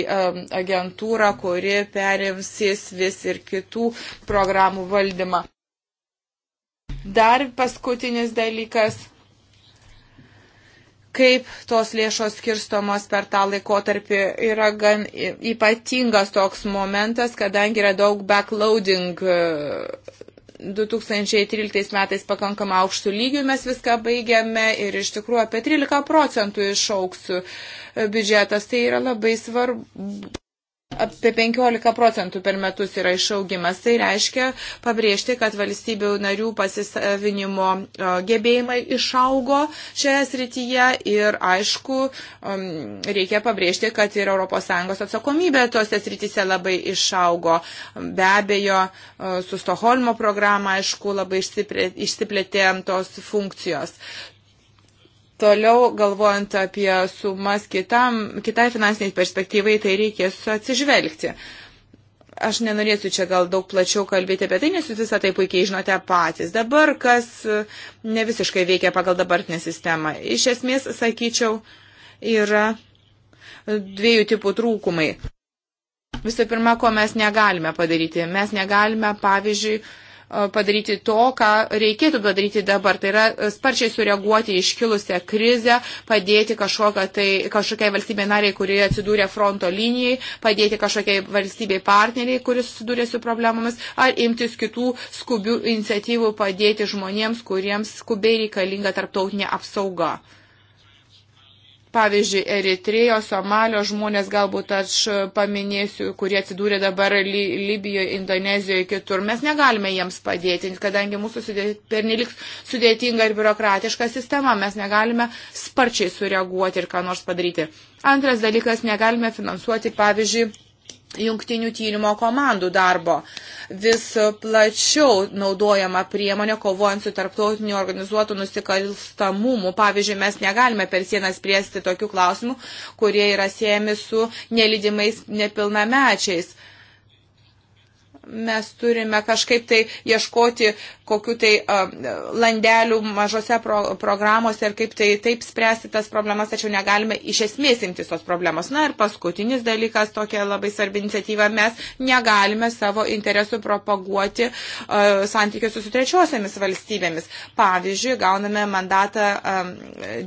C: agentūra, kuri perims vis ir kitų programų valdymą. Dar paskutinis dalykas kaip tos lėšos skirstomos per tą laikotarpį yra gan ypatingas toks momentas, kadangi yra daug backloading 2013 e, metais pakankamai aukštų lygių mes viską baigiame ir iš tikrųjų apie 13 procentų išauks e, biudžetas. Tai yra labai svarbu. Apie 15 procentų per metus yra išaugimas. Tai reiškia pabrėžti, kad valstybių narių pasisavinimo gebėjimai išaugo šioje srityje ir aišku, um, reikia pabrėžti, kad ir ES atsakomybė tose srityse labai išaugo. Be abejo, su Stoholmo programa, aišku, labai išsiplėtė tos funkcijos. Toliau, galvojant apie sumas kitam, kitai finansiniai perspektyvai, tai reikės atsižvelgti. Aš nenorėsiu čia gal daug plačiau kalbėti apie tai, nes jūs visą tai puikiai žinote patys. Dabar, kas e, ne visiškai veikia pagal dabartinę sistemą. Iš esmės, sakyčiau, yra dviejų tipų trūkumai. Visų pirma, ko mes negalime padaryti. Mes negalime, pavyzdžiui, padaryti to, ką reikėtų padaryti dabar. Tai yra sparčiai sureaguoti iškilusią krizę, padėti tai, kažkokiai valstybė nariai, kurie atsidūrė fronto linijai, padėti kažkokiai valstybei partneriai, kuris susidūrė su problemomis, ar imtis kitų skubių iniciatyvų padėti žmonėms, kuriems skubiai reikalinga tarptautinė apsauga. Pavyzdžiui, Eritrėjo, Somalio žmonės, galbūt aš paminėsiu, kurie atsidūrė dabar Li Libijoje, Indonezijoje, kitur. Mes negalime jiems padėti, kadangi mūsų sudėt, pernelik sudėtinga ir biurokratiška sistema. Mes negalime sparčiai sureaguoti ir ką nors padaryti. Antras dalykas, negalime finansuoti, pavyzdžiui, jungtinių tyrimo komandų darbo. Vis plačiau naudojama priemonė kovojant su tarptautiniu organizuotu nusikalstamumu. Pavyzdžiui, mes negalime per sienas priesti tokių klausimų, kurie yra siejami su nelydimais nepilnamečiais. Mes turime kažkaip tai ieškoti kokiu tai landelių mažose pro, programuose ir kaip tai taip spręsti tas problemas, tačiau negalime iš esmės imtis tos problemos. Na ir paskutinis dalykas, tokia labai svarbi iniciatyva, mes negalime savo interesų propaguoti uh, santykiuose su trečiosiamis valstybėmis. Pavyzdžiui, gauname mandatą um,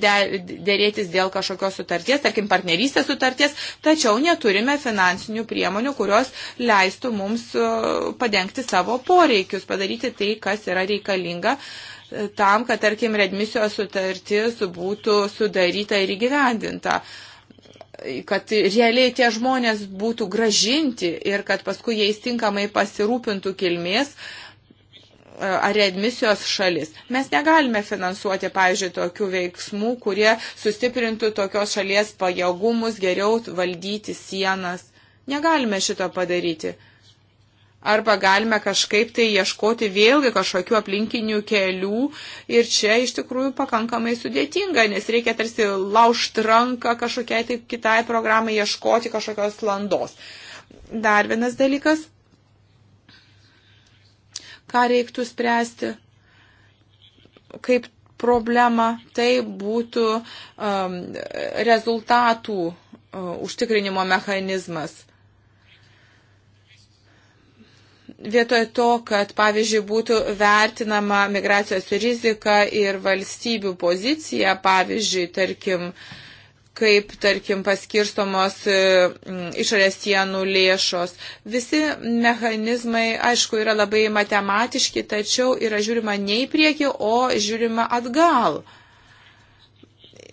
C: dėrėtis dėl kažkokios sutarties, tarkim, partnerystės sutarties, tačiau neturime finansinių priemonių, kurios leistų mums uh, padengti savo poreikius, padaryti tai, kas yra yra reikalinga e, tam, kad, tarkim, redmisijos sutartis būtų sudaryta ir įgyvendinta e, kad realiai tie žmonės būtų gražinti ir kad paskui jais tinkamai pasirūpintų kilmės e, ar admisijos šalis. Mes negalime finansuoti, pavyzdžiui, tokių veiksmų, kurie sustiprintų tokios šalies pajėgumus geriau valdyti sienas. Negalime šito padaryti arba galime kažkaip tai ieškoti vėlgi kažkokių aplinkinių kelių ir čia iš tikrųjų pakankamai sudėtinga, nes reikia tarsi laužti ranką kažkokiai tai kitai programai, ieškoti kažkokios landos. Dar vienas dalykas, ką reiktų spręsti, kaip problema, tai būtų um, rezultatų uh, užtikrinimo mechanizmas vietoje to, kad, pavyzdžiui, būtų vertinama migracijos rizika ir valstybių pozicija, pavyzdžiui, tarkim, kaip, tarkim, paskirstomos e, išorės sienų lėšos. Visi mechanizmai, aišku, yra labai matematiški, tačiau yra žiūrima ne į priekį, o žiūrima atgal. Mhm.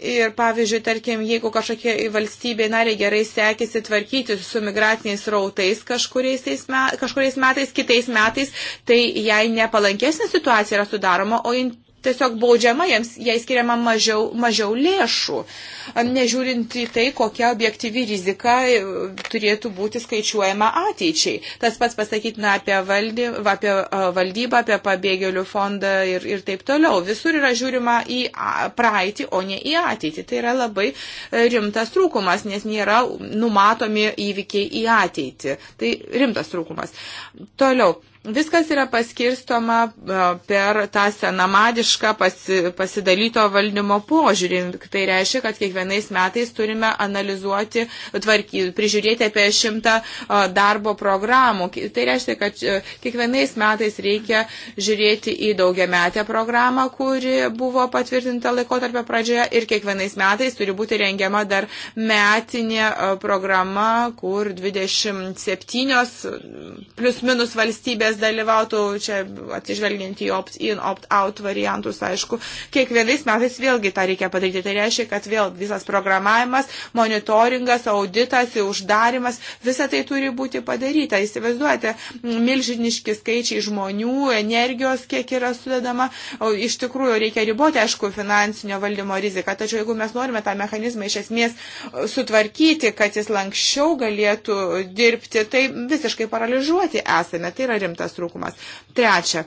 C: Ir pavyzdžiui, tarkim, jeigu kažkokie valstybė nariai gerai sekėsi tvarkyti su migraciniais rautais kažkuriais, me, kažkuriais metais, kitais metais, tai jai nepalankesnė situacija yra sudaroma, o in, tiesiog baudžiama, jiems, jai skiriama mažiau, mažiau lėšų, nežiūrint į tai, kokia objektyvi rizika e, turėtų būti skaičiuojama ateičiai. Tas pats pasakytina apie, valdy, apie e, valdybą, apie pabėgėlių fondą ir, ir taip toliau. Visur yra žiūrima į praeitį, o ne į ateitį. Tai yra labai e, rimtas trūkumas, nes nėra numatomi įvykiai į ateitį. Tai rimtas trūkumas. Toliau Viskas yra paskirstoma e, per tą senamadišką pasi, pasidalyto valdymo požiūrį. Tai reiškia, kad kiekvienais metais turime analizuoti, tvarky, prižiūrėti apie šimtą e, darbo programų. Tai reiškia, kad e, kiekvienais metais reikia žiūrėti į daugiametę programą, kuri buvo patvirtinta laikotarpio pradžioje ir kiekvienais metais turi būti rengiama dar metinė programa, kur 27 plius minus valstybės valstybės dalyvautų, čia atsižvelgiant į opt-in, opt-out variantus, aišku, kiekvienais metais vėlgi tą reikia padaryti. Tai reiškia, kad vėl visas programavimas, monitoringas, auditas, uždarimas, visa tai turi būti padaryta. Įsivaizduojate, milžiniški skaičiai žmonių, energijos, kiek yra sudedama, iš tikrųjų reikia riboti, aišku, finansinio valdymo riziką. Tačiau jeigu mes norime tą mechanizmą iš esmės sutvarkyti, kad jis lankščiau galėtų dirbti, tai visiškai paralyžiuoti esame. Tai yra rimta tas trūkumas. Trečia,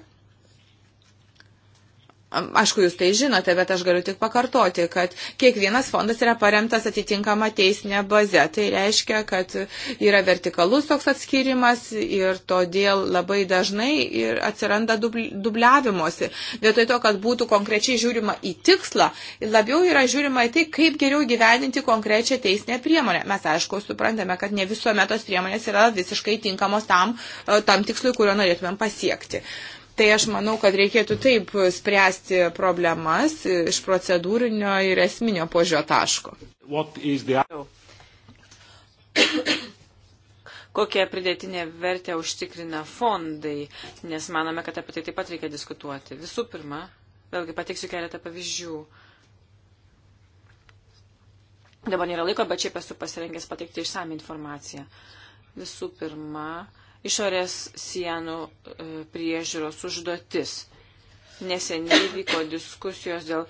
C: Aišku, jūs tai žinote, bet aš galiu tik pakartoti, kad kiekvienas fondas yra paremtas atitinkama teisinė baze. Tai reiškia, kad yra vertikalus toks atskirimas ir todėl labai dažnai ir atsiranda dubliavimuose. Vietoj to, kad būtų konkrečiai žiūrima į tikslą, labiau yra žiūrima į tai, kaip geriau gyveninti konkrečią teisinę priemonę. Mes, aišku, suprantame, kad ne visuomet tos priemonės yra visiškai tinkamos tam, e, tam tikslui, kurio norėtumėm pasiekti. Uh, Tai aš manau, kad reikėtų taip spręsti problemas iš procedūrinio ir esminio požio taško. The...
B: Kokią pridėtinę vertę užtikrina fondai, nes manome, kad apie tai taip pat reikia diskutuoti. Visų pirma, vėlgi pateiksiu keletą pavyzdžių. Dabar nėra laiko, bet šiaip esu pasirengęs pateikti išsame informaciją. Visų pirma, išorės sienų e, priežiūros užduotis. Neseniai vyko diskusijos dėl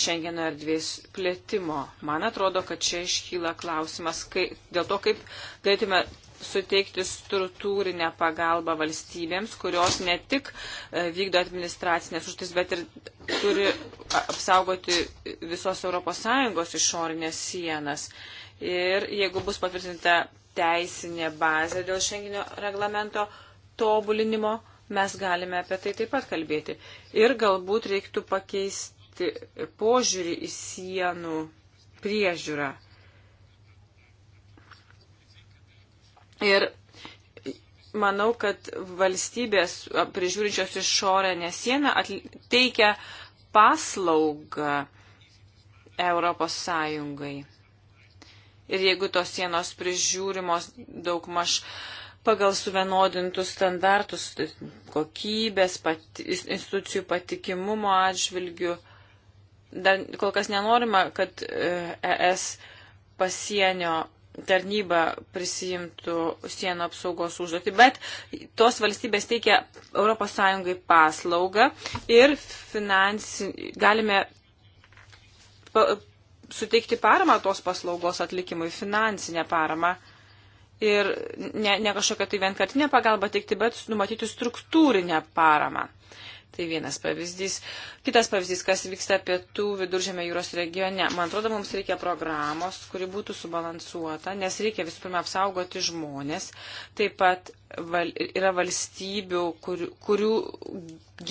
B: Šengeno erdvės plėtimo. Man atrodo, kad čia iškyla klausimas kai, dėl to, kaip galėtume suteikti struktūrinę pagalbą valstybėms, kurios ne tik e, vykdo administracinės užtis, bet ir turi apsaugoti visos ES išorinės sienas. Ir jeigu bus patvirtinta teisinė bazė dėl šenginio reglamento tobulinimo, mes galime apie tai taip pat kalbėti. Ir galbūt reiktų pakeisti požiūrį į sienų priežiūrą. Ir manau, kad valstybės prižiūrinčios išorinę sieną teikia paslaugą Europos Sąjungai. Ir jeigu tos sienos prižiūrimos daugmaž pagal suvienodintus standartus tai kokybės, pat, institucijų patikimumo atžvilgių, dar kol kas nenorima, kad ES e pasienio tarnyba prisijimtų sienų apsaugos užduotį, bet tos valstybės teikia ES paslaugą ir finansi, galime suteikti paramą tos paslaugos atlikimui, finansinę paramą. Ir ne, ne kažkokią tai vienkartinę pagalbą teikti, bet numatyti struktūrinę paramą. Tai vienas pavyzdys. Kitas pavyzdys, kas vyksta pietų viduržėme jūros regione. Man atrodo, mums reikia programos, kuri būtų subalansuota, nes reikia visų pirma apsaugoti žmonės. Taip pat val, yra valstybių, kur, kurių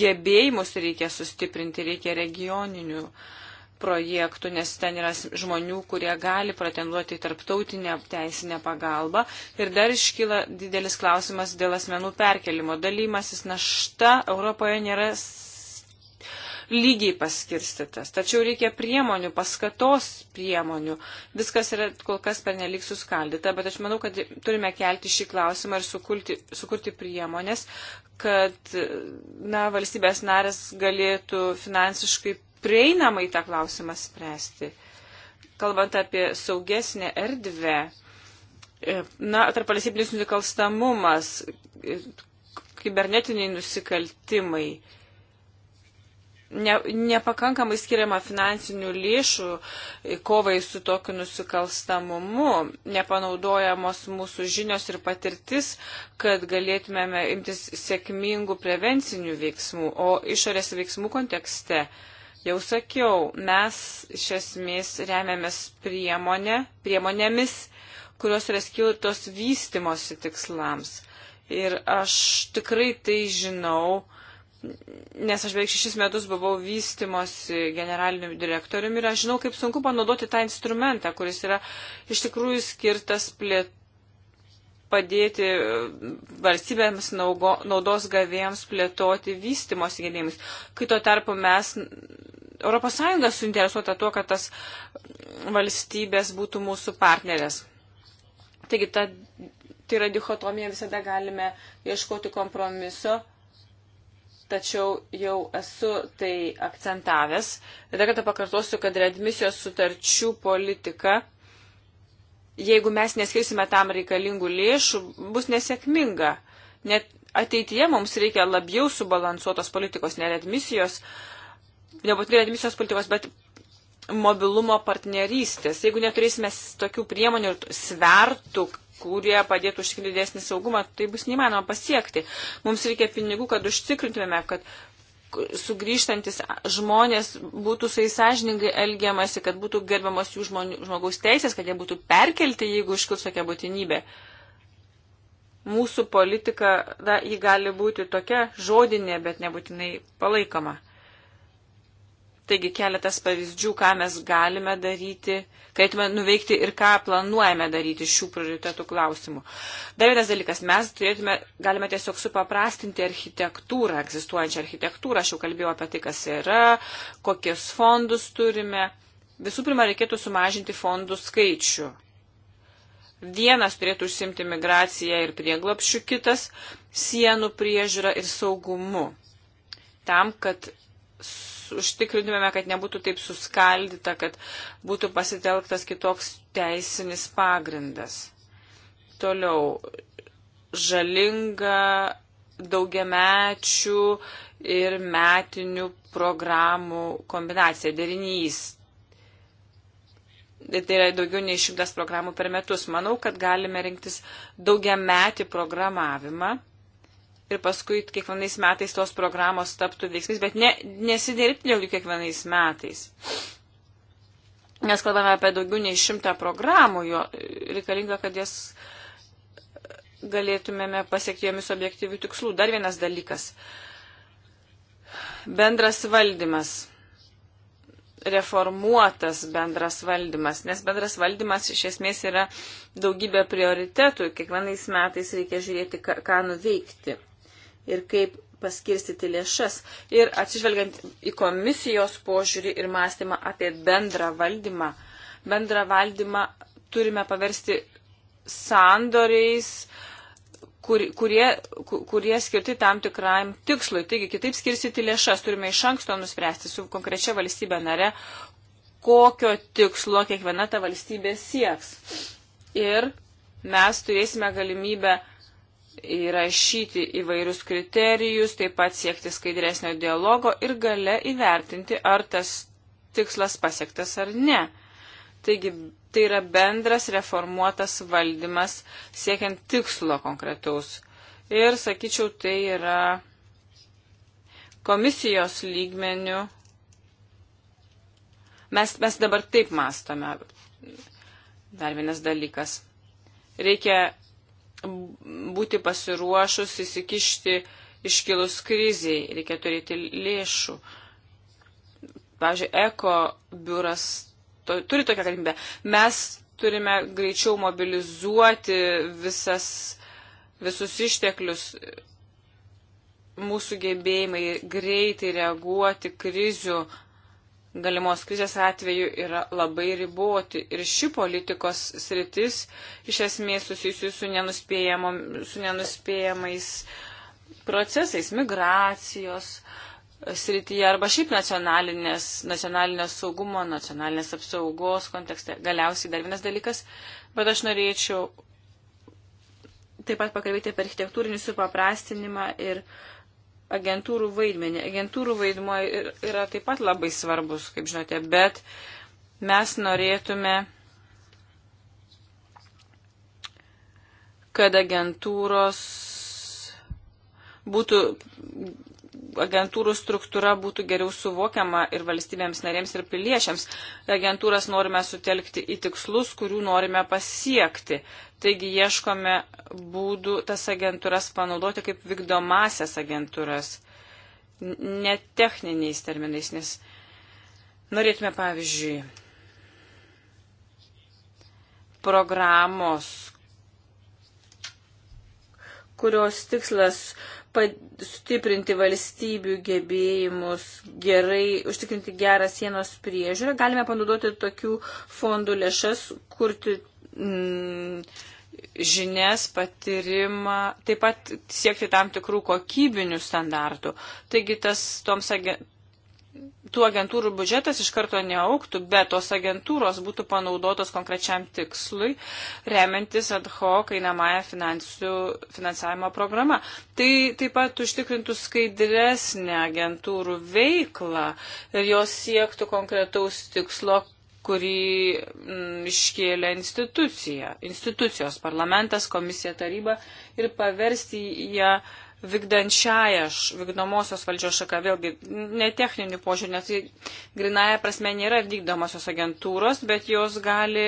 B: gebėjimus reikia sustiprinti, reikia regioninių uh, projektų, nes ten yra žmonių, kurie gali pretenduoti į tarptautinę teisinę pagalbą. Ir dar iškyla didelis klausimas dėl asmenų perkelimo. Dalymasis našta Europoje nėra lygiai paskirstytas. Tačiau reikia priemonių, paskatos priemonių. Viskas yra kol kas pernelik suskaldyta, bet aš manau, kad turime kelti šį klausimą ir sukurti, sukurti priemonės, kad na, valstybės narės galėtų finansiškai prieinamai tą klausimą spręsti. Kalbant apie saugesnę erdvę, e, na, tarp valstybinis nusikalstamumas, e, kibernetiniai nusikaltimai, ne, nepakankamai skiriama finansinių lėšų e, kovai su tokiu nusikalstamumu, nepanaudojamos mūsų žinios ir patirtis, kad galėtumėme imtis sėkmingų prevencinių veiksmų, o išorės veiksmų kontekste uh, Jau sakiau, mes iš esmės remiamės priemonė, priemonėmis, kurios yra skiltos vystimosi tikslams. Ir aš tikrai tai žinau, nes aš beveik šešis metus buvau vystimosi generaliniu direktoriumi ir aš žinau, kaip sunku panaudoti tą instrumentą, kuris yra iš tikrųjų skirtas plėt padėti e, valstybėms naugo, naudos gavėjams plėtoti vystimosi gebėjimus. Kai tuo tarpu mes ES suinteresuota tuo, kad tas valstybės būtų mūsų partnerės. Taigi, ta, tai yra dichotomija, visada galime ieškoti kompromiso, tačiau jau esu tai akcentavęs. Ir dar kartą pakartosiu, kad readmisijos sutarčių politika, jeigu mes neskirsime tam reikalingų lėšų, bus nesėkminga. Net ateityje mums reikia labiau subalansuotos politikos, ne readmisijos. Uh, nebūtinai admisijos politikos, bet mobilumo partnerystės. Jeigu neturėsime tokių priemonių ir svertų, kurie padėtų užtikrinti didesnį saugumą, tai bus neįmanoma pasiekti. Mums reikia pinigų, kad užtikrintumėme, kad sugrįžtantis žmonės būtų su įsąžiningai elgiamasi, kad būtų gerbiamas jų žmonių, žmogaus teisės, kad jie būtų perkelti, jeigu iškils tokia būtinybė. Mūsų politika, da, ji gali būti tokia žodinė, bet nebūtinai palaikoma. Taigi keletas pavyzdžių, ką mes galime daryti, ką eitume nuveikti ir ką planuojame daryti šių prioritetų klausimų. Dar vienas dalykas, mes turėtume, galime tiesiog supaprastinti architektūrą, egzistuojančią architektūrą. Aš jau kalbėjau apie tai, kas yra, kokius fondus turime. Visų pirma, reikėtų sumažinti fondų skaičių. Vienas turėtų užsimti migraciją ir prieglapšių, kitas sienų priežiūrą ir saugumu. Tam, kad užtikrintumėme, kad nebūtų taip suskaldyta, kad būtų pasitelktas kitoks teisinis pagrindas. Toliau, žalinga daugiamečių ir metinių programų kombinacija, derinys. Tai yra daugiau nei šimtas programų per metus. Manau, kad galime rinktis daugiametį programavimą ir paskui kiekvienais metais tos programos taptų veiksmais, bet ne, nesidirbti dėl jų kiekvienais metais. Nes kalbame apie daugiau nei šimtą programų, jo reikalinga, kad jas galėtumėme pasiekti jomis objektyvių tikslų. Dar vienas dalykas. Bendras valdymas. Reformuotas bendras valdymas. Nes bendras valdymas iš esmės yra daugybė prioritetų. Kiekvienais metais reikia žiūrėti, ką, ką nuveikti ir kaip paskirstyti lėšas. Ir atsižvelgiant į komisijos požiūrį ir mąstymą apie bendrą valdymą, bendrą valdymą turime paversti sandoriais, kur, kurie, kurie skirti tam tikrajam tikslui. Taigi, kitaip skirstyti lėšas turime iš anksto nuspręsti su konkrečia valstybė nare, kokio tikslo kiekviena ta valstybė sieks. Ir mes turėsime galimybę įrašyti įvairius kriterijus, taip pat siekti skaidresnio dialogo ir gale įvertinti, ar tas tikslas pasiektas ar ne. Taigi tai yra bendras reformuotas valdymas siekiant tikslo konkretaus. Ir sakyčiau, tai yra komisijos lygmenių. Mes, mes dabar taip mastome. Dar vienas dalykas. Reikia būti pasiruošus įsikišti iškilus kriziai, reikia turėti lėšų. Pavyzdžiui, eko biuras to, turi tokią galimybę. Mes turime greičiau mobilizuoti visas, visus išteklius, mūsų gebėjimai greitai reaguoti krizių galimos krizės atveju yra labai riboti. Ir ši politikos sritis iš esmės susijusi su, su nenuspėjamais procesais migracijos srityje arba šiaip nacionalinės, nacionalinės saugumo, nacionalinės apsaugos kontekste. Galiausiai dar vienas dalykas, bet aš norėčiau taip pat pakalbėti apie architektūrinį supaprastinimą ir uh, agentūrų vaidmenį. Agentūrų vaidmuo yra taip pat labai svarbus, kaip žinote, bet mes norėtume, kad agentūros būtų agentūrų struktūra būtų geriau suvokiama ir valstybėms narėms ir piliečiams. Agentūras norime sutelkti į tikslus, kurių norime pasiekti. Taigi ieškome būdų tas agentūras panaudoti kaip vykdomasias agentūras, ne techniniais terminais, nes norėtume pavyzdžiui programos, kurios tikslas stiprinti valstybių gebėjimus, gerai užtikrinti gerą sienos priežiūrą, galime panaudoti tokių fondų lėšas, kurti mm, žinias, patyrimą, taip pat siekti tam tikrų kokybinių standartų. Taigi tas toms, tų agentūrų biudžetas iš karto neauktų, bet tos agentūros būtų panaudotos konkrečiam tikslui, remiantis ad hoc einamąją finansavimo programą. Tai taip pat užtikrintų skaidresnę agentūrų veiklą ir jos siektų konkretaus tikslo, kurį m, mm, iškėlė institucija, institucijos, parlamentas, komisija, taryba ir paversti ją. Ja, vykdančiaja vykdomosios valdžios šaka, vėlgi ne techninių požiūrį, nes grinaja prasme nėra vykdomosios agentūros, bet jos gali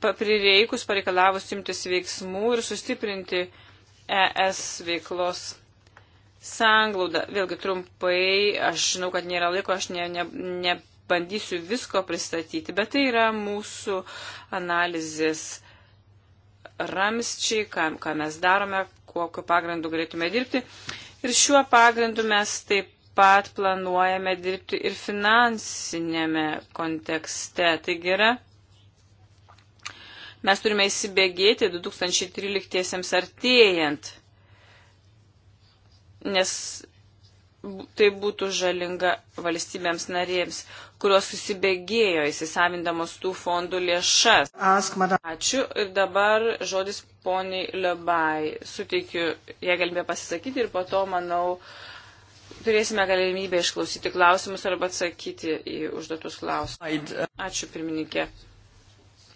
B: prireikus pareikalavus imtis veiksmų ir sustiprinti ES veiklos sanglaudą. Vėlgi trumpai, aš žinau, kad nėra laiko, aš ne, ne, nebandysiu visko pristatyti, bet tai yra mūsų analizės ramsčiai, ką, ką mes darome, kokiu pagrindu galėtume dirbti. Ir šiuo pagrindu mes taip pat planuojame dirbti ir finansinėme kontekste. Taigi yra, mes turime įsibėgėti 2013 artėjant, nes tai būtų žalinga valstybėms narėms, kurios susibėgėjo įsisavindamos tų fondų lėšas. Ačiū ir dabar žodis poniai Lebai. Suteikiu ją galimybę pasisakyti ir po to, manau, turėsime galimybę išklausyti klausimus arba atsakyti į užduotus klausimus. Ačiū, pirmininkė.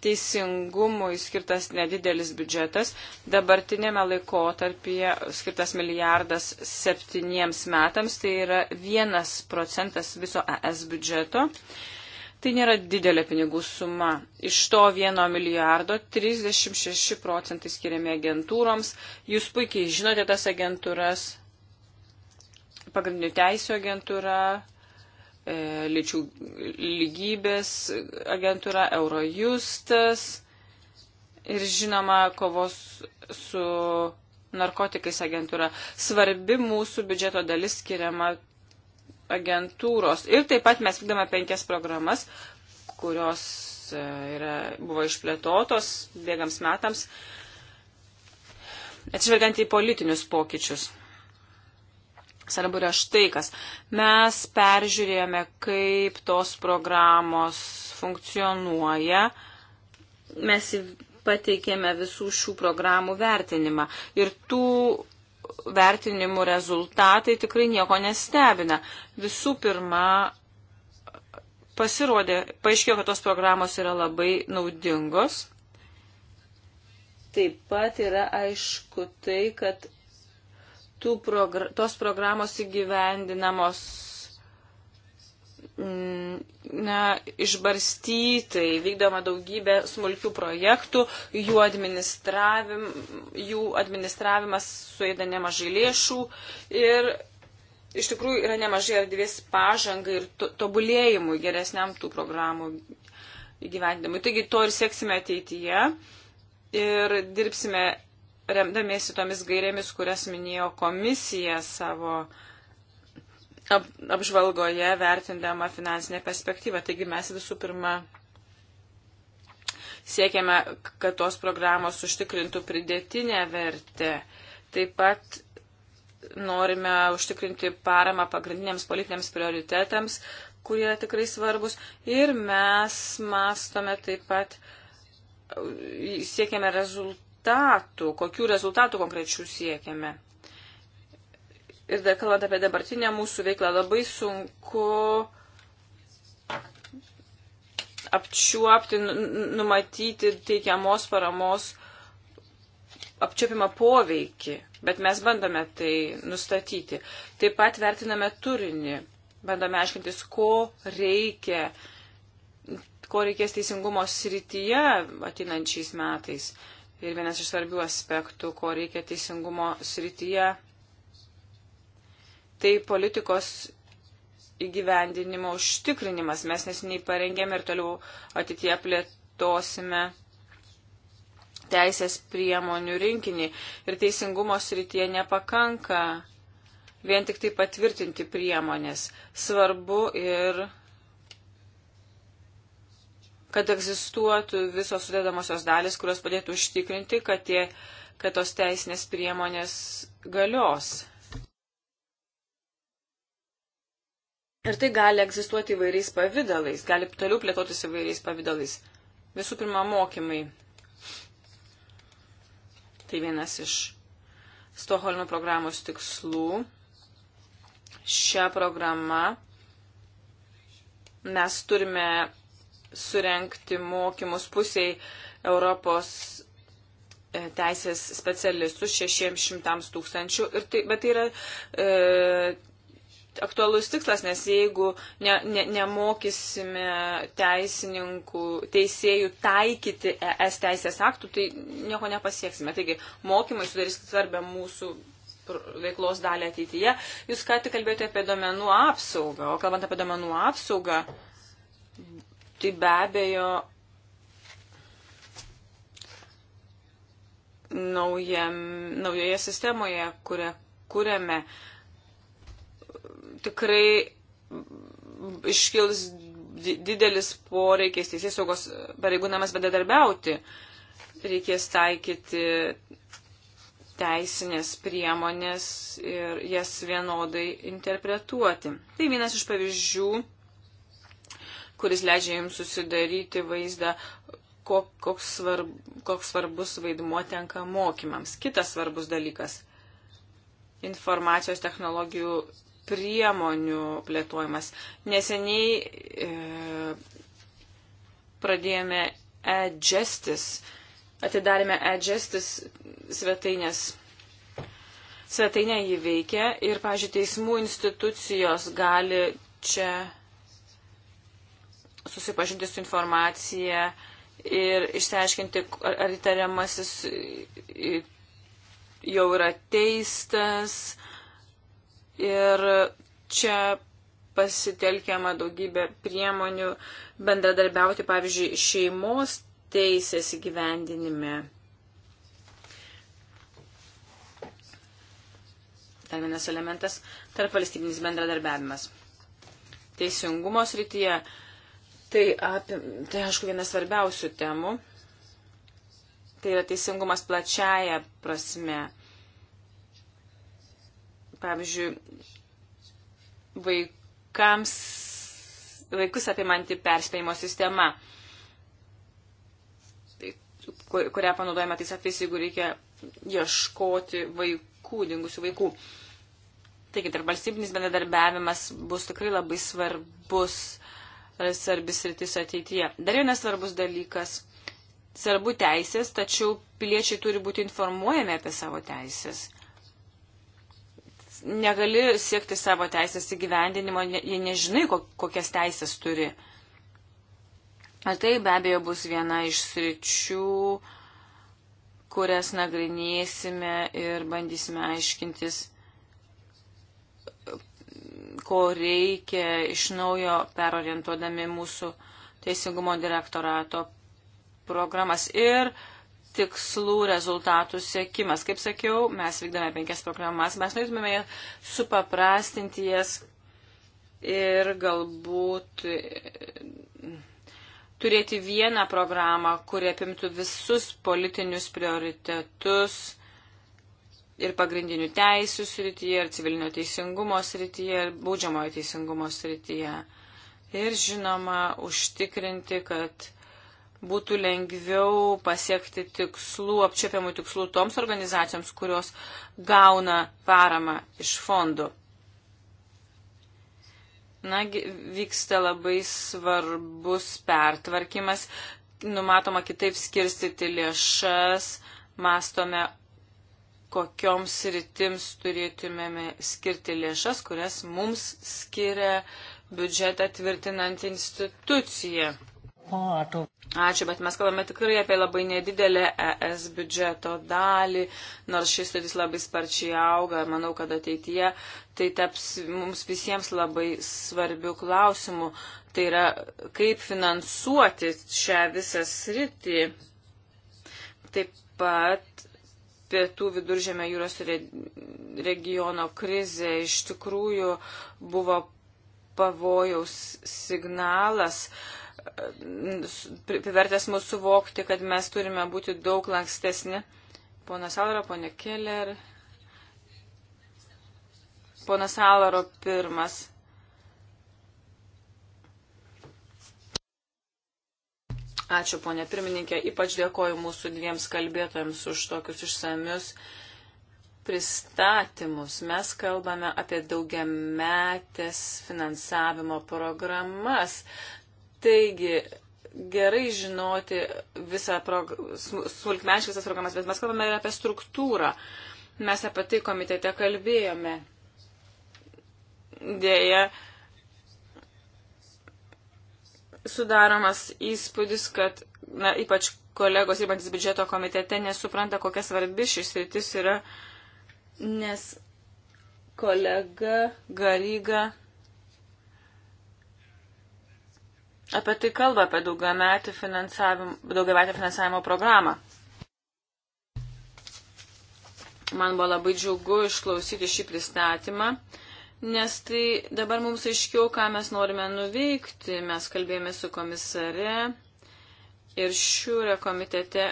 B: Teisingumui skirtas nedidelis biudžetas, dabartinėme laikotarpyje skirtas milijardas septyniems metams, tai yra vienas procentas viso ES biudžeto. Uh, Tai nėra didelė pinigų suma. Iš to vieno milijardo 36 procentai skiriami agentūroms. Jūs puikiai žinote tas agentūras. Pagrindinių teisų agentūra, e, lyčių lygybės agentūra, Eurojustas ir žinoma kovos su narkotikais agentūra. Svarbi mūsų biudžeto dalis skiriama agentūros. Ir taip pat mes vykdome penkias programas, kurios e, yra, buvo išplėtotos bėgams metams, atsižvelgiant į politinius pokyčius. Svarbu yra štai kas. Mes peržiūrėjome, kaip tos programos funkcionuoja. Mes pateikėme visų šių programų vertinimą. Ir tų vertinimų rezultatai tikrai nieko nestebina. Visų pirma, pasirodė, paaiškėjo, kad tos programos yra labai naudingos. Taip pat yra aišku tai, kad progr tos programos įgyvendinamos Mm, na, išbarstytai, vykdoma daugybė smulkių projektų, jų, administravim, jų administravimas suėda nemažai lėšų ir iš tikrųjų yra nemažai erdvės pažangai ir to, tobulėjimui geresniam tų programų įgyvendimui. Taigi to ir sėksime ateityje ir dirbsime remdamiesi tomis gairėmis, kurias minėjo komisija savo uh, apžvalgoje vertindama finansinę perspektyvą. Taigi mes visų pirma siekiame, kad tos programos užtikrintų pridėtinę vertę. Taip pat norime užtikrinti paramą pagrindiniams politiniams prioritetams, kurie yra tikrai svarbus. Ir mes mastome taip pat, siekiame rezultatų, kokių rezultatų konkrečių siekiame ir dar kalbant apie dabartinę mūsų veiklą, labai sunku apčiuopti, nu, nu, numatyti teikiamos paramos apčiopimą poveikį, bet mes bandome tai nustatyti. Taip pat vertiname turinį, bandome aiškintis, ko reikia, ko reikės teisingumo srityje ateinančiais metais. Ir vienas iš svarbių aspektų, ko reikia teisingumo srityje tai politikos įgyvendinimo užtikrinimas. Mes nesiniai parengėme ir toliau ateitie plėtosime teisės priemonių rinkinį. Ir teisingumo srityje nepakanka vien tik tai patvirtinti priemonės. Svarbu ir kad egzistuotų visos sudėdamosios dalis, kurios padėtų užtikrinti, kad, tie, kad tos teisinės priemonės galios. Ir tai gali egzistuoti įvairiais pavydalais, gali toliau plėtotis įvairiais pavydalais. Visų pirma, mokymai. Tai vienas iš Stoholmo programos tikslų. Šią programą mes turime surenkti mokymus pusiai Europos e, teisės specialistus 600 tūkstančių. Tai, bet tai yra e, aktualus tikslas, nes jeigu ne, ne, nemokysime teisininkų, teisėjų taikyti ES teisės aktų, tai nieko nepasieksime. Taigi mokymai sudarys svarbę mūsų veiklos dalį ateityje. Jūs ką tik kalbėjote apie domenų apsaugą, o kalbant apie domenų apsaugą, tai be abejo naujam, naujoje sistemoje, kurią kuriame, uh, tikrai iškils didelis poreikis teisės saugos pareigūnamas bedadarbiauti. Reikės taikyti teisinės priemonės ir jas vienodai interpretuoti. Tai vienas iš pavyzdžių, kuris leidžia jums susidaryti vaizdą, koks, svarb, koks svarbus vaidmuo tenka mokymams. Kitas svarbus dalykas - informacijos technologijų priemonių plėtojimas. Neseniai e, pradėjome e-justice, atidarėme e-justice svetainės. Svetainė jį veikia ir, pažiūrėjau, teismų institucijos gali čia susipažinti su informacija ir išsiaiškinti, ar, ar įtariamasis jau yra teistas, Ir čia pasitelkiama daugybė priemonių bendradarbiauti, pavyzdžiui, šeimos teisės įgyvendinime. Dar vienas elementas - tarp valstybinis bendradarbiavimas. Teisingumo srityje tai, apim, tai aišku, vienas svarbiausių temų. Tai yra teisingumas plačiaja prasme Pavyzdžiui, vaikams, vaikus apimanti perspėjimo sistema, tai kurią panaudojame tais atvejais, jeigu reikia ieškoti vaikų, dingusių vaikų. Taigi, tarp valstybinis bendradarbiavimas bus tikrai labai svarbus, e, svarbis rytis ateityje. Dar vienas svarbus dalykas. Svarbu teisės, tačiau piliečiai turi būti informuojami apie savo teisės negali siekti savo teisės įgyvendinimo, jei nežinai, kokias teisės turi. Ar tai be abejo bus viena iš sričių, kurias nagrinėsime ir bandysime aiškintis, ko reikia iš naujo perorientuodami mūsų teisingumo direktorato programas. Ir uh, tikslų rezultatų sėkimas. Kaip sakiau, mes vykdame penkias programas, mes norėtume supaprastinti jas ir galbūt e, turėti vieną programą, kuri apimtų visus politinius prioritetus ir pagrindinių teisų srityje, ir civilinio teisingumo srityje, ir baudžiamojo teisingumo srityje. Ir žinoma, užtikrinti, kad būtų lengviau pasiekti tikslų, apčiopiamų tikslų toms organizacijoms, kurios gauna paramą iš fondų. Na, vyksta labai svarbus pertvarkymas, numatoma kitaip skirstyti lėšas, mastome, kokioms rytims turėtumėme skirti lėšas, kurias mums skiria biudžetą tvirtinant instituciją. Ačiū, bet mes kalbame tikrai apie labai nedidelę ES biudžeto dalį, nors šis studijas labai sparčiai auga ir manau, kad ateityje tai taps mums visiems labai svarbių klausimų. Tai yra, kaip finansuoti šią visą sritį. Taip pat pietų viduržėme jūros regiono krizė iš tikrųjų buvo pavojaus signalas. Uh, privertęs mūsų suvokti, kad mes turime būti daug lankstesni. Ponas Alaro, ponė Keller. Ponas Alaro pirmas. Ačiū, ponė pirmininkė. Ypač dėkoju mūsų dviems kalbėtojams už tokius išsamius pristatymus. Mes kalbame apie daugiametės finansavimo programas. Taigi, gerai žinoti visą prog... smulkmeniškas tas programas, bet mes kalbame ir apie struktūrą. Mes apie tai komitete kalbėjome. Dėja, sudaromas įspūdis, kad na, ypač kolegos dirbantis biudžeto komitete nesupranta, kokia svarbi šis rytis yra, nes kolega Garyga apie tai kalba, apie daugiametę finansavimo, daugiametę finansavimo programą. Man buvo labai džiugu išklausyti šį pristatymą, nes tai dabar mums aiškiau, ką mes norime nuveikti. Mes kalbėjome su komisare ir šiūrio komitete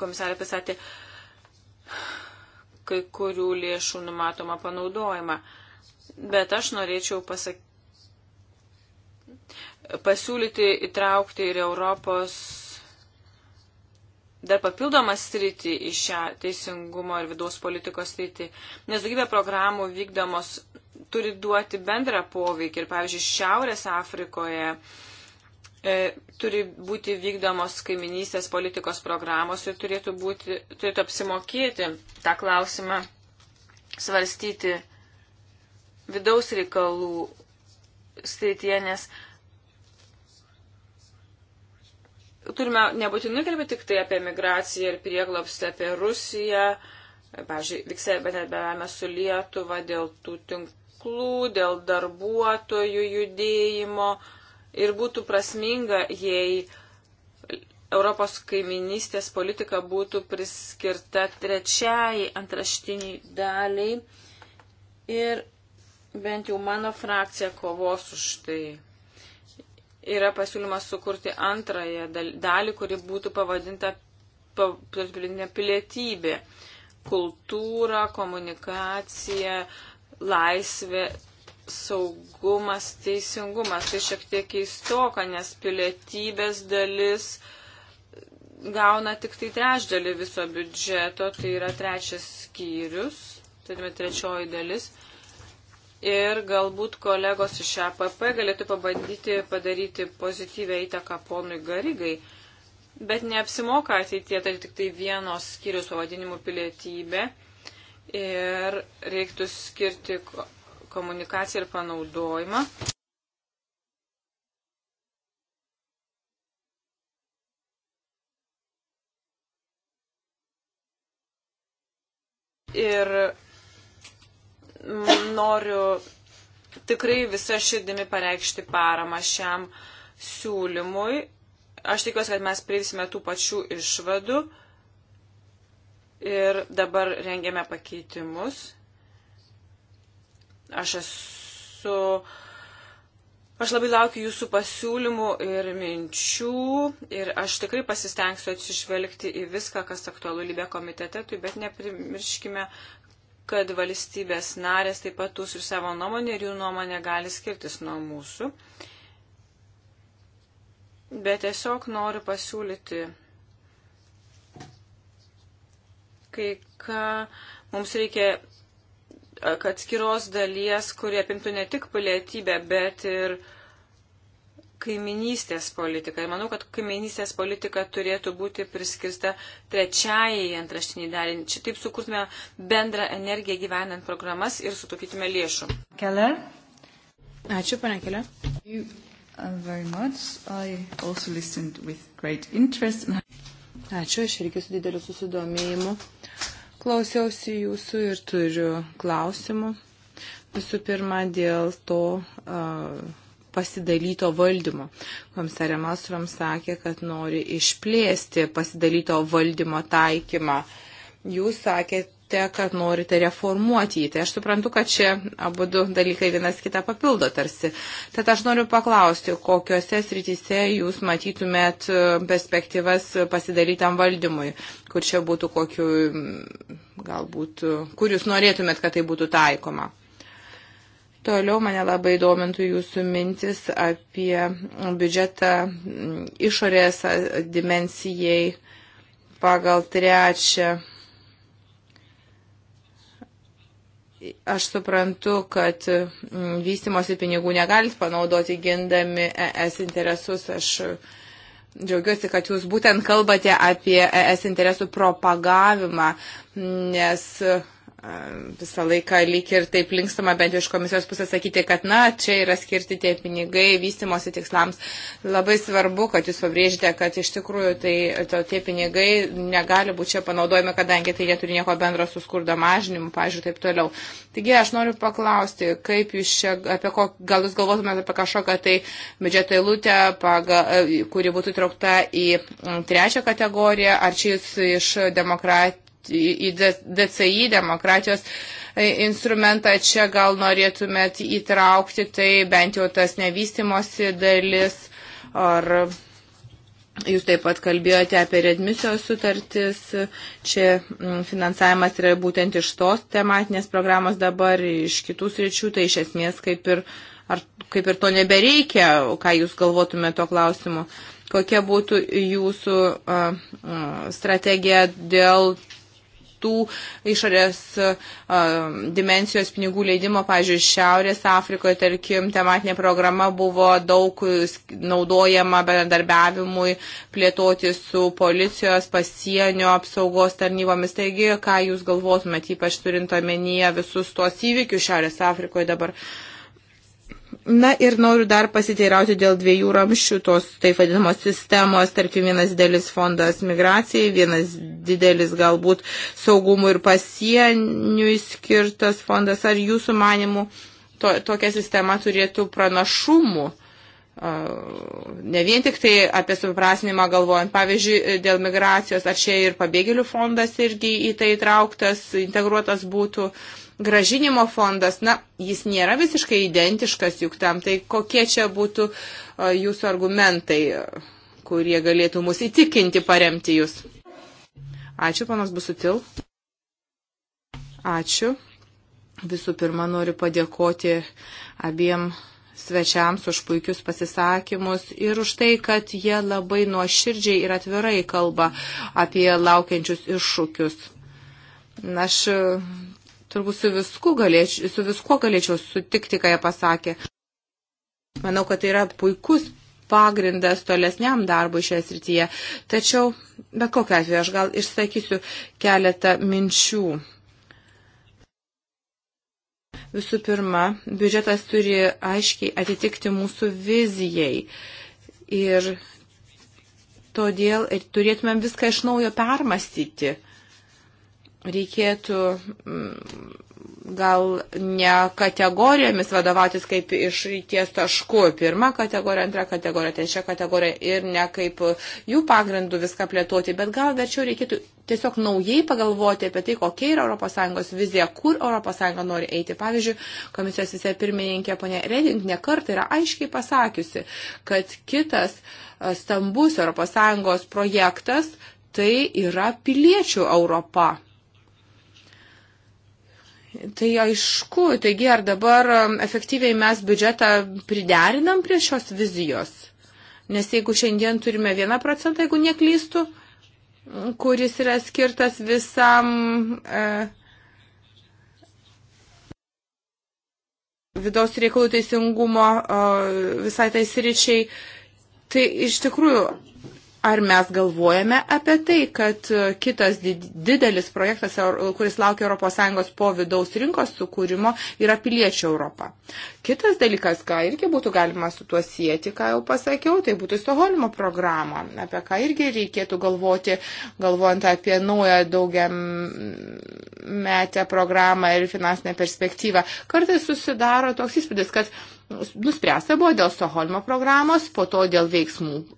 B: komisarė pasakė kai kurių lėšų numatomą panaudojimą. Bet aš norėčiau pasakyti pasiūlyti įtraukti ir Europos dar papildomą sritį į šią teisingumo ir vidaus politikos sritį, nes daugybė programų vykdomos turi duoti bendrą poveikį ir, pavyzdžiui, Šiaurės Afrikoje e, turi būti vykdomos kaiminystės politikos programos ir turėtų, būti, turėtų apsimokėti tą klausimą svarstyti vidaus reikalų srityje, nes turime nebūtinai kalbėti tik tai apie migraciją ir prieglobstę, apie Rusiją, pavyzdžiui, vyksta bendradarbiavime su Lietuva dėl tų tinklų, dėl darbuotojų judėjimo ir būtų prasminga, jei Europos kaiminystės politika būtų priskirta trečiajai antraštiniai daliai ir bent jau mano frakcija kovos už tai yra pasiūlymas sukurti antrąją dalį, kuri būtų pavadinta pilietybė. Kultūra, komunikacija, laisvė, saugumas, teisingumas. Tai šiek tiek keistoka, nes pilietybės dalis gauna tik tai trečdalį viso biudžeto, tai yra trečias skyrius, turime tai trečioji dalis ir galbūt kolegos iš APP galėtų pabandyti padaryti pozityvę įtaką ponui Garigai. Bet neapsimoka ateitie, tai tik tai vienos skyrius pavadinimų pilietybė ir reiktų skirti komunikaciją ir panaudojimą. Ir noriu tikrai visą širdimi pareikšti paramą šiam siūlymui. Aš tikiuosi, kad mes prieisime tų pačių išvadų ir dabar rengiame pakeitimus. Aš esu. Aš labai laukiu jūsų pasiūlymų ir minčių ir aš tikrai pasistengsiu atsižvelgti į viską, kas aktualu lybė komitetui, tai bet neprimirškime kad valstybės narės taip pat tūs ir savo nuomonę ir jų nuomonė gali skirtis nuo mūsų. Bet tiesiog noriu pasiūlyti kai ką mums reikia, kad skiros dalies, kurie apimtų ne tik pilietybę, bet ir uh, kaiminystės politika. Ir manau, kad kaiminystės politika turėtų būti priskirsta trečiajai antraštiniai daliai. Čia taip sukurtume bendrą energiją gyvenant programas ir sutaupytume lėšų. Keller.
C: Ačiū, pane Keller. Uh, Ačiū, aš irgi su dideliu susidomėjimu klausiausi jūsų ir turiu klausimų. Visų pirma, dėl to. Uh, pasidalyto valdymo. Komisarė Malstrom sakė, kad nori išplėsti pasidalyto valdymo taikymą. Jūs sakėte, kad norite reformuoti jį. Tai aš suprantu, kad čia abu du dalykai vienas kitą papildo tarsi. Tad aš noriu paklausti, kokiuose srityse jūs matytumėt e, perspektyvas pasidalytam valdymui, kur čia būtų kokiu, galbūt, e, kur jūs norėtumėt, kad tai būtų taikoma. Toliau mane labai domintų jūsų mintis apie biudžetą išorės dimensijai pagal trečią aš suprantu, kad vystimosi pinigų negalit panaudoti gindami ES interesus. Aš džiaugiuosi, kad jūs būtent kalbate apie ES interesų propagavimą, nes visą laiką lyg ir taip linkstama bent iš komisijos pusės sakyti, kad na, čia yra skirti tie pinigai vystimosi tikslams. Labai svarbu, kad jūs pabrėžite, kad iš tikrųjų tai, to, tie pinigai negali būti čia panaudojami, kadangi tai neturi nieko bendro su skurdo mažinimu, pažiūrėjau, taip toliau. Taigi aš noriu paklausti, kaip jūs čia, apie ko, gal jūs galvotumėte apie kažkokią tai biudžeto eilutę, kuri būtų traukta į trečią kategoriją, ar čia jūs iš demokratijos į DCI demokratijos e, instrumentą čia gal norėtumėt įtraukti, tai bent jau tas nevystimosi dalis. Ar Jūs taip pat kalbėjote apie redmisijos sutartis. Čia mm, finansavimas yra būtent iš tos tematinės programos dabar, iš kitų sričių, tai iš esmės kaip ir, ar, kaip ir to nebereikia, ką jūs galvotumėte to klausimu. Kokia būtų jūsų a, a, strategija dėl kitų išorės dimensijos pinigų leidimo, pavyzdžiui, Šiaurės Afrikoje, tarkim, tematinė programa buvo daug naudojama bendarbiavimui plėtoti su policijos pasienio apsaugos tarnybomis. Taigi, ką Jūs galvotumėte, ypač turint omenyje visus tuos įvykius Šiaurės Afrikoje dabar? Uh, Na ir noriu dar pasiteirauti dėl dviejų ramščių tos taip vadinamos sistemos, tarkim vienas didelis fondas migracijai, vienas didelis galbūt saugumų ir pasieniui skirtas fondas. Ar jūsų manimų to, tokia sistema turėtų pranašumų? Ne vien tik tai apie suprasnimą galvojant, pavyzdžiui, dėl migracijos, ar čia ir pabėgėlių fondas irgi į tai įtrauktas, integruotas būtų. Uh, gražinimo fondas, na, jis nėra visiškai identiškas juk tam, tai kokie čia būtų jūsų argumentai, kurie galėtų mus įtikinti paremti jūs. Ačiū, panas Busutil. Ačiū. Visų pirma, noriu padėkoti abiem svečiams už puikius pasisakymus ir už tai, kad jie labai nuoširdžiai ir atvirai kalba apie laukiančius iššūkius. Aš Turbūt su, visku galėč, su viskuo galėčiau sutikti, ką jie pasakė. Manau, kad tai yra puikus pagrindas tolesniam darbui šioje srityje. Tačiau, bet kokiu atveju, aš gal išsakysiu keletą minčių. Visų pirma, biudžetas turi aiškiai atitikti mūsų vizijai. Ir todėl ir turėtumėm viską iš naujo permastyti reikėtų mm, gal ne kategorijomis vadovautis kaip iš ties taškų. Pirma kategorija, antra kategorija, trečia kategorija ir ne kaip jų pagrindų viską plėtoti, bet gal verčiau reikėtų tiesiog naujai pagalvoti apie tai, kokia yra ES vizija, kur ES nori eiti. Pavyzdžiui, komisijos visai pirmininkė ponė Reding nekart yra aiškiai pasakiusi, kad kitas e, stambus ES projektas tai yra piliečių Europa Tai aišku, taigi ar dabar um, efektyviai mes biudžetą priderinam prie šios vizijos? Nes jeigu šiandien turime vieną procentą, jeigu neklystų, kuris yra skirtas visam e, vidaus reikalų teisingumo e, visai tai sričiai, tai iš tikrųjų Ar mes galvojame apie tai, kad e, kitas didelis projektas, kuris laukia ES po vidaus rinkos sukūrimo, yra piliečių Europa? Kitas dalykas, ką irgi būtų galima su tuo sieti, ką jau pasakiau, tai būtų Stoholmo programa, apie ką irgi reikėtų galvoti, galvojant apie naują daugiam metę programą ir finansinę perspektyvą. Kartais susidaro toks įspūdis, kad Nuspręsta buvo dėl Stoholmo programos, po to dėl veiksmų e,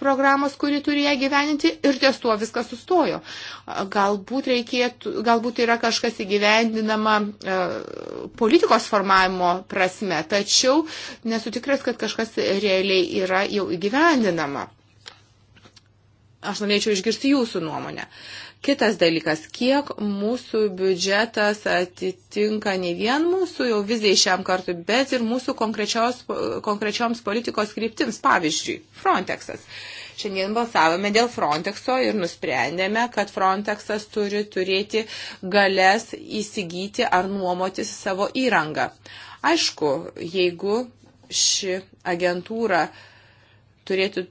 C: programos, kuri turi ją gyveninti ir ties tuo viskas sustojo. Galbūt, reikėtų, galbūt yra kažkas įgyvendinama e, politikos formavimo prasme, tačiau nesu tikras, kad kažkas realiai yra jau įgyvendinama. Aš norėčiau išgirsti jūsų nuomonę. Uh, Kitas dalykas, kiek mūsų biudžetas atitinka ne vien mūsų jau vizijai šiam kartui, bet ir mūsų konkrečioms politikos kryptims, pavyzdžiui, Frontexas. Šiandien balsavome dėl Frontexo ir nusprendėme, kad Frontexas turi turėti galės įsigyti ar nuomotis savo įrangą. Aišku, jeigu ši agentūra uh, turėtų,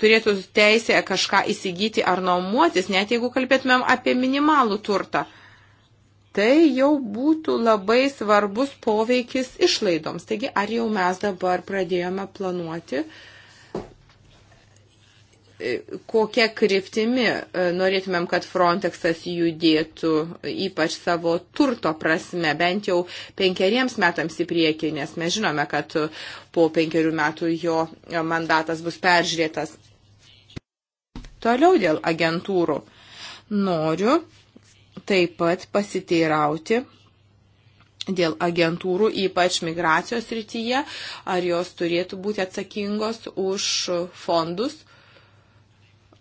C: turėtų teisę kažką įsigyti ar nuomuotis, net jeigu kalbėtumėm apie minimalų turtą. Tai jau būtų labai svarbus poveikis išlaidoms. Taigi, ar jau mes dabar pradėjome planuoti uh, E, kokia kryptimi e, norėtumėm, kad Frontexas judėtų, e, ypač savo turto prasme, bent jau penkeriems metams į priekį, nes mes žinome, kad po penkerių metų jo mandatas bus peržiūrėtas. Toliau dėl agentūrų. Noriu taip pat pasiteirauti dėl agentūrų, ypač migracijos rytyje, ar jos turėtų būti atsakingos už fondus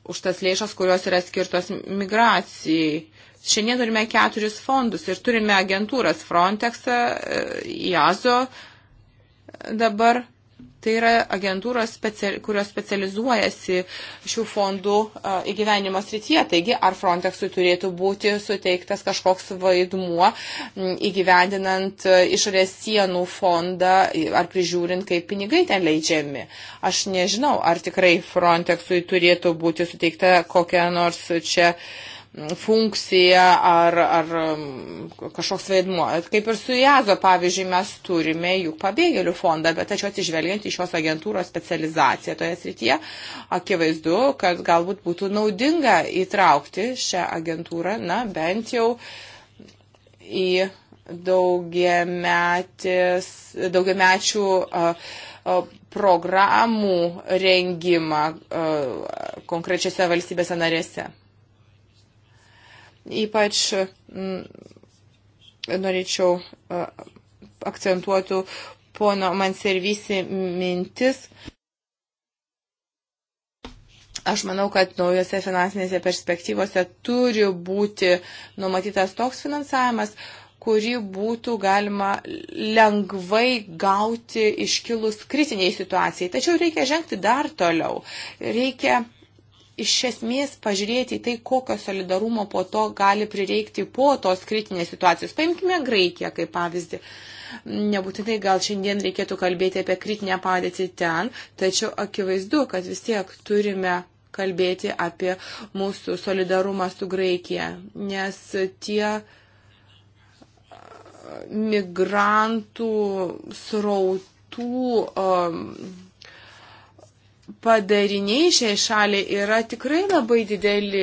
C: už tas lėšas, kurios yra skirtos migracijai. Šiandien turime keturis fondus ir turime agentūras Frontexą, e, JAZO dabar Tai yra agentūros, kurios specializuojasi šių fondų įgyvenimo srityje. Taigi, ar Frontexui turėtų būti suteiktas kažkoks vaidmuo įgyvendinant išorės sienų fondą, ar prižiūrint, kaip pinigai ten leidžiami. Aš nežinau, ar tikrai Frontexui turėtų būti suteikta kokia nors čia. Uh, funkcija ar, ar um, kažkoks vaidmuo. Kaip ir su JAZO, pavyzdžiui, mes turime juk pabėgėlių fondą, bet tačiau atsižvelgiant į šios agentūros specializaciją toje srityje, akivaizdu, kad galbūt būtų naudinga įtraukti šią agentūrą, na, bent jau į daugiamečių programų rengimą konkrečiose valstybėse narėse. Ypač mm, norėčiau e, akcentuotų pono Manservisi mintis. Aš manau, kad naujose finansinėse perspektyvose turi būti numatytas toks finansavimas, kurį būtų galima lengvai gauti iškilus kritiniai situacijai. Tačiau reikia žengti dar toliau. Reikia iš esmės pažiūrėti į tai, kokio solidarumo po to gali prireikti po tos kritinės situacijos. Paimkime Graikiją kaip pavyzdį. Nebūtinai gal šiandien reikėtų kalbėti apie kritinę padėtį ten, tačiau akivaizdu, kad vis tiek turime kalbėti apie mūsų solidarumą su Graikija, nes tie migrantų srautų um, padariniai šiai šaliai yra tikrai labai dideli.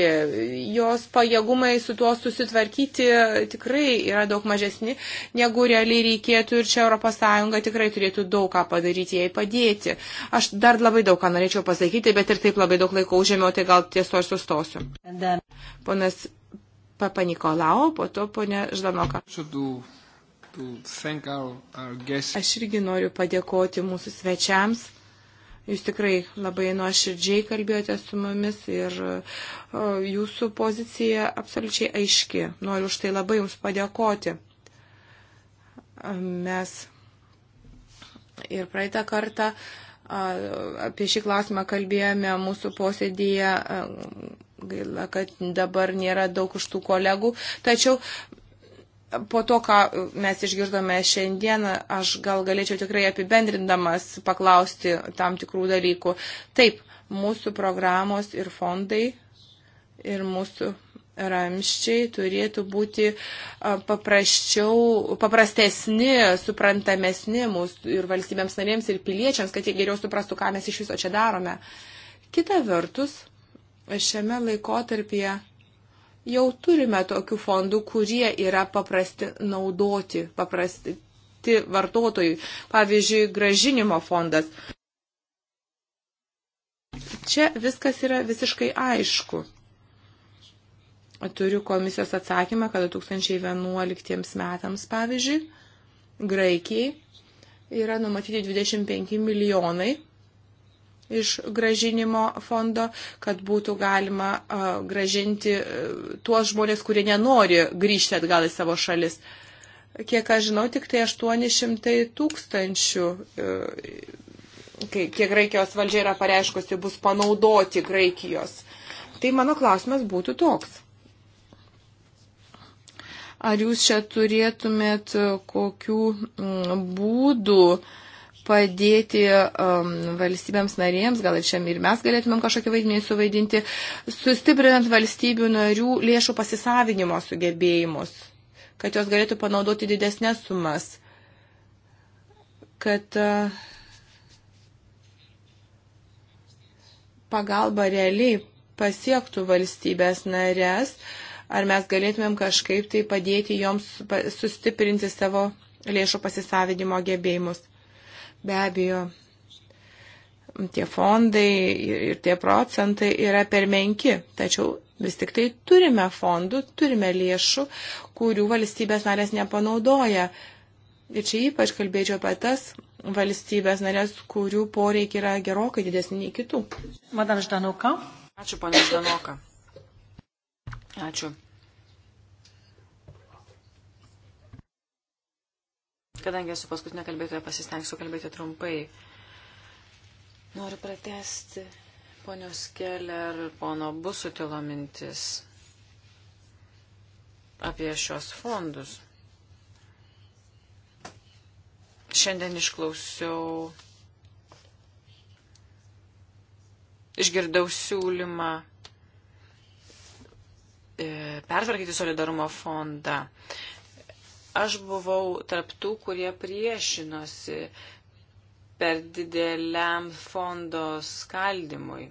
C: Jos pajėgumai su tuo susitvarkyti tikrai yra daug mažesni, negu realiai reikėtų ir čia ES tikrai turėtų daug ką padaryti, jai padėti. Aš dar labai daug ką norėčiau pasakyti, bet ir taip labai daug laiko užėmiau, tai gal ties to ir sustosiu. Ponas Papa Nikolao, po to ponė Ždanoka. Aš irgi noriu padėkoti mūsų svečiams Jūs tikrai labai nuoširdžiai kalbėjote su mumis ir e, jūsų pozicija absoliučiai aiški. Noriu už tai labai Jums padėkoti. Mes ir praeitą kartą apie šį klausimą kalbėjome mūsų posėdėje gaila, kad dabar nėra daug už tų kolegų. Tačiau po to, ką mes išgirdome šiandien, aš gal galėčiau tikrai apibendrindamas paklausti tam tikrų dalykų. Taip, mūsų programos ir fondai ir mūsų ramščiai turėtų būti paprasčiau, paprastesni, suprantamesni mūsų ir valstybėms narėms ir piliečiams, kad jie geriau suprastų, ką mes iš viso čia darome. Kita vertus, šiame laikotarpyje Jau turime tokių fondų, kurie yra paprasti naudoti, paprasti vartotojui. Pavyzdžiui, gražinimo fondas. Čia viskas yra visiškai aišku. Turiu komisijos atsakymą, kad 2011 metams, pavyzdžiui, Graikijai yra numatyti 25 milijonai iš gražinimo fondo, kad būtų galima gražinti tuos žmonės, kurie nenori grįžti atgal į savo šalis. Kiek aš žinau, tik tai 800 tūkstančių kiek Graikijos valdžia yra pareiškusi, bus panaudoti Graikijos. Tai mano klausimas būtų toks. Ar jūs čia turėtumėt kokių būdų uh, padėti um, valstybėms narėms, gal ir šiam ir mes galėtumėm kažkokį vaidmenį suvaidinti, sustiprinant valstybių narių lėšų pasisavinimo sugebėjimus, kad jos galėtų panaudoti didesnės sumas, kad uh, pagalba realiai pasiektų valstybės narės, ar mes galėtumėm kažkaip tai padėti joms sustiprinti savo lėšų pasisavinimo gebėjimus. Be abejo, tie fondai ir tie procentai yra per menki, tačiau vis tik tai turime fondų, turime lėšų, kurių valstybės narės nepanaudoja. Ir čia ypač kalbėčiau apie tas valstybės narės, kurių poreikiai yra gerokai didesni nei kitų. Madam Ždanoka.
B: Ačiū, ponia Ždanoka. Ačiū. Kadangi esu paskutinė kalbėtoja, pasistengsiu kalbėti trumpai. Noriu pratesti ponios Keller, pono Busutilo mintis apie šios fondus. Šiandien išklausiau, išgirdau siūlymą e, pertvarkyti solidarumo fondą. Aš buvau tarptų, kurie priešinosi per dideliam fondo skaldimui.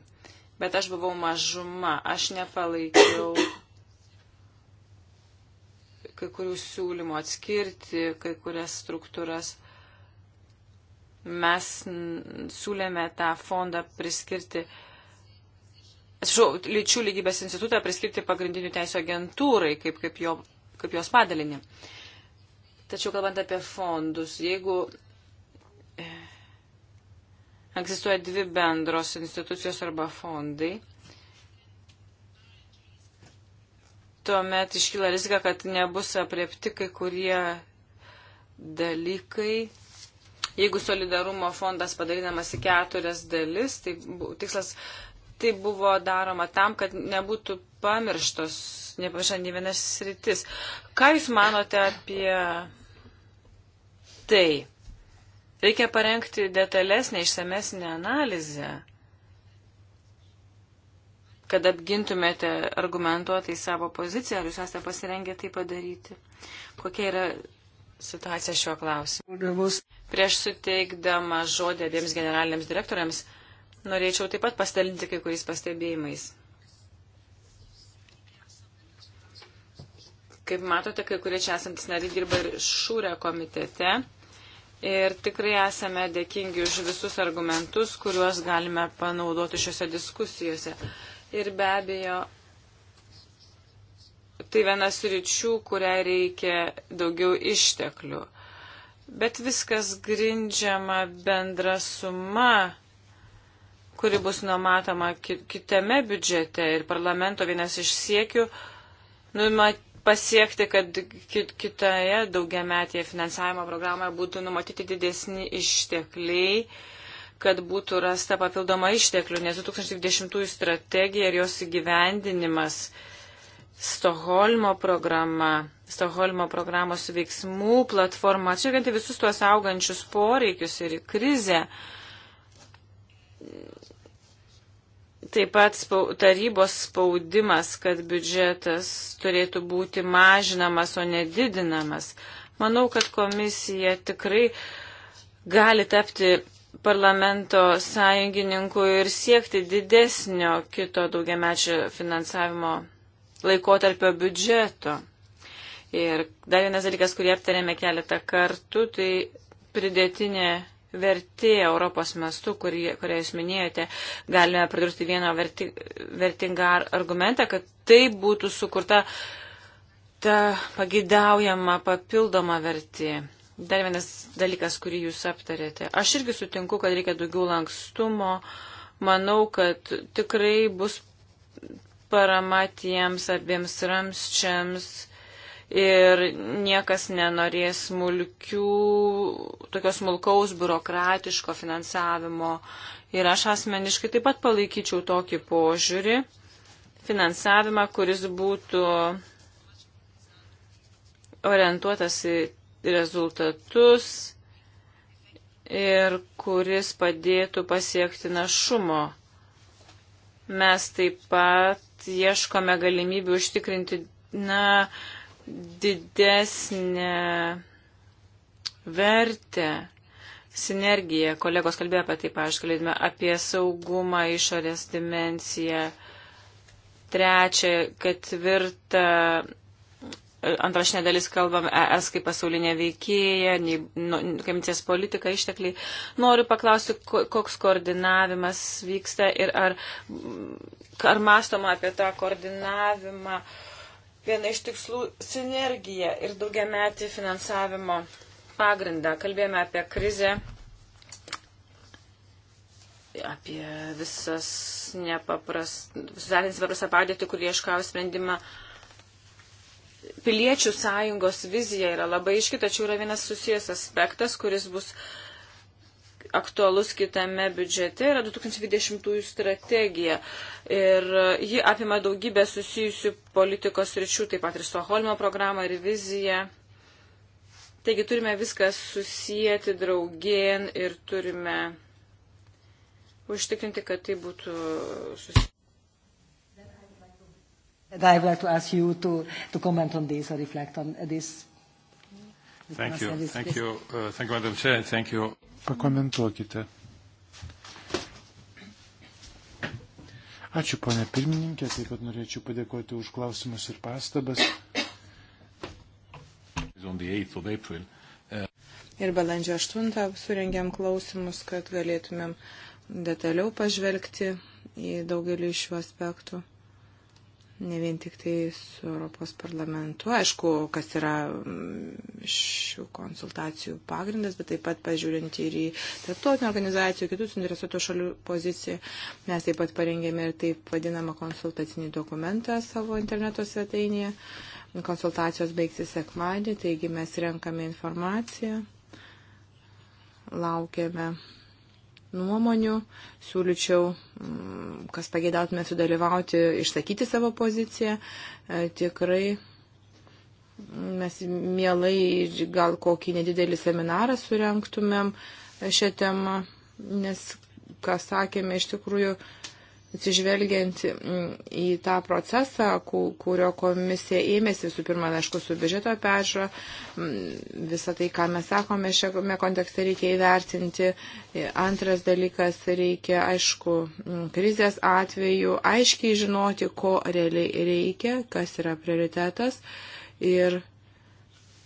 B: Bet aš buvau mažuma, aš nepalaikiau kai kurių siūlymų atskirti, kai kurias struktūras. Mes siūlėme tą fondą priskirti, atsiprašau, lyčių lygybės institutą priskirti pagrindinių teisų agentūrai, kaip, kaip, jo, kaip jos padalinį. Uh, Tačiau kalbant apie fondus, jeigu e, egzistuoja dvi bendros institucijos arba fondai, tuomet iškyla rizika, kad nebus apriepti kai kurie dalykai. Jeigu solidarumo fondas padarynamas į keturias dalis, tai tikslas tai buvo daroma tam, kad nebūtų pamirštos, nepamiršta nei vienas sritis. Ką Jūs manote apie tai reikia parengti detalesnę, išsamesnę analizę, kad apgintumėte argumentuotai savo poziciją, ar jūs esate pasirengę tai padaryti. Kokia yra situacija šiuo klausimu? Prieš suteikdama žodį abiems generaliniams direktoriams, norėčiau taip pat pasidalinti kai kuriais pastebėjimais. Kaip matote, kai kurie čia esantis nariai dirba ir šūrė komitete. Ir tikrai esame dėkingi už visus argumentus, kuriuos galime panaudoti šiuose diskusijose. Ir be abejo, tai vienas ryčių, kuriai reikia daugiau išteklių. Bet viskas grindžiama bendra suma, kuri bus numatoma kitame biudžete ir parlamento vienas iš siekių numatyti pasiekti, kad kitoje daugiametėje finansavimo programoje būtų numatyti didesni ištekliai, kad būtų rasta papildoma išteklių, nes 2020 strategija ir jos įgyvendinimas Stoholmo programa, Stoholmo programos veiksmų platforma, atsižvelgiant į visus tuos augančius poreikius ir krizę, Taip pat spau, tarybos spaudimas, kad biudžetas turėtų būti mažinamas, o nedidinamas. Manau, kad komisija tikrai gali tapti parlamento sąjungininkų ir siekti didesnio kito daugiamečio finansavimo laikotarpio biudžeto. Ir dar vienas dalykas, kurį aptarėme keletą kartų, tai pridėtinė vertė Europos mastu, kurią jūs minėjote, galime pridurti vieną verti, vertingą argumentą, kad tai būtų sukurta ta pagidaujama papildoma vertė. Dar vienas dalykas, kurį jūs aptarėte. Aš irgi sutinku, kad reikia daugiau lankstumo. Manau, kad tikrai bus parama tiems abiems ramščiams ir niekas nenorės smulkių, tokios smulkaus biurokratiško finansavimo. Ir aš asmeniškai taip pat palaikyčiau tokį požiūrį, finansavimą, kuris būtų orientuotas į rezultatus ir kuris padėtų pasiekti našumo. Mes taip pat ieškome galimybių užtikrinti, na, uh, didesnę vertę, sinergiją. Kolegos kalbėjo apie tai, paaiškalėdime, apie saugumą, išorės dimenciją, trečią, ketvirtą. Antrašinė dalis kalbam ES kaip pasaulinė veikėja, nu, komisijos politika, ištekliai. Noriu paklausti, koks koordinavimas vyksta ir ar, ar mąstoma apie tą koordinavimą uh, viena iš tikslų sinergija ir daugiametį finansavimo pagrindą. Kalbėjome apie krizę, apie visas nepaprastą, nepaprastą padėtį, kurį ieškau sprendimą. Piliečių sąjungos vizija yra labai iški, tačiau yra vienas susijęs aspektas, kuris bus uh, aktualus kitame biudžete yra 2020 strategija. Ir ji apima daugybę susijusių politikos ryčių, taip pat ir Stoholmo programą ir viziją. Taigi turime viską susijęti draugien ir turime užtikrinti, kad tai būtų susijęti. I would like to ask you to, to comment on this or reflect
A: on this Thank you. Thank
B: you, uh, thank you, Madam Chair, and thank you
A: pakomentuokite. Ačiū, ponė pirmininkė, taip pat norėčiau padėkoti už klausimus ir pastabas. Uh,
C: ir balandžio 8 surengėm klausimus, kad galėtumėm detaliau pažvelgti į daugelį šių aspektų ne vien tik tai su Europos parlamentu, aišku, kas yra mm, šių konsultacijų pagrindas, bet taip pat pažiūrint ir į tarptautinių organizacijų, kitus interesuotų šalių poziciją. Mes taip pat parengėme ir taip vadinamą konsultacinį dokumentą savo interneto svetainėje. Konsultacijos baigsis sekmadį, taigi mes renkame informaciją, laukiame nuomonių, siūlyčiau, mm, kas pageidautume sudalyvauti, išsakyti savo poziciją. E, tikrai mes mielai gal kokį nedidelį seminarą surenktumėm e, šią temą, nes, ką sakėme, iš tikrųjų atsižvelgiant mm, į tą procesą, kurio komisija ėmėsi visų pirma, aišku, su biudžeto peržiūro, mm, visą tai, ką mes sakome šiame kontekste, reikia įvertinti. Antras dalykas, reikia, aišku, mm, krizės atveju aiškiai žinoti, ko realiai reikia, kas yra prioritetas ir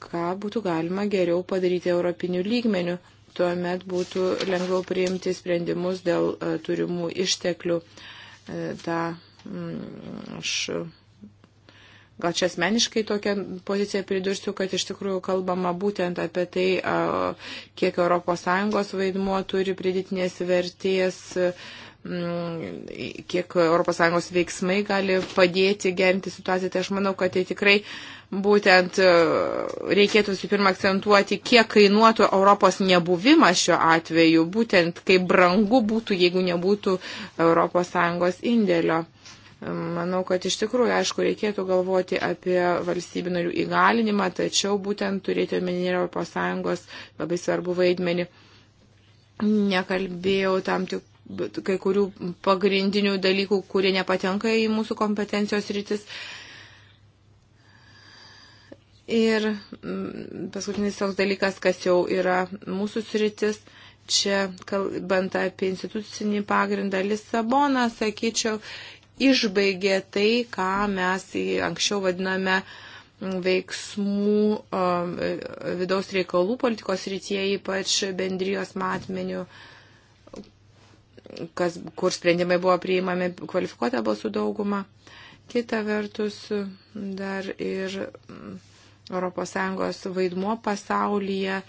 C: ką būtų galima geriau padaryti europinių lygmenių. Tuomet būtų lengviau priimti sprendimus dėl e, turimų išteklių. Uh, tą mm, aš gal čia asmeniškai tokią poziciją pridursiu, kad iš tikrųjų kalbama būtent apie tai, kiek ES vaidmuo turi pridėtinės vertės mm, kiek ES veiksmai gali padėti gerinti situaciją, tai aš manau, kad tai tikrai uh, būtent e, reikėtų visų pirma akcentuoti, kiek kainuotų Europos nebuvimas šiuo atveju, būtent kaip brangu būtų, jeigu nebūtų ES indėlio. E, manau, kad iš tikrųjų, aišku, reikėtų galvoti apie valstybių narių įgalinimą, tačiau būtent turėti omenyje ES labai svarbu vaidmenį. Nekalbėjau tam tik kai kurių pagrindinių dalykų, kurie nepatenka į mūsų kompetencijos rytis. Uh, Ir mm, paskutinis toks dalykas, kas jau yra mūsų sritis, čia kalbant apie institucinį pagrindą, Lisabona, sakyčiau, išbaigė tai, ką mes anksčiau vadiname mm, veiksmų vidaus reikalų politikos rytyje, ypač bendrijos matmenių kas, kur sprendimai buvo priimami kvalifikuotą balsų daugumą. Kita vertus dar ir mm, ES vaidmuo pasaulyje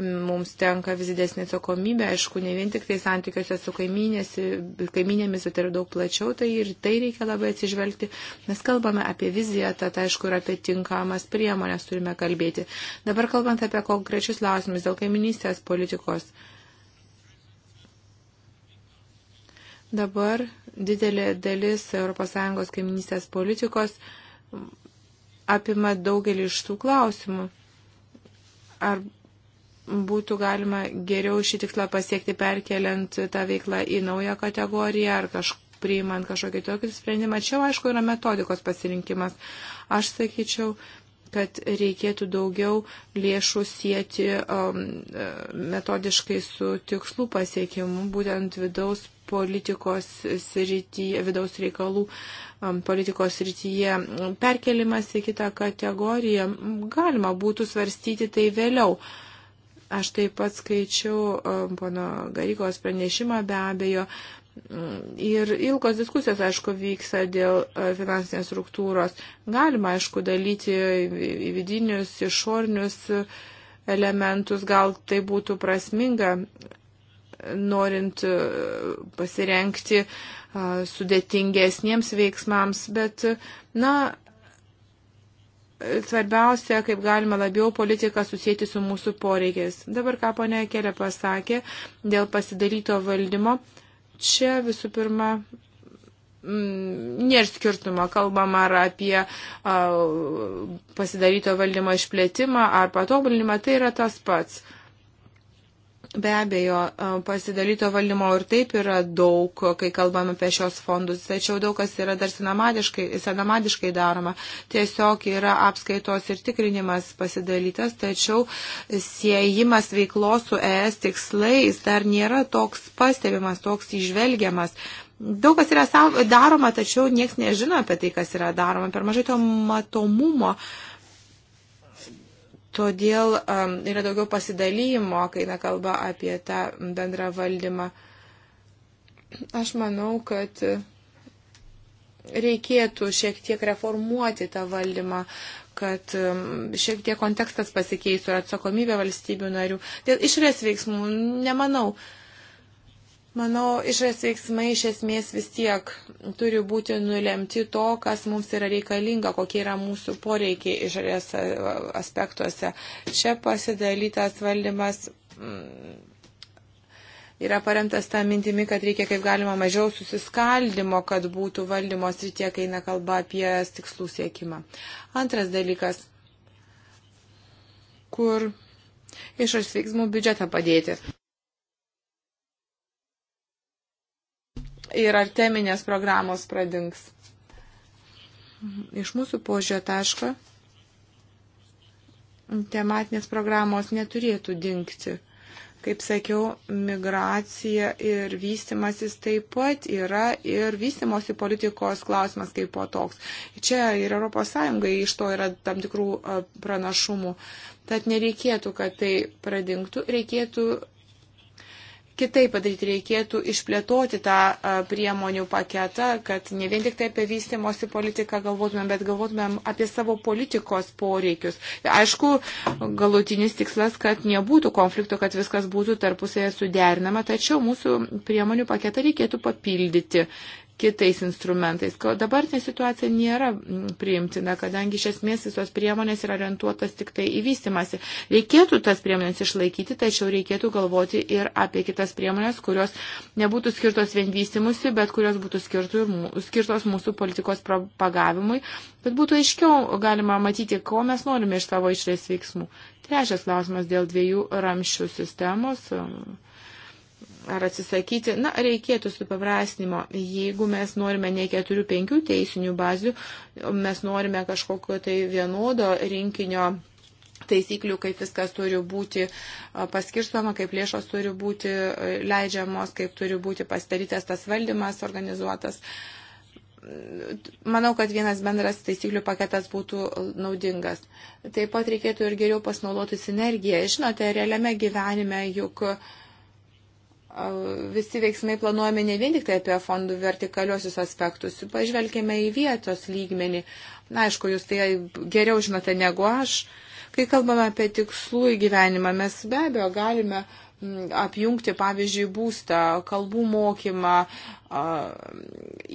C: mums tenka vis didesnė atsakomybė, aišku, ne vien tik tai santykiuose su kaiminėmis, bet ir daug plačiau, tai ir tai reikia labai atsižvelgti, nes kalbame apie viziją, tad aišku, ir apie tinkamas priemonės turime kalbėti. Dabar kalbant apie konkrečius lausimus dėl kaiminystės politikos. Dabar didelė dalis ES kaiminystės politikos apima daugelį iš tų klausimų. Ar būtų galima geriau šį tikslą pasiekti perkeliant tą veiklą į naują kategoriją ar kažkokį priimant kažkokį tokį sprendimą. Čia, aišku, yra metodikos pasirinkimas. Aš sakyčiau, uh, kad reikėtų daugiau lėšų sieti um, e, metodiškai su tikslu pasiekimu, būtent vidaus politikos srityje, vidaus reikalų um, politikos srityje perkelimas į kitą kategoriją. Galima būtų svarstyti tai vėliau. Aš taip pat skaičiau um, pono Garygos pranešimą be abejo. Um, Ir ilgos diskusijos, aišku, vyksta dėl e, finansinės struktūros. Galima, aišku, dalyti vidinius, išornius elementus, gal tai būtų prasminga, norint e, pasirenkti e, sudėtingesniems veiksmams, bet, na, svarbiausia, kaip galima labiau politiką susijęti su mūsų poreikiais. Dabar ką ponia Kelė pasakė dėl pasidalyto valdymo. Uh, Čia visų pirma mm, nėra skirtumo, kalbam ar apie a, pasidaryto valdymo išplėtimą ar patobulinimą, tai yra tas pats. A, Be abejo, pasidalyto valdymo ir taip yra daug, kai kalbame apie šios fondus, tačiau daug kas yra dar senamadiškai, senamadiškai daroma. Tiesiog yra apskaitos ir tikrinimas pasidalytas, tačiau siejimas veiklos su ES tikslais dar nėra toks pastebimas, toks išvelgiamas. Daug kas yra daroma, tačiau niekas nežino apie tai, kas yra daroma. Per mažai to matomumo. Uh, Todėl um, yra daugiau pasidalymo, kai na, kalba apie tą bendrą valdymą. Aš manau, kad reikėtų šiek tiek reformuoti tą valdymą, kad um, šiek tiek kontekstas pasikeistų ir atsakomybė valstybių narių. Dėl išrės veiksmų nemanau. Uh, Manau, išorės veiksmai iš esmės vis tiek turi būti nulemti to, kas mums yra reikalinga, kokie yra mūsų poreikiai išorės e, aspektuose. Čia pasidalytas valdymas mm, yra paremtas tą mintimį, kad reikia kaip galima mažiau susiskaldimo, kad būtų valdymo srityje, kai eina kalba apie tikslų siekimą. Antras dalykas, kur išorės veiksmų biudžetą padėti. ir ar teminės programos pradings. Iš mūsų požiūrio taško tematinės programos neturėtų dinkti. Kaip sakiau, migracija ir vystimasis taip pat yra ir vystimosi politikos klausimas kaip po toks. Čia ir ES iš to yra tam tikrų pranašumų. Tad nereikėtų, kad tai pradingtų, reikėtų kitaip padaryti, reikėtų išplėtoti tą priemonių paketą, kad ne vien tik tai apie vystimosi politiką galvotumėm, bet galvotumėm apie savo politikos poreikius. Aišku, galutinis tikslas, kad nebūtų konflikto, kad viskas būtų tarpusėje suderinama, tačiau mūsų priemonių paketą reikėtų papildyti kitais instrumentais. Ko dabartinė situacija nėra mm, priimtina, kadangi iš esmės visos priemonės yra orientuotas tik tai į vystimąsi. Reikėtų tas priemonės išlaikyti, tačiau reikėtų galvoti ir apie kitas priemonės, kurios nebūtų skirtos vien vystimusi, bet kurios būtų skirtos mūsų politikos propagavimui, bet būtų aiškiau galima matyti, ko mes norime iš savo išrės veiksmų. Trečias klausimas dėl dviejų ramščių sistemos. Um, ar atsisakyti, na, reikėtų supaprastinimo. Jeigu mes norime ne keturių, penkių teisinių bazių, mes norime kažkokio tai vienodo rinkinio taisyklių, kaip viskas turi būti paskirstoma, kaip lėšos turi būti leidžiamos, kaip turi būti pastarytas tas valdymas organizuotas manau, kad vienas bendras taisyklių paketas būtų naudingas. Taip pat reikėtų ir geriau pasinaudoti sinergiją. Žinote, realiame gyvenime juk uh, visi veiksmai planuojami ne vien tik tai apie fondų vertikaliosius aspektus, pažvelkime į vietos lygmenį. Na, aišku, jūs tai geriau žinote negu aš. Kai kalbame apie tikslų įgyvenimą, mes be abejo galime Mm, apjungti, pavyzdžiui, būstą, kalbų mokymą,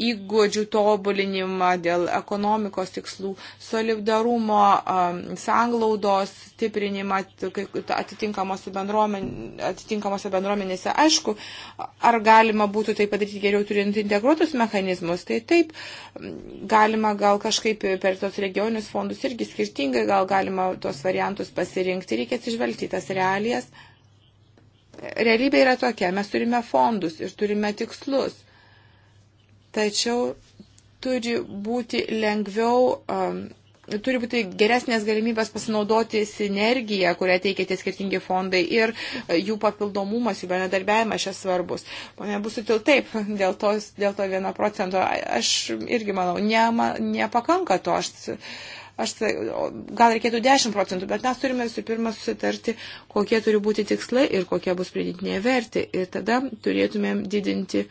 C: įgūdžių tobulinimą dėl ekonomikos tikslų, solidarumo, sanglaudos stiprinimą atitinkamose, bendruomen, atitinkamose bendruomenėse. Aišku, ar galima būtų tai padaryti geriau turint integruotus mechanizmus, tai taip, galima gal kažkaip per tos regionius fondus irgi skirtingai, gal galima tos variantus pasirinkti, reikia atsižvelgti į tas realijas realybė yra tokia, mes turime fondus ir turime tikslus, tačiau turi būti lengviau, um, turi būti geresnės galimybės pasinaudoti sinergiją, kurią teikia tie skirtingi fondai ir uh, jų papildomumas, jų bendradarbiavimas čia svarbus. Pone, bus sutil taip, dėl to, dėl to vieno procento, aš irgi manau, ne, nepakanka to. Aš, Aš tai, gal reikėtų 10 procentų, bet mes turime visų pirma susitarti, kokie turi būti tikslai ir kokia bus pridėtinė vertė. Ir tada turėtumėm didinti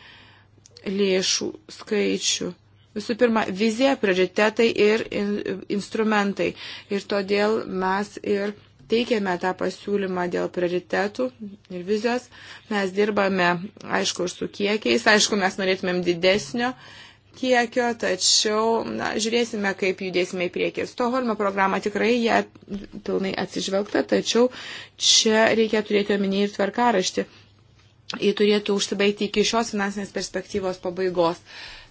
C: lėšų skaičių. Visų pirma, vizija, prioritetai ir in, instrumentai. Ir todėl mes ir teikėme tą pasiūlymą dėl prioritetų ir vizijos. Mes dirbame, aišku, ir su kiekiais. Aišku, mes norėtumėm didesnio. Uh, kiekio, tačiau na, žiūrėsime, kaip judėsime į priekį. Stoholmo programą tikrai ją pilnai atsižvelgta, tačiau čia reikia turėti omenyje ir tvarkaraštį. Jį turėtų užsibaigti iki šios finansinės perspektyvos pabaigos.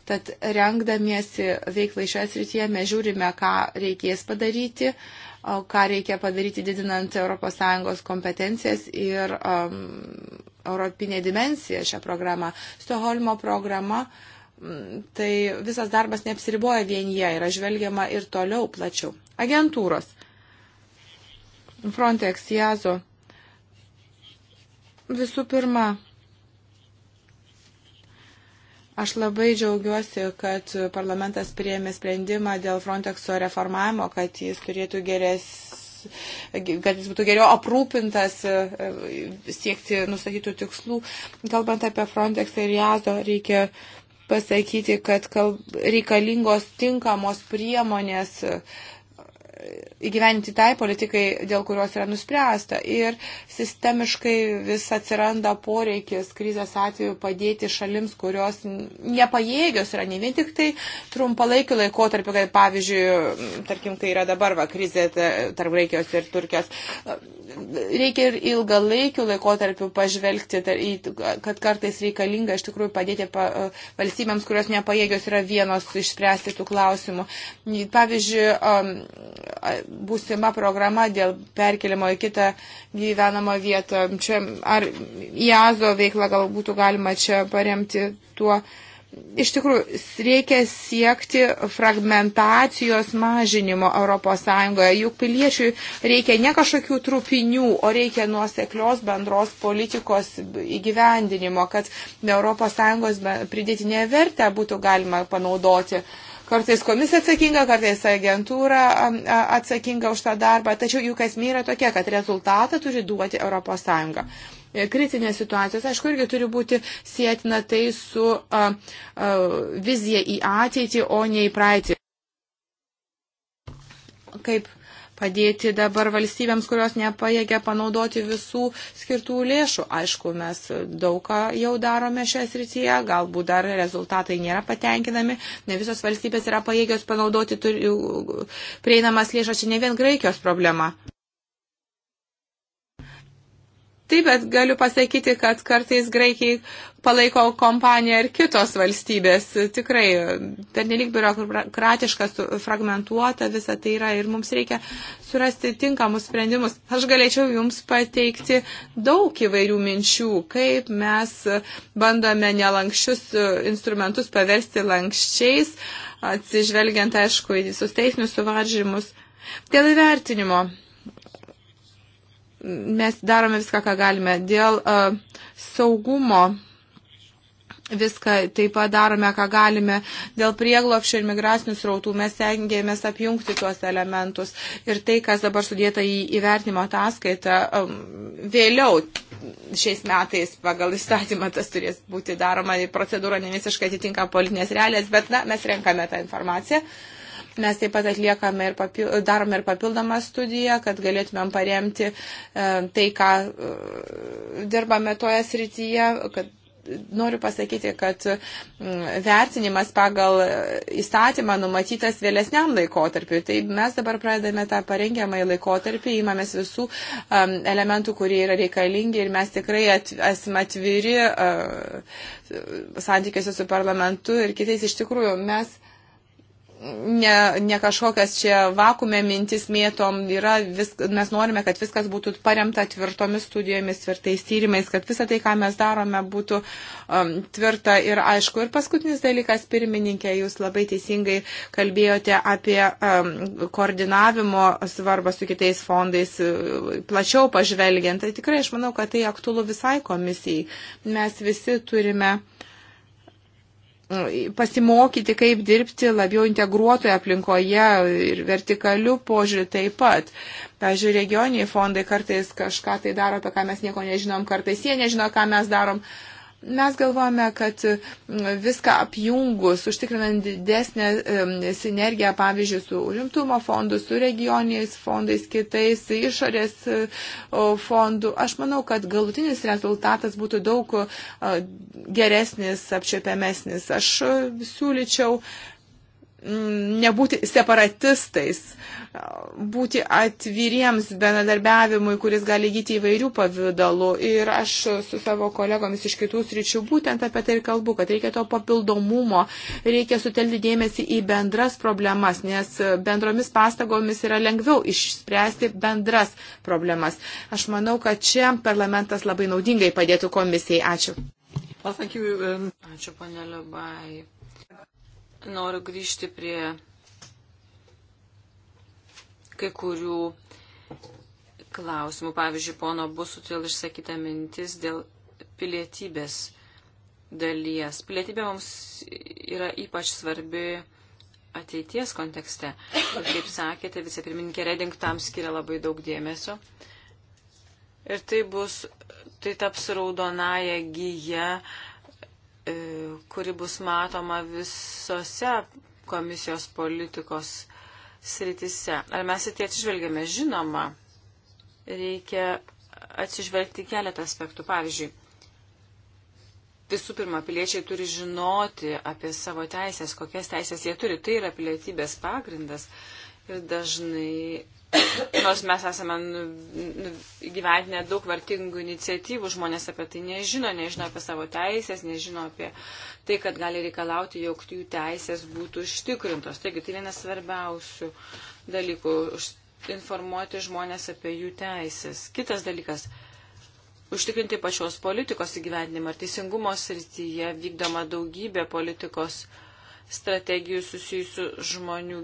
C: Tad rengdamiesi veiklai šioje srityje mes žiūrime, ką reikės padaryti, ką reikia padaryti didinant ES kompetencijas ir um, europinė dimensija šią programą. Stoholmo programa uh, tai visas darbas neapsiriboja vien jie, yra žvelgiama ir toliau plačiau. Agentūros. Frontex, Jazo. Visų pirma, Aš labai džiaugiuosi, kad parlamentas priėmė sprendimą dėl Frontexo reformavimo, kad jis turėtų geres kad jis būtų geriau aprūpintas e, siekti nustatytų tikslų. Kalbant apie Frontexą ir JAZO, reikia pasakyti, kad kalb, reikalingos tinkamos priemonės įgyventi tai politikai, dėl kurios yra nuspręsta. Ir sistemiškai vis atsiranda poreikis krizės atveju padėti šalims, kurios nepajėgios yra ne vien tik tai trumpalaikiu laikotarpiu, kaip pavyzdžiui, tarkim, kai yra dabar va, krizė tarp Graikijos ir Turkijos. Reikia ir ilgalaikiu laikotarpiu pažvelgti, kad kartais reikalinga iš tikrųjų padėti pa, valstybėms, kurios nepajėgios yra vienos išspręsti tų klausimų. Pavyzdžiui, um, būsima programa dėl perkelimo į kitą gyvenamą vietą. Čia, ar į Azo veiklą gal būtų galima čia paremti tuo. Iš tikrųjų, reikia siekti fragmentacijos mažinimo ES. Juk piliečiui reikia ne kažkokių trupinių, o reikia nuoseklios bendros politikos įgyvendinimo, kad ES pridėtinė vertę būtų galima panaudoti. Uh, Kartais komisija atsakinga, kartais agentūra atsakinga už tą darbą, tačiau jų esmė yra tokia, kad rezultatą turi duoti ES e, kritinės situacijos, aišku, irgi turi būti sėtina tai su a, a, vizija į ateitį, o ne į praeitį. Kaip padėti dabar valstybėms, kurios nepajėgia panaudoti visų skirtų lėšų. Aišku, mes daug ką jau darome šioje srityje, galbūt dar rezultatai nėra patenkinami, ne visos valstybės yra pajėgios panaudoti turi, prieinamas lėšas, čia ne vien Graikijos problema anksti, bet galiu pasakyti, kad kartais Graikijai palaiko kompanija ir kitos valstybės. Tikrai, pernelik biurokratiškas, fragmentuota visą tai yra ir mums reikia surasti tinkamus sprendimus. Aš galėčiau Jums pateikti daug įvairių minčių, kaip mes bandome nelankščius instrumentus paversti lankščiais, atsižvelgiant, aišku, į visus teisinius suvaržymus. Dėl įvertinimo mes darome viską, ką galime. Dėl uh, saugumo viską taip pat darome, ką galime. Dėl prieglopščio ir migracinių srautų mes stengiamės apjungti tuos elementus. Ir tai, kas dabar sudėta į įvertinimo ataskaitą, e, vėliau šiais metais pagal įstatymą tas turės būti daroma. Procedūra ne visiškai atitinka politinės realės, bet na, mes renkame tą informaciją. Uh, Mes taip pat atliekame ir papil, darome ir papildomą studiją, kad galėtumėm paremti e, tai, ką e, dirbame toje srityje, kad noriu pasakyti, kad vertinimas pagal įstatymą numatytas vėlesniam laikotarpiu. Tai mes dabar pradedame tą parengiamąjį laikotarpį, įmamės visų um, elementų, kurie yra reikalingi ir mes tikrai at, esame atviri uh, santykiuose su parlamentu ir kitais. Iš tikrųjų, mes ne, ne kažkokias čia vakume mintis mėtom, yra vis, mes norime, kad viskas būtų paremta tvirtomis studijomis, tvirtais tyrimais, kad visa tai, ką mes darome, būtų um, tvirta ir aišku. Ir paskutinis dalykas, pirmininkė, jūs labai teisingai kalbėjote apie um, koordinavimo svarbą su kitais fondais, plačiau pažvelgiant. Tai tikrai aš manau, kad tai aktualu visai komisijai. Mes visi turime pasimokyti, kaip dirbti labiau integruotoje aplinkoje ir vertikalių požiūrį taip pat. Pavyzdžiui, regioniniai fondai kartais kažką tai daro, apie ką mes nieko nežinom, kartais jie nežino, ką mes darom. Uh, Mes galvojame, kad viską apjungus, užtikrinant didesnę sinergiją, pavyzdžiui, su rimtumo fondu, su regioniais fondais, kitais, išorės e, fondu, aš manau, kad galutinis rezultatas būtų daug geresnis, apčiopiamesnis. Aš e, siūlyčiau uh, Mm, nebūti separatistais, būti atviriems bendradarbiavimui, kuris gali gyti įvairių pavydalų. Ir aš su savo kolegomis iš kitų sričių būtent apie tai ir kalbu, kad reikia to papildomumo, reikia sutelti dėmesį į bendras problemas, nes bendromis pastagomis yra lengviau išspręsti bendras problemas. Aš manau, kad čia parlamentas labai naudingai padėtų komisijai. Ačiū.
B: Well, thank you. Um... Ačiū, panelė Bai noriu grįžti prie kai kurių klausimų. Pavyzdžiui, pono Busutil išsakyta mintis dėl pilietybės dalies. Pilietybė mums yra ypač svarbi ateities kontekste. Ir kaip sakėte, vicepirmininkė Reding tam skiria labai daug dėmesio. Ir tai bus, tai taps raudonąją gyją E, kuri bus matoma visose komisijos politikos sritise. Ar mes į tai atsižvelgiame? Žinoma, reikia atsižvelgti keletą aspektų. Pavyzdžiui, visų pirma, piliečiai turi žinoti apie savo teisės, kokias teisės jie turi. Tai yra pilietybės pagrindas. Ir dažnai Nors mes esame gyventinę daug vertingų iniciatyvų, žmonės apie tai nežino, nežino apie savo teisės, nežino apie tai, kad gali reikalauti, jog jų teisės būtų ištikrintos. Taigi tai vienas svarbiausių dalykų - informuoti žmonės apie jų teisės. Kitas dalykas užtikrinti pačios politikos įgyvendinimą. Ir teisingumo srityje vykdoma daugybė politikos strategijų susijusių žmonių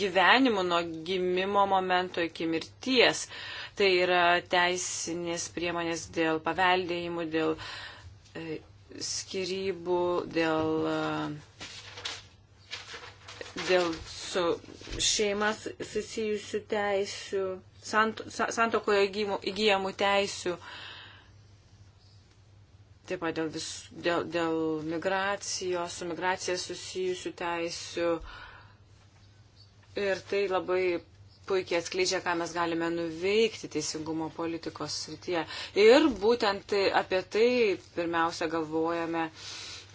B: gyvenimu nuo gimimo momento iki mirties. Tai yra teisinės priemonės dėl paveldėjimų, dėl e, skirybų, dėl, e, dėl su šeima susijusių teisių, santokoje įgyjamų teisių. Taip pat dėl, vis, dėl, dėl migracijos, su migracija susijusių teisių. Ir tai labai puikiai atskleidžia, ką mes galime nuveikti teisingumo politikos srityje. Ir būtent tai, apie tai pirmiausia galvojame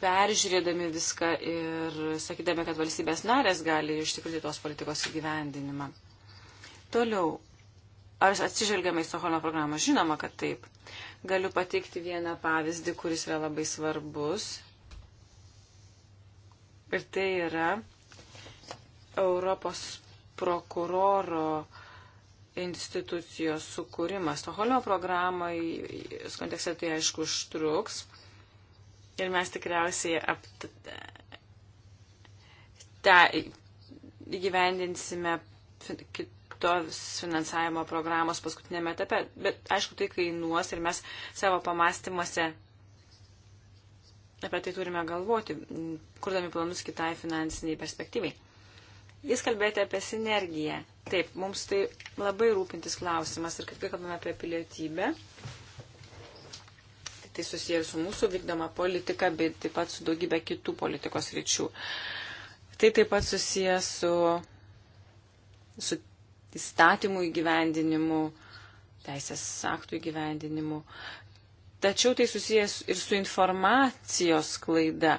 B: peržiūrėdami viską ir sakydami, kad valstybės narės gali ištikrinti tos politikos įgyvendinimą. Toliau, ar atsižvelgiame į Stokholmo programą? Žinoma, kad taip. Galiu pateikti vieną pavyzdį, kuris yra labai svarbus. Ir tai yra Europos prokuroro institucijos sukūrimas. Stoholmo programai, kontekste tai aišku, užtruks. Ir mes tikriausiai ap... ta, įgyvendinsime kit, skirtos finansavimo programos paskutinėme etape. Bet aišku, tai kainuos ir mes savo pamastymuose apie tai turime galvoti, kurdami planus kitai finansiniai perspektyvai. Jūs kalbėjote apie sinergiją. Taip, mums tai labai rūpintis klausimas ir kai kalbame apie pilietybę, tai, tai susijęs su mūsų vykdoma politika, bet taip pat su daugybė kitų politikos ryčių. Tai taip pat susijęs su, su įstatymų įgyvendinimu, teisės aktų įgyvendinimu. Tačiau tai susijęs ir su informacijos klaida.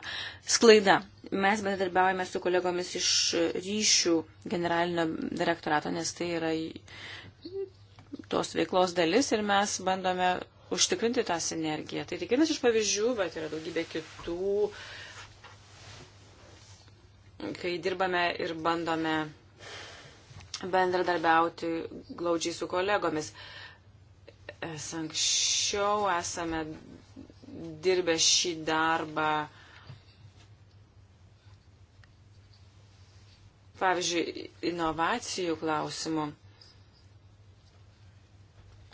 B: sklaida. Mes bendarbiaujame su kolegomis iš ryšių generalinio direktorato, nes tai yra tos veiklos dalis ir mes bandome užtikrinti tą sinergiją. Tai tik vienas iš pavyzdžių, bet yra daugybė kitų, kai dirbame ir bandome bendradarbiauti glaudžiai su kolegomis. Es anksčiau esame dirbę šį darbą. Pavyzdžiui, inovacijų klausimų.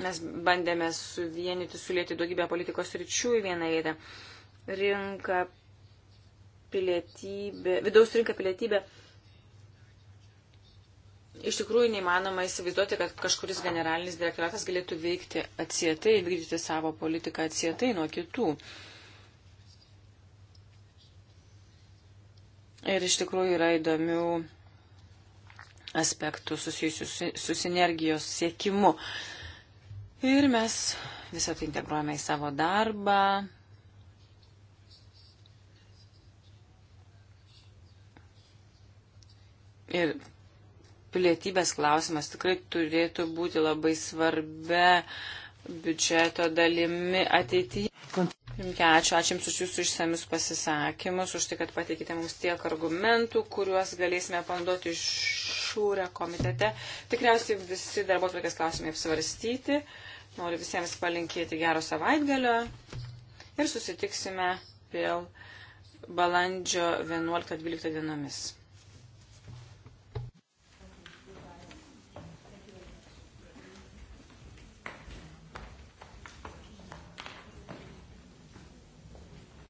B: Mes bandėme suvienyti, sulėti daugybę politikos ryčių į vieną vietą. Rinka, pilietybė, vidaus rinka pilietybė Iš tikrųjų neįmanoma įsivaizduoti, kad kažkuris generalinis direktoratas galėtų veikti atsietai, vykdyti savo politiką atsietai nuo kitų. Ir iš tikrųjų yra įdomių aspektų susijusių su sinergijos siekimu. Ir mes visą tai integruojame į savo darbą. Ir pilietybės klausimas tikrai turėtų būti labai svarbia biudžeto dalimi ateityje. Ačiū, ačiū Jums už Jūsų išsamius pasisakymus, už tai, kad pateikite mums tiek argumentų, kuriuos galėsime panduoti šūrę komitete. Tikriausiai visi darbo atvarkės klausimai apsvarstyti. Noriu visiems palinkėti gero savaitgalio ir susitiksime vėl balandžio 11-12 dienomis.